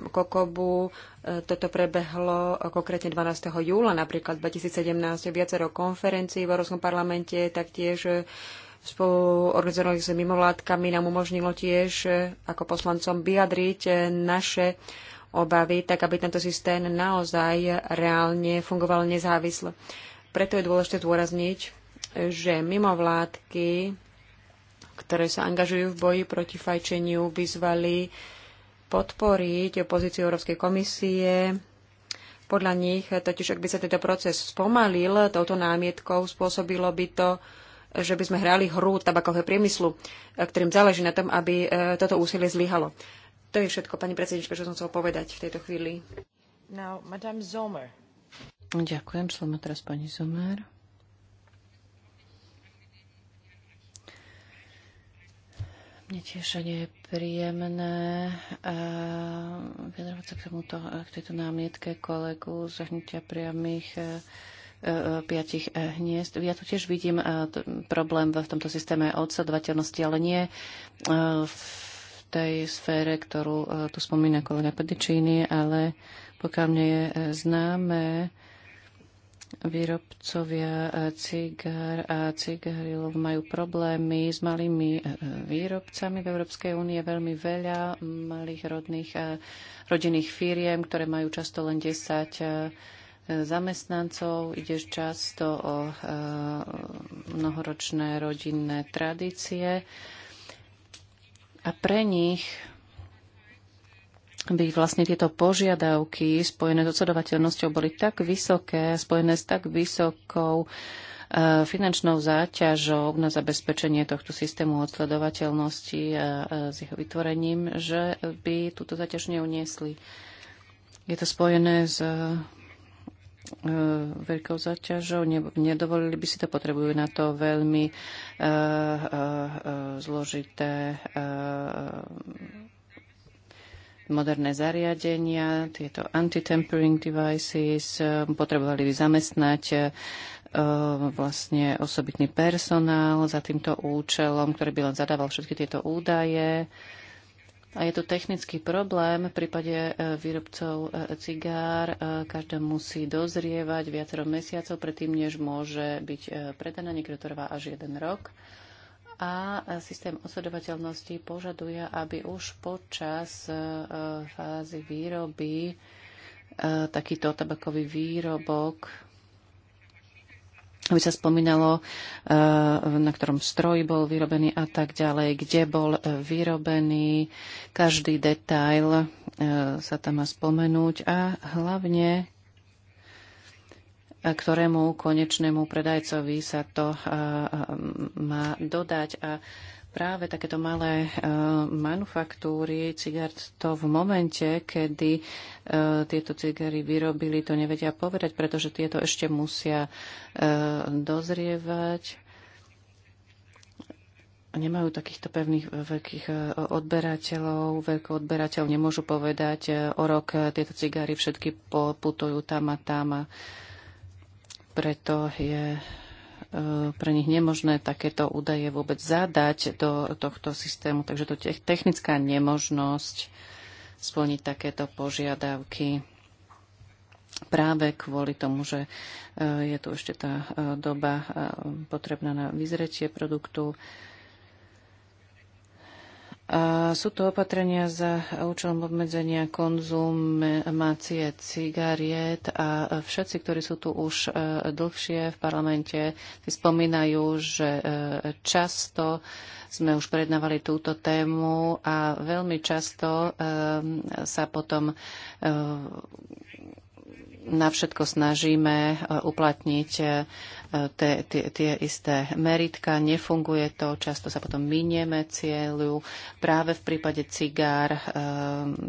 Kokobu. Toto prebehlo konkrétne 12. júla napríklad 2017 viacero konferencií v Európskom parlamente, taktiež spolu organizovaných s mimovládkami nám umožnilo tiež ako poslancom vyjadriť naše obavy, tak aby tento systém naozaj reálne fungoval nezávisle. Preto je dôležité zdôrazniť, že mimovládky, ktoré sa angažujú v boji proti fajčeniu, vyzvali podporiť pozíciu Európskej komisie. Podľa nich, totiž ak by sa tento proces spomalil touto námietkou, spôsobilo by to, že by sme hrali hru tabakového priemyslu, ktorým záleží na tom, aby e, toto úsilie zlyhalo. To je všetko, pani predsednička, čo som chcel povedať v tejto chvíli. Now, Madame Zomer. Ďakujem. Slovo teraz pani Zomer. Mne tiež nie je príjemné uh, vyjadrovať sa k, tomuto, eh, k tejto námietke kolegu z hnutia priamých uh, piatich hniezd. Ja tu tiež vidím problém v tomto systéme odsadovateľnosti, ale nie v tej sfére, ktorú e, tu spomína kolega Pedičíny, ale pokiaľ mne je e, známe, výrobcovia e, cigár a cigarilov majú problémy s malými výrobcami. V Európskej únie veľmi veľa malých rodných, rodinných firiem, ktoré majú často len 10 zamestnancov. Ide často o mnohoročné rodinné tradície a pre nich by vlastne tieto požiadavky spojené s odsadovateľnosťou boli tak vysoké, spojené s tak vysokou e, finančnou záťažou na zabezpečenie tohto systému odsledovateľnosti a s jeho vytvorením, že by túto záťaž neuniesli. Je to spojené s E, veľkou zaťažou, nedovolili by si to, potrebujú na to veľmi e, e, zložité moderné zariadenia, tieto anti tempering devices, potrebovali by zamestnať vlastne osobitný personál za týmto účelom, ktorý by len zadával všetky tieto údaje a je tu technický problém. V prípade e, výrobcov e, cigár e, každá musí dozrievať viacero mesiacov predtým, než môže byť predaná. Niekto trvá až jeden rok. A systém osledovateľnosti požaduje, aby už počas fázy výroby takýto tabakový výrobok aby sa spomínalo, e, na ktorom stroji bol vyrobený a tak ďalej, kde bol e, vyrobený. Každý detail e, sa tam má spomenúť a hlavne ktorému konečnému predajcovi sa to má dodať. A práve takéto malé e, manufaktúry cigár to v momente, kedy e, tieto cigary vyrobili, to nevedia povedať, pretože tieto ešte musia e, dozrievať nemajú takýchto pevných veľkých odberateľov, veľkých odberateľov nemôžu povedať o rok tieto cigary všetky poputujú tam a tam a preto je Eh, pre nich nemožné takéto údaje vôbec zadať do tohto systému. Takže to je technická nemožnosť splniť takéto požiadavky práve kvôli tomu, že eh, je tu ešte tá eh, doba potrebná na vyzretie produktu sú to opatrenia za účelom obmedzenia konzumácie cigariet a všetci, ktorí sú tu už e, dlhšie v parlamente, si spomínajú, že e, často sme už prednávali túto tému a veľmi často e, sa potom na všetko snažíme e, uplatniť e, tie isté meritka. Nefunguje to, často sa potom minieme cieľu. Práve v prípade cigár e,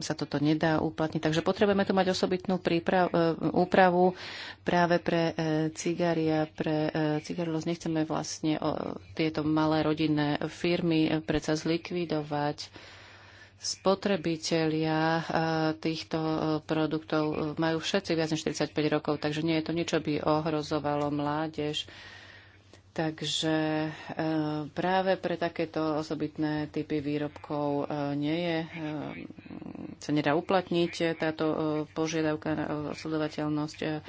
sa toto nedá uplatniť. Takže potrebujeme tu mať osobitnú úpravu práve pre cigary a pre cigarilosť. Nechceme vlastne tieto malé rodinné firmy predsa zlikvidovať spotrebitelia e, týchto e, produktov e, majú všetci viac než 45 rokov, takže nie je to niečo, by ohrozovalo mládež. Takže práve pre takéto osobitné typy výrobkov nie je, sa nedá uplatniť táto požiadavka na sledovateľnosť.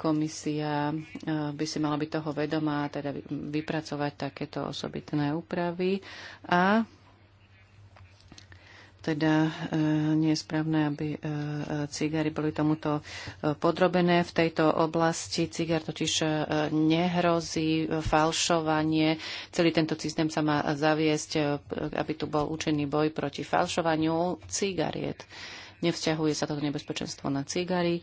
Komisia by si mala byť toho vedomá, teda vypracovať takéto osobitné úpravy. A teda e, nie je správne, aby e, cigary boli tomuto e, podrobené. V tejto oblasti cigar totiž nehrozí falšovanie. Celý tento systém sa má zaviesť, aby tu bol účinný boj proti falšovaniu cigariet. Nevzťahuje sa toto nebezpečenstvo na cigary. E,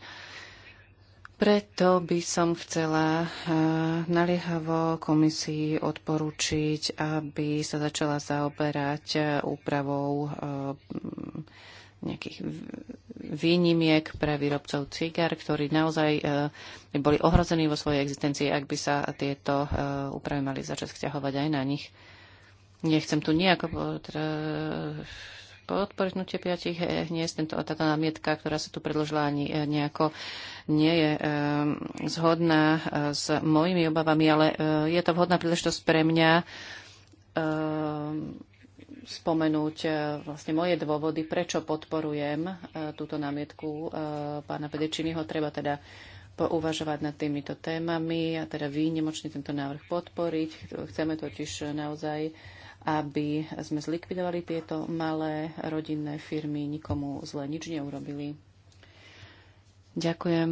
preto by som chcela eh, naliehavo komisii odporučiť, aby sa začala zaoberať eh, úpravou eh, nejakých výnimiek pre výrobcov cigár, ktorí naozaj by boli ohrození vo svojej existencii, ak by sa tieto úpravy mali začať vzťahovať aj na nich. Nechcem tu nejako odporknutie piatich eh, hniezd, tento, táto námietka, ktorá sa tu predložila, ani eh, nejako nie je e, zhodná s mojimi obavami, ale e, je to vhodná príležitosť pre mňa e, spomenúť vlastne moje dôvody, prečo podporujem túto námietku pána Pedečiniho. Treba teda pouvažovať nad týmito témami a teda výnimočne tento návrh podporiť. Chceme totiž naozaj aby sme zlikvidovali tieto malé rodinné firmy, nikomu zle nič neurobili. Ďakujem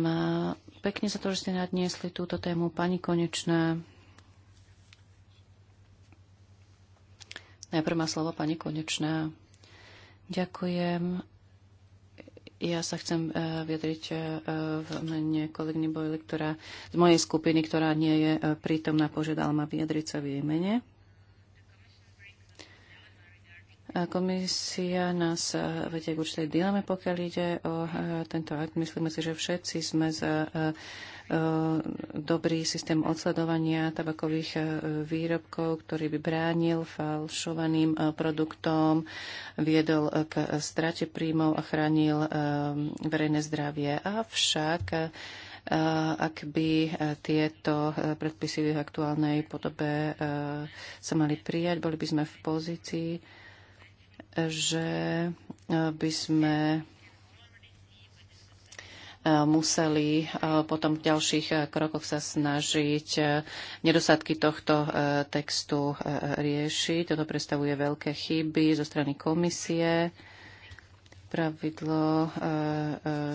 pekne za to, že ste nadniesli túto tému. Pani Konečná. Najprv má slovo pani Konečná. Ďakujem. Ja sa chcem e, vyjadriť e, v mene kolegyny Bojly, ktorá z mojej skupiny, ktorá nie je e, prítomná, požiadala ma vyjadriť sa v jej mene. Komisia nás e, vedie k určitej dileme, pokiaľ ide o e, tento akt. Myslíme si, že všetci sme za e, dobrý systém odsledovania tabakových výrobkov, ktorý by bránil falšovaným produktom, viedol k strate príjmov a chránil verejné zdravie. Avšak ak by tieto predpisy v aktuálnej podobe sa mali prijať, boli by sme v pozícii, že e, by sme e, museli e, potom v ďalších krokoch sa snažiť nedostatky tohto textu riešiť. Toto predstavuje veľké chyby zo strany komisie. Pravidlo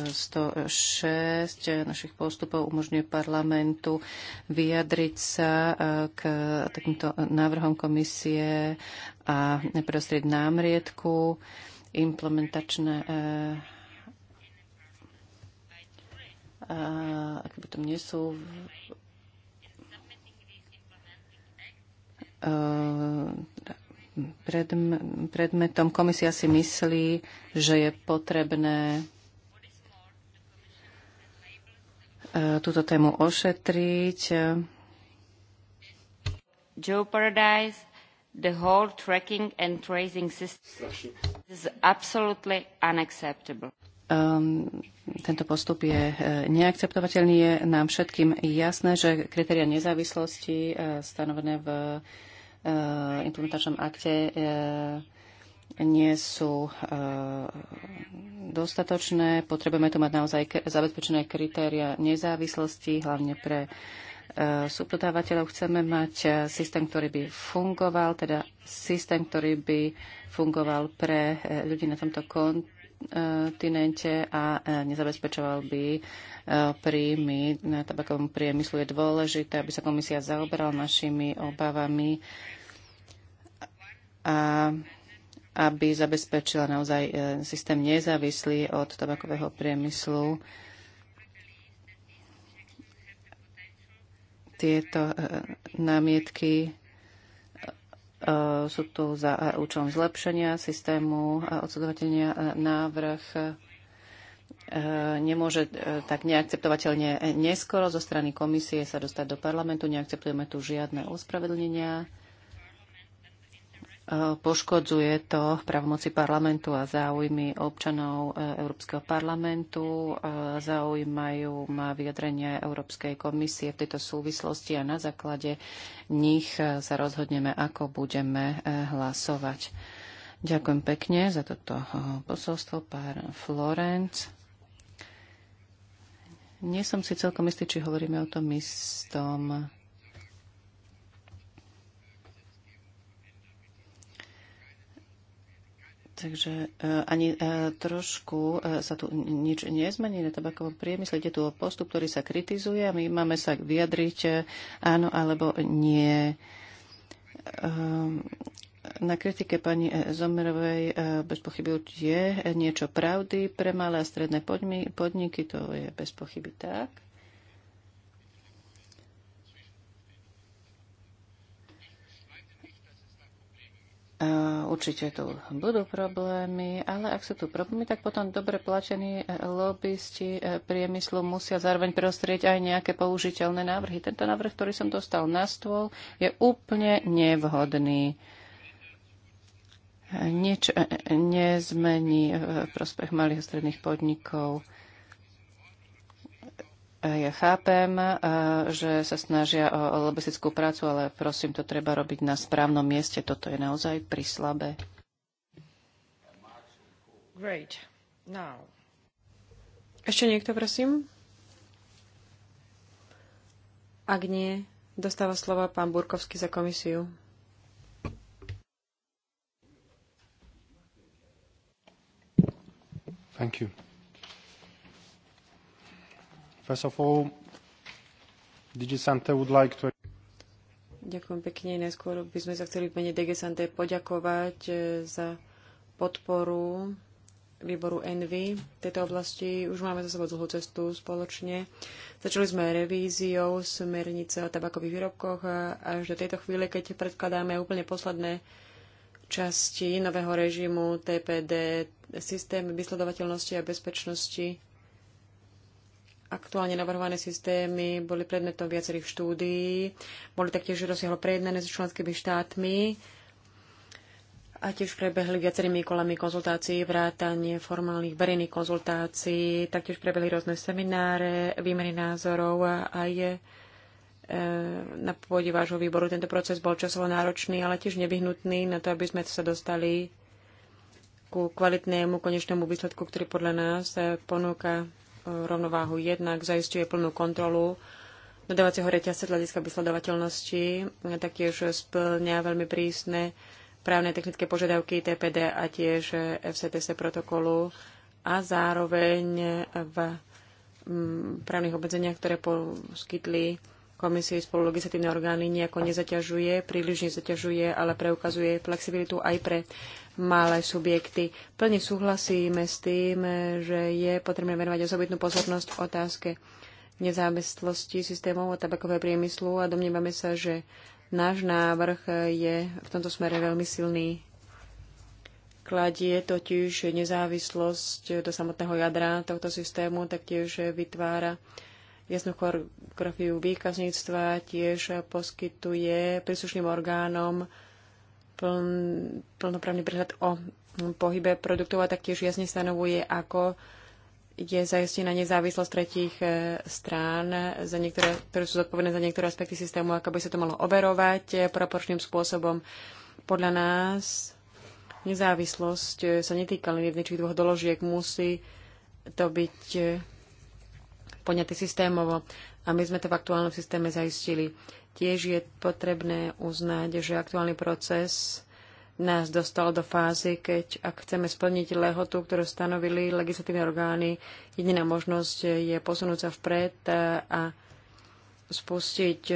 106 eh, eh, našich postupov umožňuje parlamentu vyjadriť sa eh, k takýmto návrhom komisie a neprostrieť námrietku implementačné ak by tam nie sú predmetom. Komisia si myslí, že je potrebné e, túto tému ošetriť. Joe Paradise, the whole tracking and tracing system is absolutely unacceptable. Um, tento postup je e, neakceptovateľný. Je nám všetkým jasné, že kritéria nezávislosti e, stanovené v Eh, implementačnom akte eh, nie sú eh, dostatočné. Potrebujeme tu mať naozaj zabezpečené kritéria nezávislosti, hlavne pre subdodávateľov. Chceme mať systém, ktorý by fungoval, teda systém, ktorý by fungoval pre ľudí na tomto kontinente kontinente a e, nezabezpečoval by e, príjmy na tabakovom priemyslu. Je dôležité, aby sa komisia zaoberala našimi obavami a aby zabezpečila naozaj e, systém nezávislý od tabakového priemyslu. Tieto námietky sú tu za účelom zlepšenia systému e, odsudovateľnia e, návrh e, nemôže tak neakceptovateľne neskoro zo strany komisie sa dostať do parlamentu. Neakceptujeme tu žiadne ospravedlnenia. E, poškodzuje to pravomoci parlamentu a záujmy občanov e, Európskeho parlamentu. E, zaujímajú ma vyjadrenia Európskej komisie v tejto súvislosti a na základe nich sa rozhodneme, ako budeme hlasovať. Ďakujem pekne za toto posolstvo, pár Florence. Nie som si celkom istý, či hovoríme o tom istom. Takže e, ani e, trošku e, sa tu nič nezmení na tabakovom priemysle. Ide tu o postup, ktorý sa kritizuje a my máme sa vyjadriť áno alebo nie. Ehm, na kritike pani Zomerovej bez pochyby je niečo pravdy pre malé a stredné podniky, to je bez pochyby tak. Eh, určite tu budú problémy, ale ak sú tu problémy, tak potom dobre platení eh, lobbysti eh, priemyslu musia zároveň prostrieť aj nejaké použiteľné návrhy. Tento návrh, ktorý som dostal na stôl, je úplne nevhodný. Nič nezmení v prospech malých a stredných podnikov. Ja chápem, eh, že sa snažia o lobistickú prácu, ale prosím, to treba robiť na správnom mieste. Toto je naozaj príslabé. Great. Now. Ešte niekto, prosím? Ak nie, dostáva slova pán Burkovský za komisiu. Thank you. First of all, would like to... Ďakujem pekne. Najskôr by sme sa chceli v mene DGSante poďakovať e, za podporu výboru Envy v tejto oblasti. Už máme za sebou dlhú cestu spoločne. Začali sme revíziou smernice o tabakových výrobkoch a až do tejto chvíle, keď predkladáme úplne posledné časti nového režimu TPD, systém vysledovateľnosti a bezpečnosti aktuálne navrhované systémy boli predmetom viacerých štúdií, boli taktiež rozsiahlo prejednané s členskými štátmi a tiež prebehli viacerými kolami konzultácií, vrátanie formálnych verejných konzultácií, taktiež prebehli rôzne semináre, výmeny názorov a aj e, na pôde vášho výboru tento proces bol časovo náročný, ale tiež nevyhnutný na to, aby sme sa dostali ku kvalitnému konečnému výsledku, ktorý podľa nás e, ponúka rovnováhu. Jednak zaistuje plnú kontrolu dodávacieho reťazca z hľadiska vysledovateľnosti, taktiež splňa veľmi prísne právne technické požiadavky TPD a tiež FCTC protokolu a zároveň v mm, právnych obmedzeniach, ktoré poskytli komisie spolu legislatívne orgány nejako nezaťažuje, príliš nezaťažuje, ale preukazuje flexibilitu aj pre malé subjekty. Plne súhlasíme s tým, že je potrebné venovať osobitnú pozornosť otázke nezávislosti systémov a tabakového priemyslu a domnievame sa, že náš návrh je v tomto smere veľmi silný. Kladie totiž nezávislosť do samotného jadra tohto systému, taktiež vytvára jasnokografiu výkazníctva tiež poskytuje príslušným orgánom pln, plnoprávny prehľad o pohybe produktov a taktiež jasne stanovuje, ako je zajistená nezávislosť tretích e, strán, za niektoré, ktoré sú zodpovedné za niektoré aspekty systému, ako by sa to malo overovať e, proporčným spôsobom. Podľa nás nezávislosť e, sa netýka len jednej či dvoch doložiek, musí to byť poňatý systémovo. A my sme to v aktuálnom systéme zaistili. Tiež je potrebné uznať, že aktuálny proces nás dostal do fázy, keď ak chceme splniť lehotu, ktorú stanovili legislatívne orgány, jediná možnosť je posunúť sa vpred a spustiť e,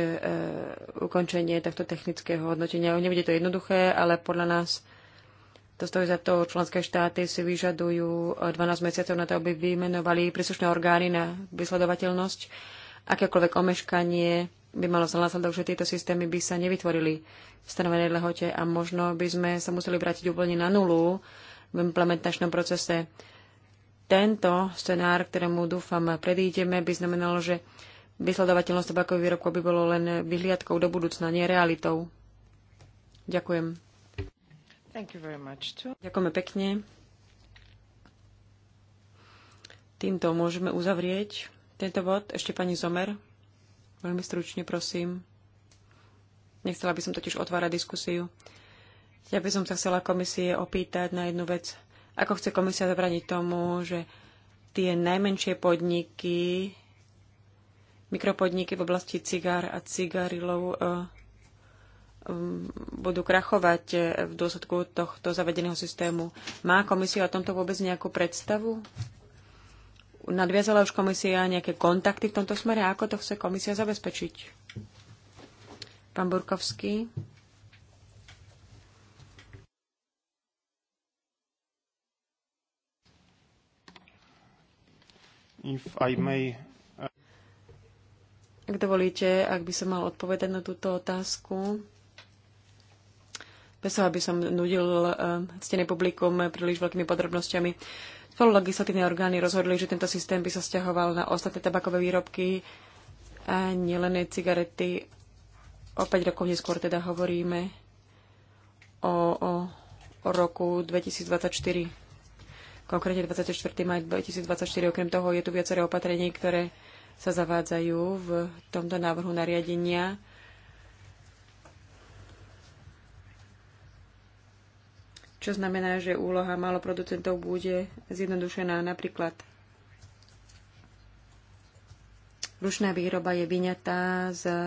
ukončenie takto technického hodnotenia. Nebude to jednoduché, ale podľa nás to stojí za to, členské štáty si vyžadujú 12 eh, mesiacov na to, aby vymenovali príslušné orgány na vysledovateľnosť. Akékoľvek omeškanie by malo sa následok, že tieto systémy by sa nevytvorili v stanovenej lehote a možno by sme sa museli vrátiť úplne na nulu v implementačnom procese. Tento scenár, ktorému dúfam predídeme, by znamenalo, že vysledovateľnosť tabakových výrobkov by bolo len vyhliadkou do budúcna, nie realitou. Ďakujem. Ďakujeme pekne. Týmto môžeme uzavrieť tento bod. Ešte pani Zomer, veľmi stručne prosím. Nechcela by som totiž otvárať diskusiu. Ja by som sa chcela komisie opýtať na jednu vec. Ako chce komisia zabraniť tomu, že tie najmenšie podniky, mikropodniky v oblasti cigár a cigarilov, eh, budú krachovať e, v dôsledku tohto zavedeného systému. Má komisia o tomto vôbec nejakú predstavu? Nadviazala už komisia nejaké kontakty v tomto smere? Ako to chce komisia zabezpečiť? Pán Burkovský. If I may... Uh, ak dovolíte, ak by som mal odpovedať na túto otázku, bez toho, aby som nudil eh, ctené publikum príliš veľkými podrobnosťami. Spolu legislatívne orgány rozhodli, že tento systém by sa stiahoval na ostatné tabakové výrobky a nielen cigarety. O 5 rokov neskôr teda hovoríme o, o, o roku 2024 konkrétne 24. maj 2024. Okrem toho je tu viaceré opatrení, ktoré sa zavádzajú v tomto návrhu nariadenia. čo znamená, že úloha maloproducentov bude zjednodušená. Napríklad rušná výroba je vyňatá z e,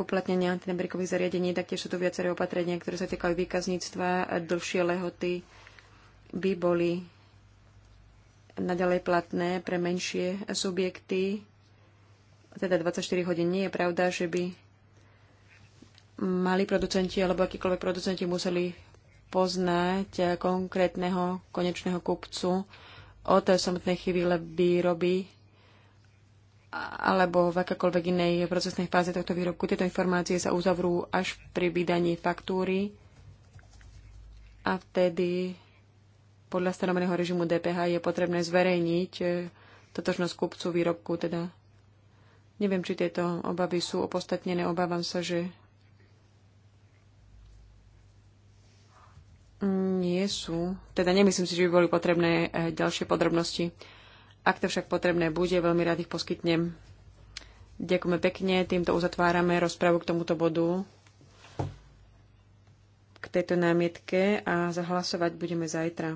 uplatnenia antinebrikových zariadení, taktiež sú tu viaceré opatrenia, ktoré sa týkajú výkazníctva, a dlhšie lehoty by boli naďalej platné pre menšie subjekty, teda 24 hodín. Nie je pravda, že by mali producenti alebo akýkoľvek producenti museli poznať eh, konkrétneho konečného kupcu od samotnej chvíle výroby alebo v akékoľvek inej procesnej fáze tohto výrobku. Tieto informácie sa uzavrú až pri vydaní faktúry a vtedy podľa stanoveného režimu DPH je potrebné zverejniť eh, totožnosť kupcu výrobku. Teda neviem, či tieto obavy sú opostatnené. Obávam sa, že nie sú, teda nemyslím si, že by boli potrebné e, ďalšie podrobnosti. Ak to však potrebné bude, veľmi rád ich poskytnem. Ďakujeme pekne, týmto uzatvárame rozpravu k tomuto bodu, k tejto námietke a zahlasovať budeme zajtra.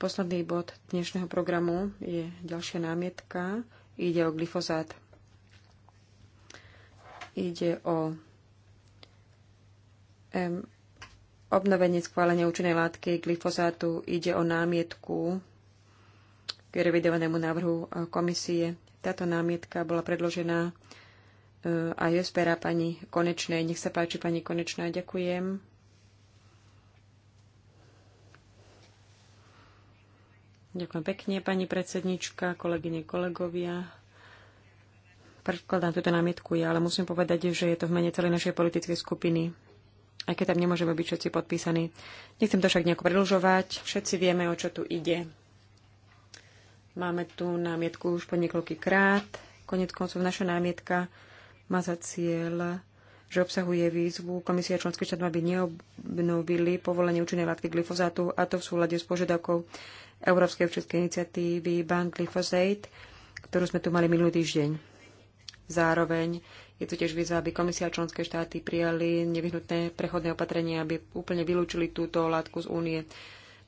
Posledný bod dnešného programu je ďalšia námietka. Ide o glyfozát. Ide o M obnovenie schválenia účinnej látky glyfosátu ide o námietku k revidovanému návrhu e, komisie. Táto námietka bola predložená e, a je spera pani Konečnej. Nech sa páči, pani Konečná, ďakujem. Ďakujem pekne, pani predsednička, kolegyne, kolegovia. Predkladám túto námietku ja, ale musím povedať, že je to v mene celej našej politickej skupiny aj keď tam nemôžeme byť všetci podpísaní. Nechcem to však nejako predlžovať, všetci vieme, o čo tu ide. Máme tu námietku už po niekoľký krát. Konec koncov naša námietka má za cieľ, že obsahuje výzvu Komisia členských štátov, aby neobnovili povolenie účinnej látky glyfozátu, a to v súlade s požiadavkou Európskej občianskej iniciatívy Ban Glyphosate, ktorú sme tu mali minulý týždeň. Zároveň je tu tiež výzva, aby komisia a členské štáty prijali nevyhnutné prechodné opatrenia, aby úplne vylúčili túto látku z únie.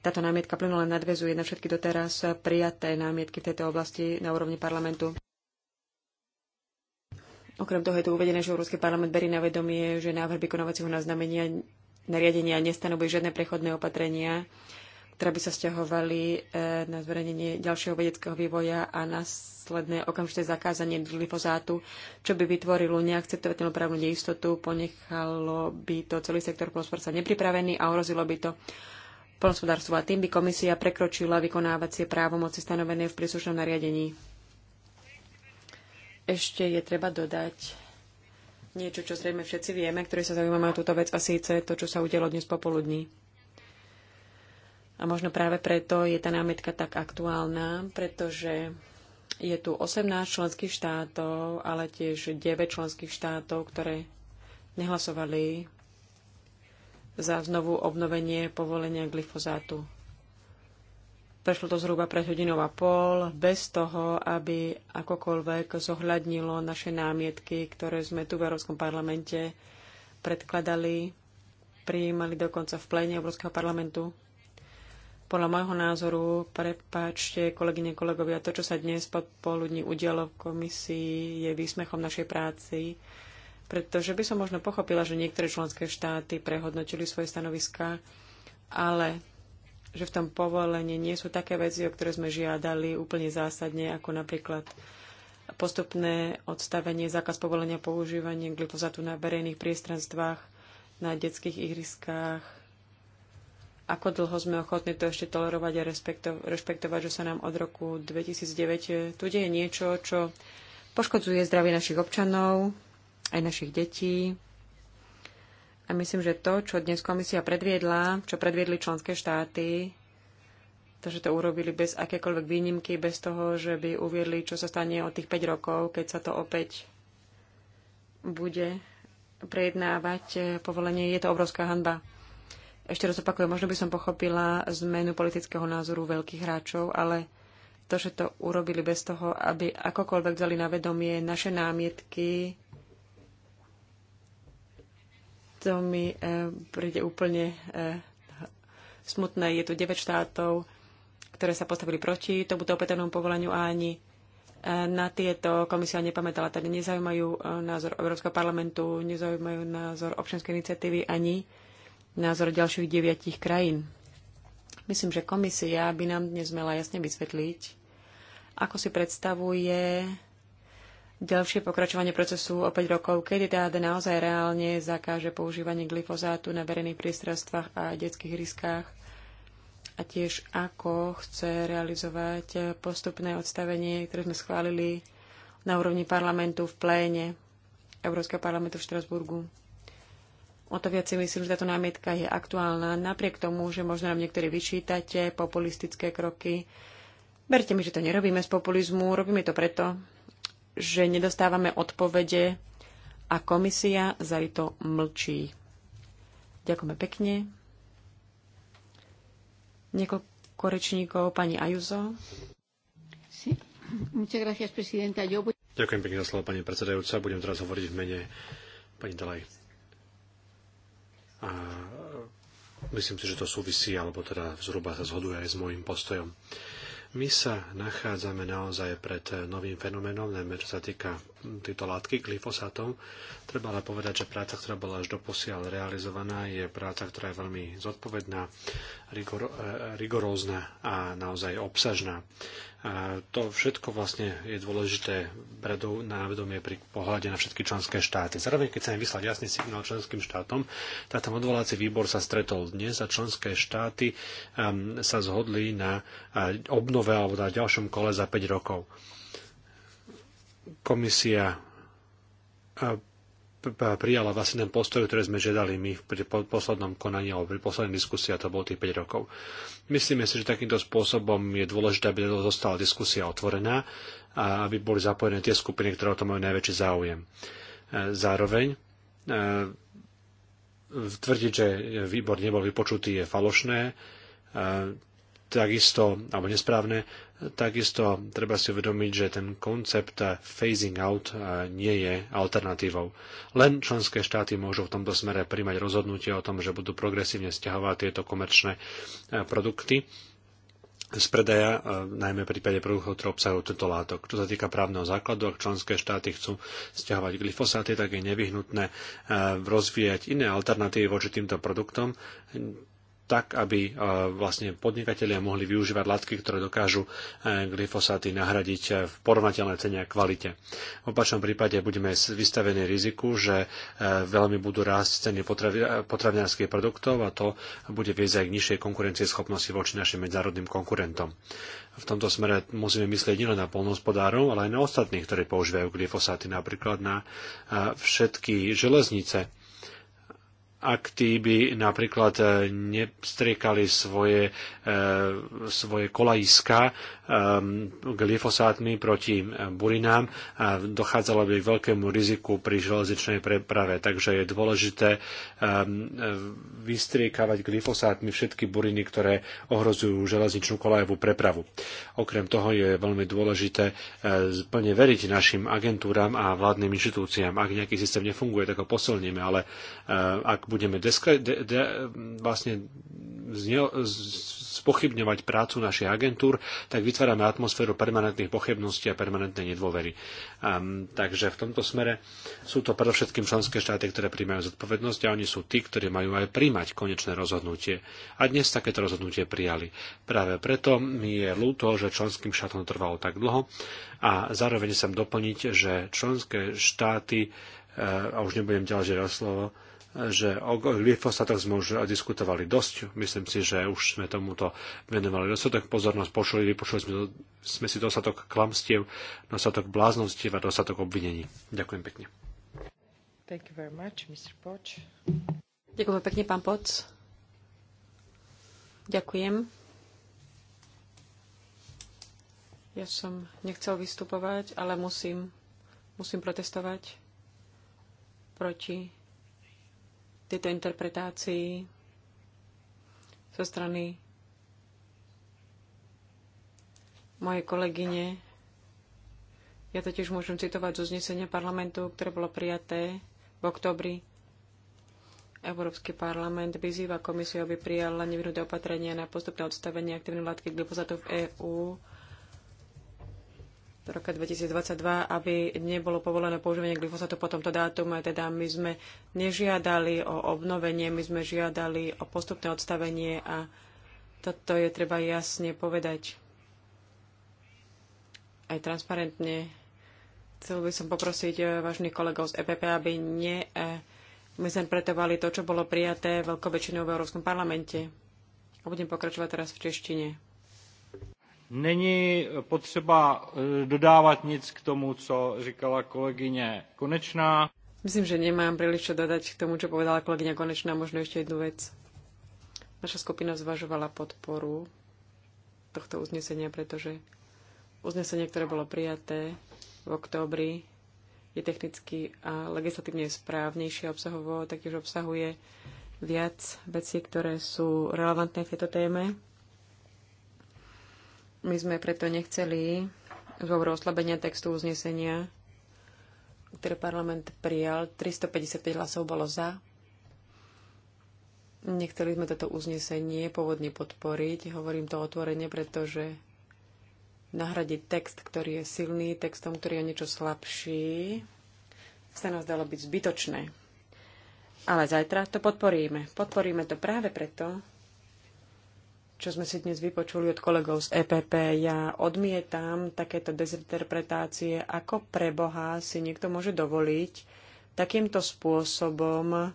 Táto námietka plynule nadvezuje na všetky doteraz prijaté námietky v tejto oblasti na úrovni parlamentu. Okrem toho je tu uvedené, že Európsky parlament berie na vedomie, že návrh vykonávacieho naznamenia nariadenia nestanovuje žiadne prechodné opatrenia ktoré by sa stiahovali e, na zverejnenie ďalšieho vedeckého vývoja a následné okamžité zakázanie glyfozátu, čo by vytvorilo neakceptovateľnú právnu neistotu, ponechalo by to celý sektor plnospodárstva nepripravený a ohrozilo by to plnospodárstvo. A tým by komisia prekročila vykonávacie právomoci stanovené v príslušnom nariadení. Ešte je treba dodať niečo, čo zrejme všetci vieme, ktorí sa zaujímame o túto vec, a síce to, čo sa udialo dnes popoludní a možno práve preto je tá námietka tak aktuálna, pretože je tu 18 členských štátov, ale tiež 9 členských štátov, ktoré nehlasovali za znovu obnovenie povolenia glyfozátu. Prešlo to zhruba pred hodinou a pol, bez toho, aby akokoľvek zohľadnilo naše námietky, ktoré sme tu v Európskom parlamente predkladali, prijímali dokonca v pléne Európskeho parlamentu. Podľa môjho názoru, prepáčte, kolegyne, kolegovia, to, čo sa dnes popoludní udialo v komisii, je výsmechom našej práci, pretože by som možno pochopila, že niektoré členské štáty prehodnotili svoje stanoviská, ale že v tom povolení nie sú také veci, o ktoré sme žiadali úplne zásadne, ako napríklad postupné odstavenie, zákaz povolenia používania glyfozátu na verejných priestranstvách, na detských ihriskách, ako dlho sme ochotní to ešte tolerovať a rešpektovať, že sa nám od roku 2009 eh, tu deje niečo, čo poškodzuje zdravie našich občanov, aj našich detí. A myslím, že to, čo dnes komisia predviedla, čo predviedli členské štáty, to, že to urobili bez akékoľvek výnimky, bez toho, že by uviedli, čo sa stane od tých 5 rokov, keď sa to opäť bude prejednávať eh, povolenie, je to obrovská hanba. Ešte raz opakujem, možno by som pochopila zmenu politického názoru veľkých hráčov, ale to, že to urobili bez toho, aby akokoľvek vzali na vedomie naše námietky, to mi e, príde úplne e, smutné. Je tu 9 štátov, ktoré sa postavili proti tomuto opätovnému povoleniu a ani eh, na tieto komisia nepamätala. Teda nezaujímajú názor Európskeho parlamentu, nezaujímajú názor občianskej iniciatívy ani názor ďalších deviatich krajín. Myslím, že komisia by nám dnes mala jasne vysvetliť, ako si predstavuje ďalšie pokračovanie procesu o 5 rokov, kedy teda naozaj reálne zakáže používanie glyfozátu na verejných priestranstvách a detských riskách a tiež ako chce realizovať postupné odstavenie, ktoré sme schválili na úrovni parlamentu v pléne Európskeho parlamentu v Štrasburgu. O to viac si myslím, že táto námietka je aktuálna, napriek tomu, že možno nám niektorí vyčítate populistické kroky. Verte mi, že to nerobíme z populizmu, robíme to preto, že nedostávame odpovede a komisia za to mlčí. Ďakujeme pekne. Niekoľko rečníkov, pani Ajuzo. Ďakujem pekne za slovo, pani predsedajúca. Budem teraz hovoriť v mene pani Dalaj. A myslím si, že to súvisí, alebo teda zhruba sa zhoduje aj s môjim postojom. My sa nachádzame naozaj pred novým fenoménom, najmä čo sa týka hm, tejto látky glyfosátov. Treba ale povedať, že práca, ktorá bola až doposiaľ realizovaná, je práca, ktorá je veľmi zodpovedná, rigor, e, e, rigorózna a naozaj obsažná. A to všetko vlastne je dôležité brať na vedomie pri pohľade na všetky členské štáty. Zároveň, keď chceme vyslať jasný signál členským štátom, tak tam odvolací výbor sa stretol dnes a členské štáty um, sa zhodli na uh, obnove alebo na ďalšom kole za 5 rokov. Komisia uh, prijala vlastne ten postoj, ktorý sme žiadali my pri poslednom konaní alebo pri poslednej diskusii, a to bolo tých 5 rokov. Myslíme si, že takýmto spôsobom je dôležité, aby zostala diskusia otvorená a aby boli zapojené tie skupiny, ktoré o tom majú najväčší záujem. E, zároveň e, tvrdiť, že výbor nebol vypočutý, je falošné e, takisto, alebo nesprávne, takisto treba si uvedomiť, že ten koncept phasing out eh, nie je alternatívou. Len členské štáty môžu v tomto smere príjmať rozhodnutie o tom, že budú progresívne stiahovať tieto komerčné eh, produkty z predaja, eh, najmä v prípade produktov, ktoré obsahujú tento látok. Čo sa týka právneho základu, ak členské štáty chcú stiahovať glyfosáty, tak je nevyhnutné rozvíjať iné alternatívy voči týmto produktom, tak, aby e, vlastne podnikatelia mohli využívať látky, ktoré dokážu e, glyfosáty nahradiť e, v porovnateľnej cene a kvalite. V opačnom prípade budeme vystavení riziku, že veľmi budú rásť ceny potravinárskych produktov a to bude viesť aj k nižšej schopnosti voči našim medzárodným konkurentom. V tomto smere musíme myslieť nielen na polnohospodárov, ale aj na ostatných, ktorí používajú glyfosáty, napríklad na všetky železnice, ak tí by napríklad e, nestriekali svoje, e, svoje kolajiska e, glyfosátmi proti burinám, dochádzalo by k veľkému riziku pri železničnej preprave. Takže je dôležité vystriekavať glyfosátmi všetky buriny, ktoré ohrozujú železničnú kolajovú prepravu. Okrem toho je veľmi dôležité plne veriť našim agentúram a vládnym inštitúciám. Ak nejaký systém nefunguje, tak ho posilníme, ale ak budeme deska- de- de- vlastne zne- spochybňovať prácu našich agentúr, tak vytvárame atmosféru permanentných pochybností a permanentnej nedôvery. Um, takže v tomto smere sú to predovšetkým členské štáty, ktoré príjmajú zodpovednosť a oni sú tí, ktorí majú aj príjmať konečné rozhodnutie. A dnes takéto rozhodnutie prijali. Práve preto mi je ľúto, že členským štátom trvalo tak dlho a zároveň sem doplniť, že členské štáty, e, a už nebudem ďalej žiadať slovo, že o glyfosatoch sme už diskutovali dosť. Myslím si, že už sme tomuto venovali dostatok pozornosť, počuli, vypočuli sme, sme si dostatok klamstiev, dostatok bláznostiev a dostatok obvinení. Ďakujem pekne. Thank you very much, Mr. Poč. Ďakujem pekne, pán Poc. Ďakujem. Ja som nechcel vystupovať, ale musím, musím protestovať proti tejto interpretácii zo strany mojej kolegyne. Ja totiž môžem citovať zo znesenia parlamentu, ktoré bolo prijaté v oktobri. Európsky parlament vyzýva komisiu, aby prijala nevyhnuté opatrenia na postupné odstavenie aktívnej látky glyfosatu v EÚ do roka 2022, aby nebolo povolené používanie glyfosátu po tomto dátume. Teda my sme nežiadali o obnovenie, my sme žiadali o postupné odstavenie a toto je treba jasne povedať aj transparentne. Chcel by som poprosiť eh, vážnych kolegov z EPP, aby ne eh, pretovali to, čo bolo prijaté veľkou väčšinou v Európskom parlamente. A budem pokračovať teraz v češtine. Není potřeba e, dodávat nic k tomu, co říkala kolegyně Konečná. Myslím, že nemám príliš čo dodať k tomu, čo povedala kolegyňa Konečná. Možno ešte jednu vec. Naša skupina zvažovala podporu tohto uznesenia, pretože uznesenie, ktoré bolo prijaté v októbri, je technicky a legislatívne správnejšie obsahovo, taktiež obsahuje viac vecí, ktoré sú relevantné v tejto téme. My sme preto nechceli z oslabenia textu uznesenia, ktoré parlament prijal, 355 hlasov bolo za. Nechceli sme toto uznesenie pôvodne podporiť, hovorím to otvorene, pretože nahradiť text, ktorý je silný, textom, ktorý je niečo slabší, sa nám zdalo byť zbytočné. Ale zajtra to podporíme. Podporíme to práve preto, čo sme si dnes vypočuli od kolegov z EPP. Ja odmietam takéto dezinterpretácie, ako pre Boha si niekto môže dovoliť takýmto spôsobom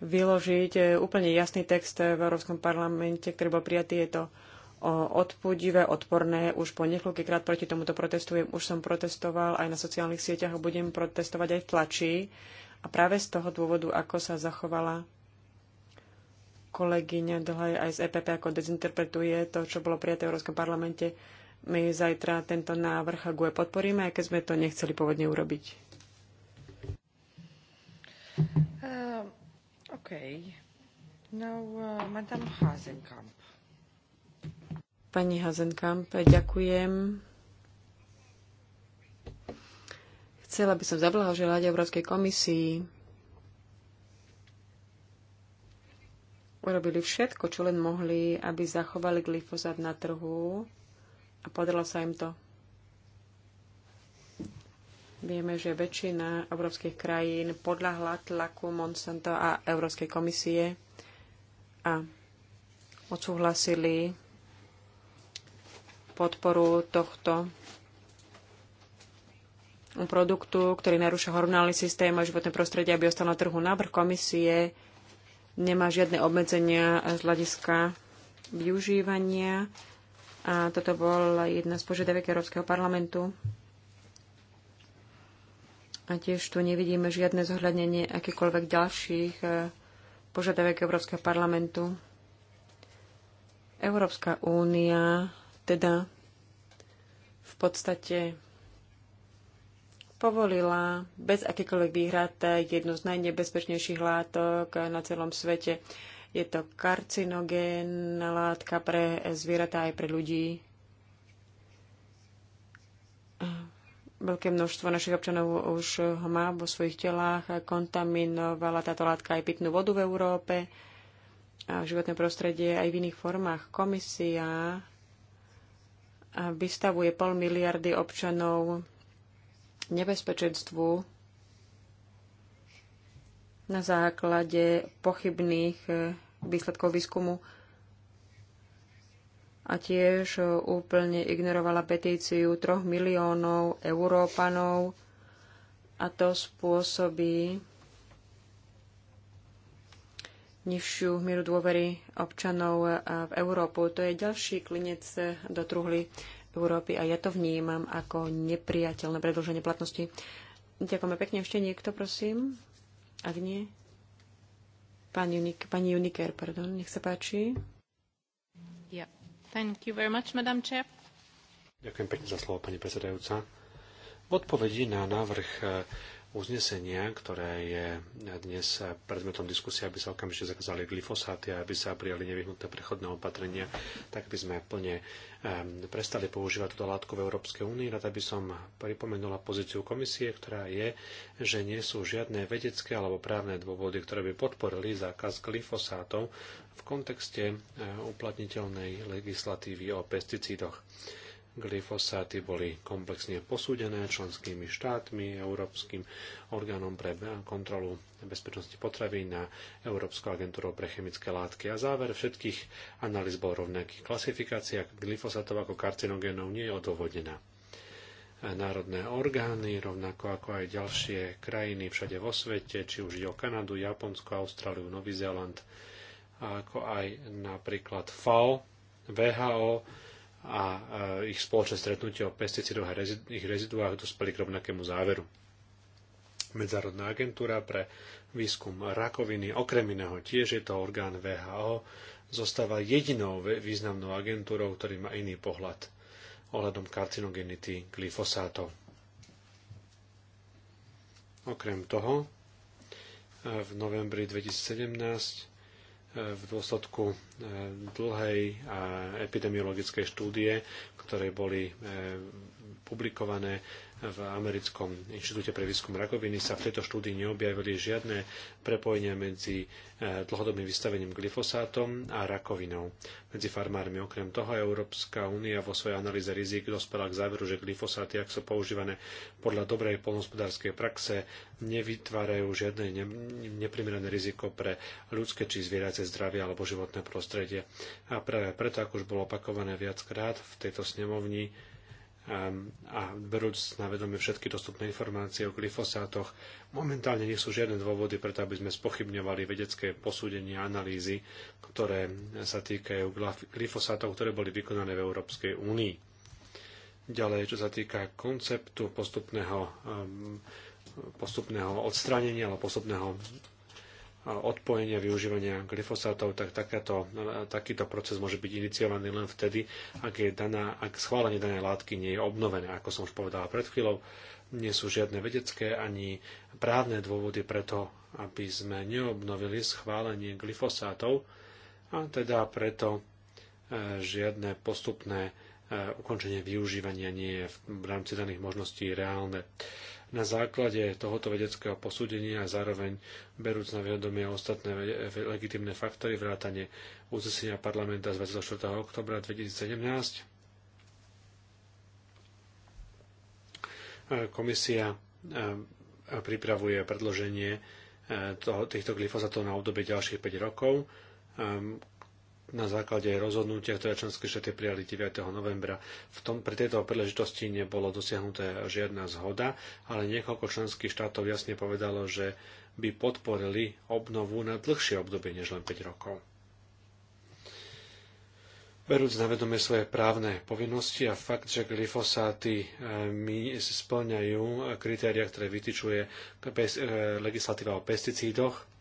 vyložiť eh, úplne jasný text v Európskom parlamente, ktorý bol prijatý. Je to odpudivé, odporné. Už po niekoľkýkrát proti tomuto protestujem. Už som protestoval aj na sociálnych sieťach a budem protestovať aj v tlači. A práve z toho dôvodu, ako sa zachovala kolegyňa Dlhaj aj z EPP, ako dezinterpretuje to, čo bolo prijaté v Európskom parlamente. My zajtra tento návrh GUE podporíme, aj keď sme to nechceli pôvodne urobiť. Uh, OK. Now, uh, Madame Hazenkamp. Pani Hazenkamp, ďakujem. Chcela by som zablahoželať Európskej komisii urobili všetko, čo len mohli, aby zachovali glyfozát na trhu a podarilo sa im to. Vieme, že väčšina európskych krajín podľahla tlaku Monsanto a Európskej komisie a odsúhlasili podporu tohto produktu, ktorý narúša hormonálny systém a životné prostredie, aby ostal na trhu návrh komisie nemá žiadne obmedzenia z hľadiska využívania. A toto bol jedna z požiadaviek Európskeho parlamentu. A tiež tu nevidíme žiadne zohľadnenie akýkoľvek ďalších e, požiadaviek Európskeho parlamentu. Európska únia teda v podstate povolila bez akýkoľvek výhrad jednu z najnebezpečnejších látok na celom svete. Je to karcinogén, látka pre zvieratá aj pre ľudí. Veľké množstvo našich občanov už ho má vo svojich telách. Kontaminovala táto látka aj pitnú vodu v Európe a životné prostredie aj v iných formách. Komisia vystavuje pol miliardy občanov nebezpečenstvu na základe pochybných eh, výsledkov výskumu a tiež eh, úplne ignorovala petíciu troch miliónov Európanov a to spôsobí nižšiu mieru dôvery občanov eh, v Európu. To je ďalší klinec do truhly Európy a ja to vnímam ako nepriateľné predlženie platnosti. Ďakujeme pekne. Ešte niekto, prosím? Ak nie? Pani, Unik- pani Uniker, pardon, nech sa páči. Yeah. Thank you very much, Madam Chair. Ďakujem pekne za slovo, pani predsedajúca. V odpovedi na návrh uznesenia, ktoré je dnes predmetom diskusie, aby sa okamžite zakázali glyfosáty a aby sa prijali nevyhnutné prechodné opatrenia, tak by sme plne ehm, prestali používať túto látku v Európskej únii. Rada by som pripomenula pozíciu komisie, ktorá je, že nie sú žiadne vedecké alebo právne dôvody, ktoré by podporili zákaz glyfosátov v kontexte e, uplatniteľnej legislatívy o pesticídoch glyfosáty boli komplexne posúdené členskými štátmi, Európskym orgánom pre kontrolu bezpečnosti potravín a Európskou agentúrou pre chemické látky. A záver všetkých analýz bol rovnaký. Klasifikácia glyfosátov ako karcinogénov nie je odôvodnená. Národné orgány, rovnako ako aj ďalšie krajiny všade vo svete, či už ide o Kanadu, Japonsko, Austráliu, Nový Zéland, ako aj napríklad FAO, VHO, a ich spoločné stretnutie o pesticidoch a ich reziduách dospeli k rovnakému záveru. Medzárodná agentúra pre výskum rakoviny, okrem iného tiež je to orgán VHO, zostáva jedinou významnou agentúrou, ktorý má iný pohľad ohľadom karcinogenity glyfosátov. Okrem toho, v novembri 2017 v dôsledku e, dlhej epidemiologickej štúdie, ktoré boli e, publikované v Americkom inštitúte pre výskum rakoviny sa v tejto štúdii neobjavili žiadne prepojenia medzi eh, dlhodobým vystavením glyfosátom a rakovinou. Medzi farmármi okrem toho Európska únia vo svojej analýze rizik dospela k záveru, že glyfosáty, ak sú používané podľa dobrej polnospodárskej praxe, nevytvárajú žiadne neprimerané riziko pre ľudské či zvieracie zdravie alebo životné prostredie. A práve preto, ako už bolo opakované viackrát v tejto snemovni, a berúc na vedomie všetky dostupné informácie o glyfosátoch, momentálne nie sú žiadne dôvody preto, aby sme spochybňovali vedecké posúdenie a analýzy, ktoré sa týkajú glyfosátov, ktoré boli vykonané v Európskej únii. Ďalej, čo sa týka konceptu postupného, postupného odstránenia alebo postupného odpojenia využívania glyfosátov, tak takáto, takýto proces môže byť iniciovaný len vtedy, ak, je daná, ak schválenie danej látky nie je obnovené. Ako som už povedala pred chvíľou, nie sú žiadne vedecké ani právne dôvody preto, aby sme neobnovili schválenie glyfosátov a teda preto e, žiadne postupné e, ukončenie využívania nie je v rámci daných možností reálne na základe tohoto vedeckého posúdenia a zároveň berúc na vedomie ostatné legitimné faktory vrátane uznesenia parlamenta z 24. oktobra 2017 e, komisia e, pripravuje predloženie e, týchto glyfosatov na obdobie ďalších 5 rokov na základe rozhodnutia, ktoré členské štáty prijali 9. novembra. V tom, pri tejto príležitosti nebolo dosiahnuté žiadna zhoda, ale niekoľko členských štátov jasne povedalo, že by podporili obnovu na dlhšie obdobie než len 5 rokov. Berúc na vedomie svoje právne povinnosti a fakt, že glyfosáty eh, mi splňajú kritéria, ktoré vytyčuje eh, legislatíva o pesticídoch,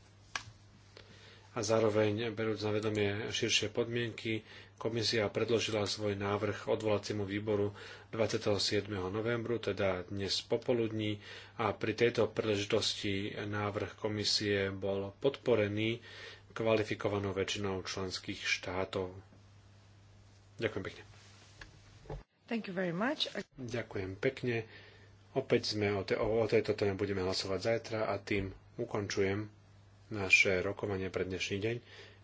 a zároveň berúc na vedomie širšie podmienky, komisia predložila svoj návrh odvolaciemu výboru 27. novembru, teda dnes popoludní a pri tejto príležitosti návrh komisie bol podporený kvalifikovanou väčšinou členských štátov. Ďakujem pekne. Thank you very much. Ďakujem pekne. Opäť sme o, te, o, o tejto téme budeme hlasovať zajtra a tým ukončujem naše rokovanie pre dnešný deň.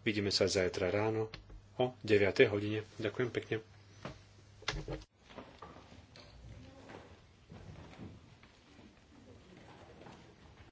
Vidíme sa zajtra ráno o 9. hodine. Ďakujem pekne.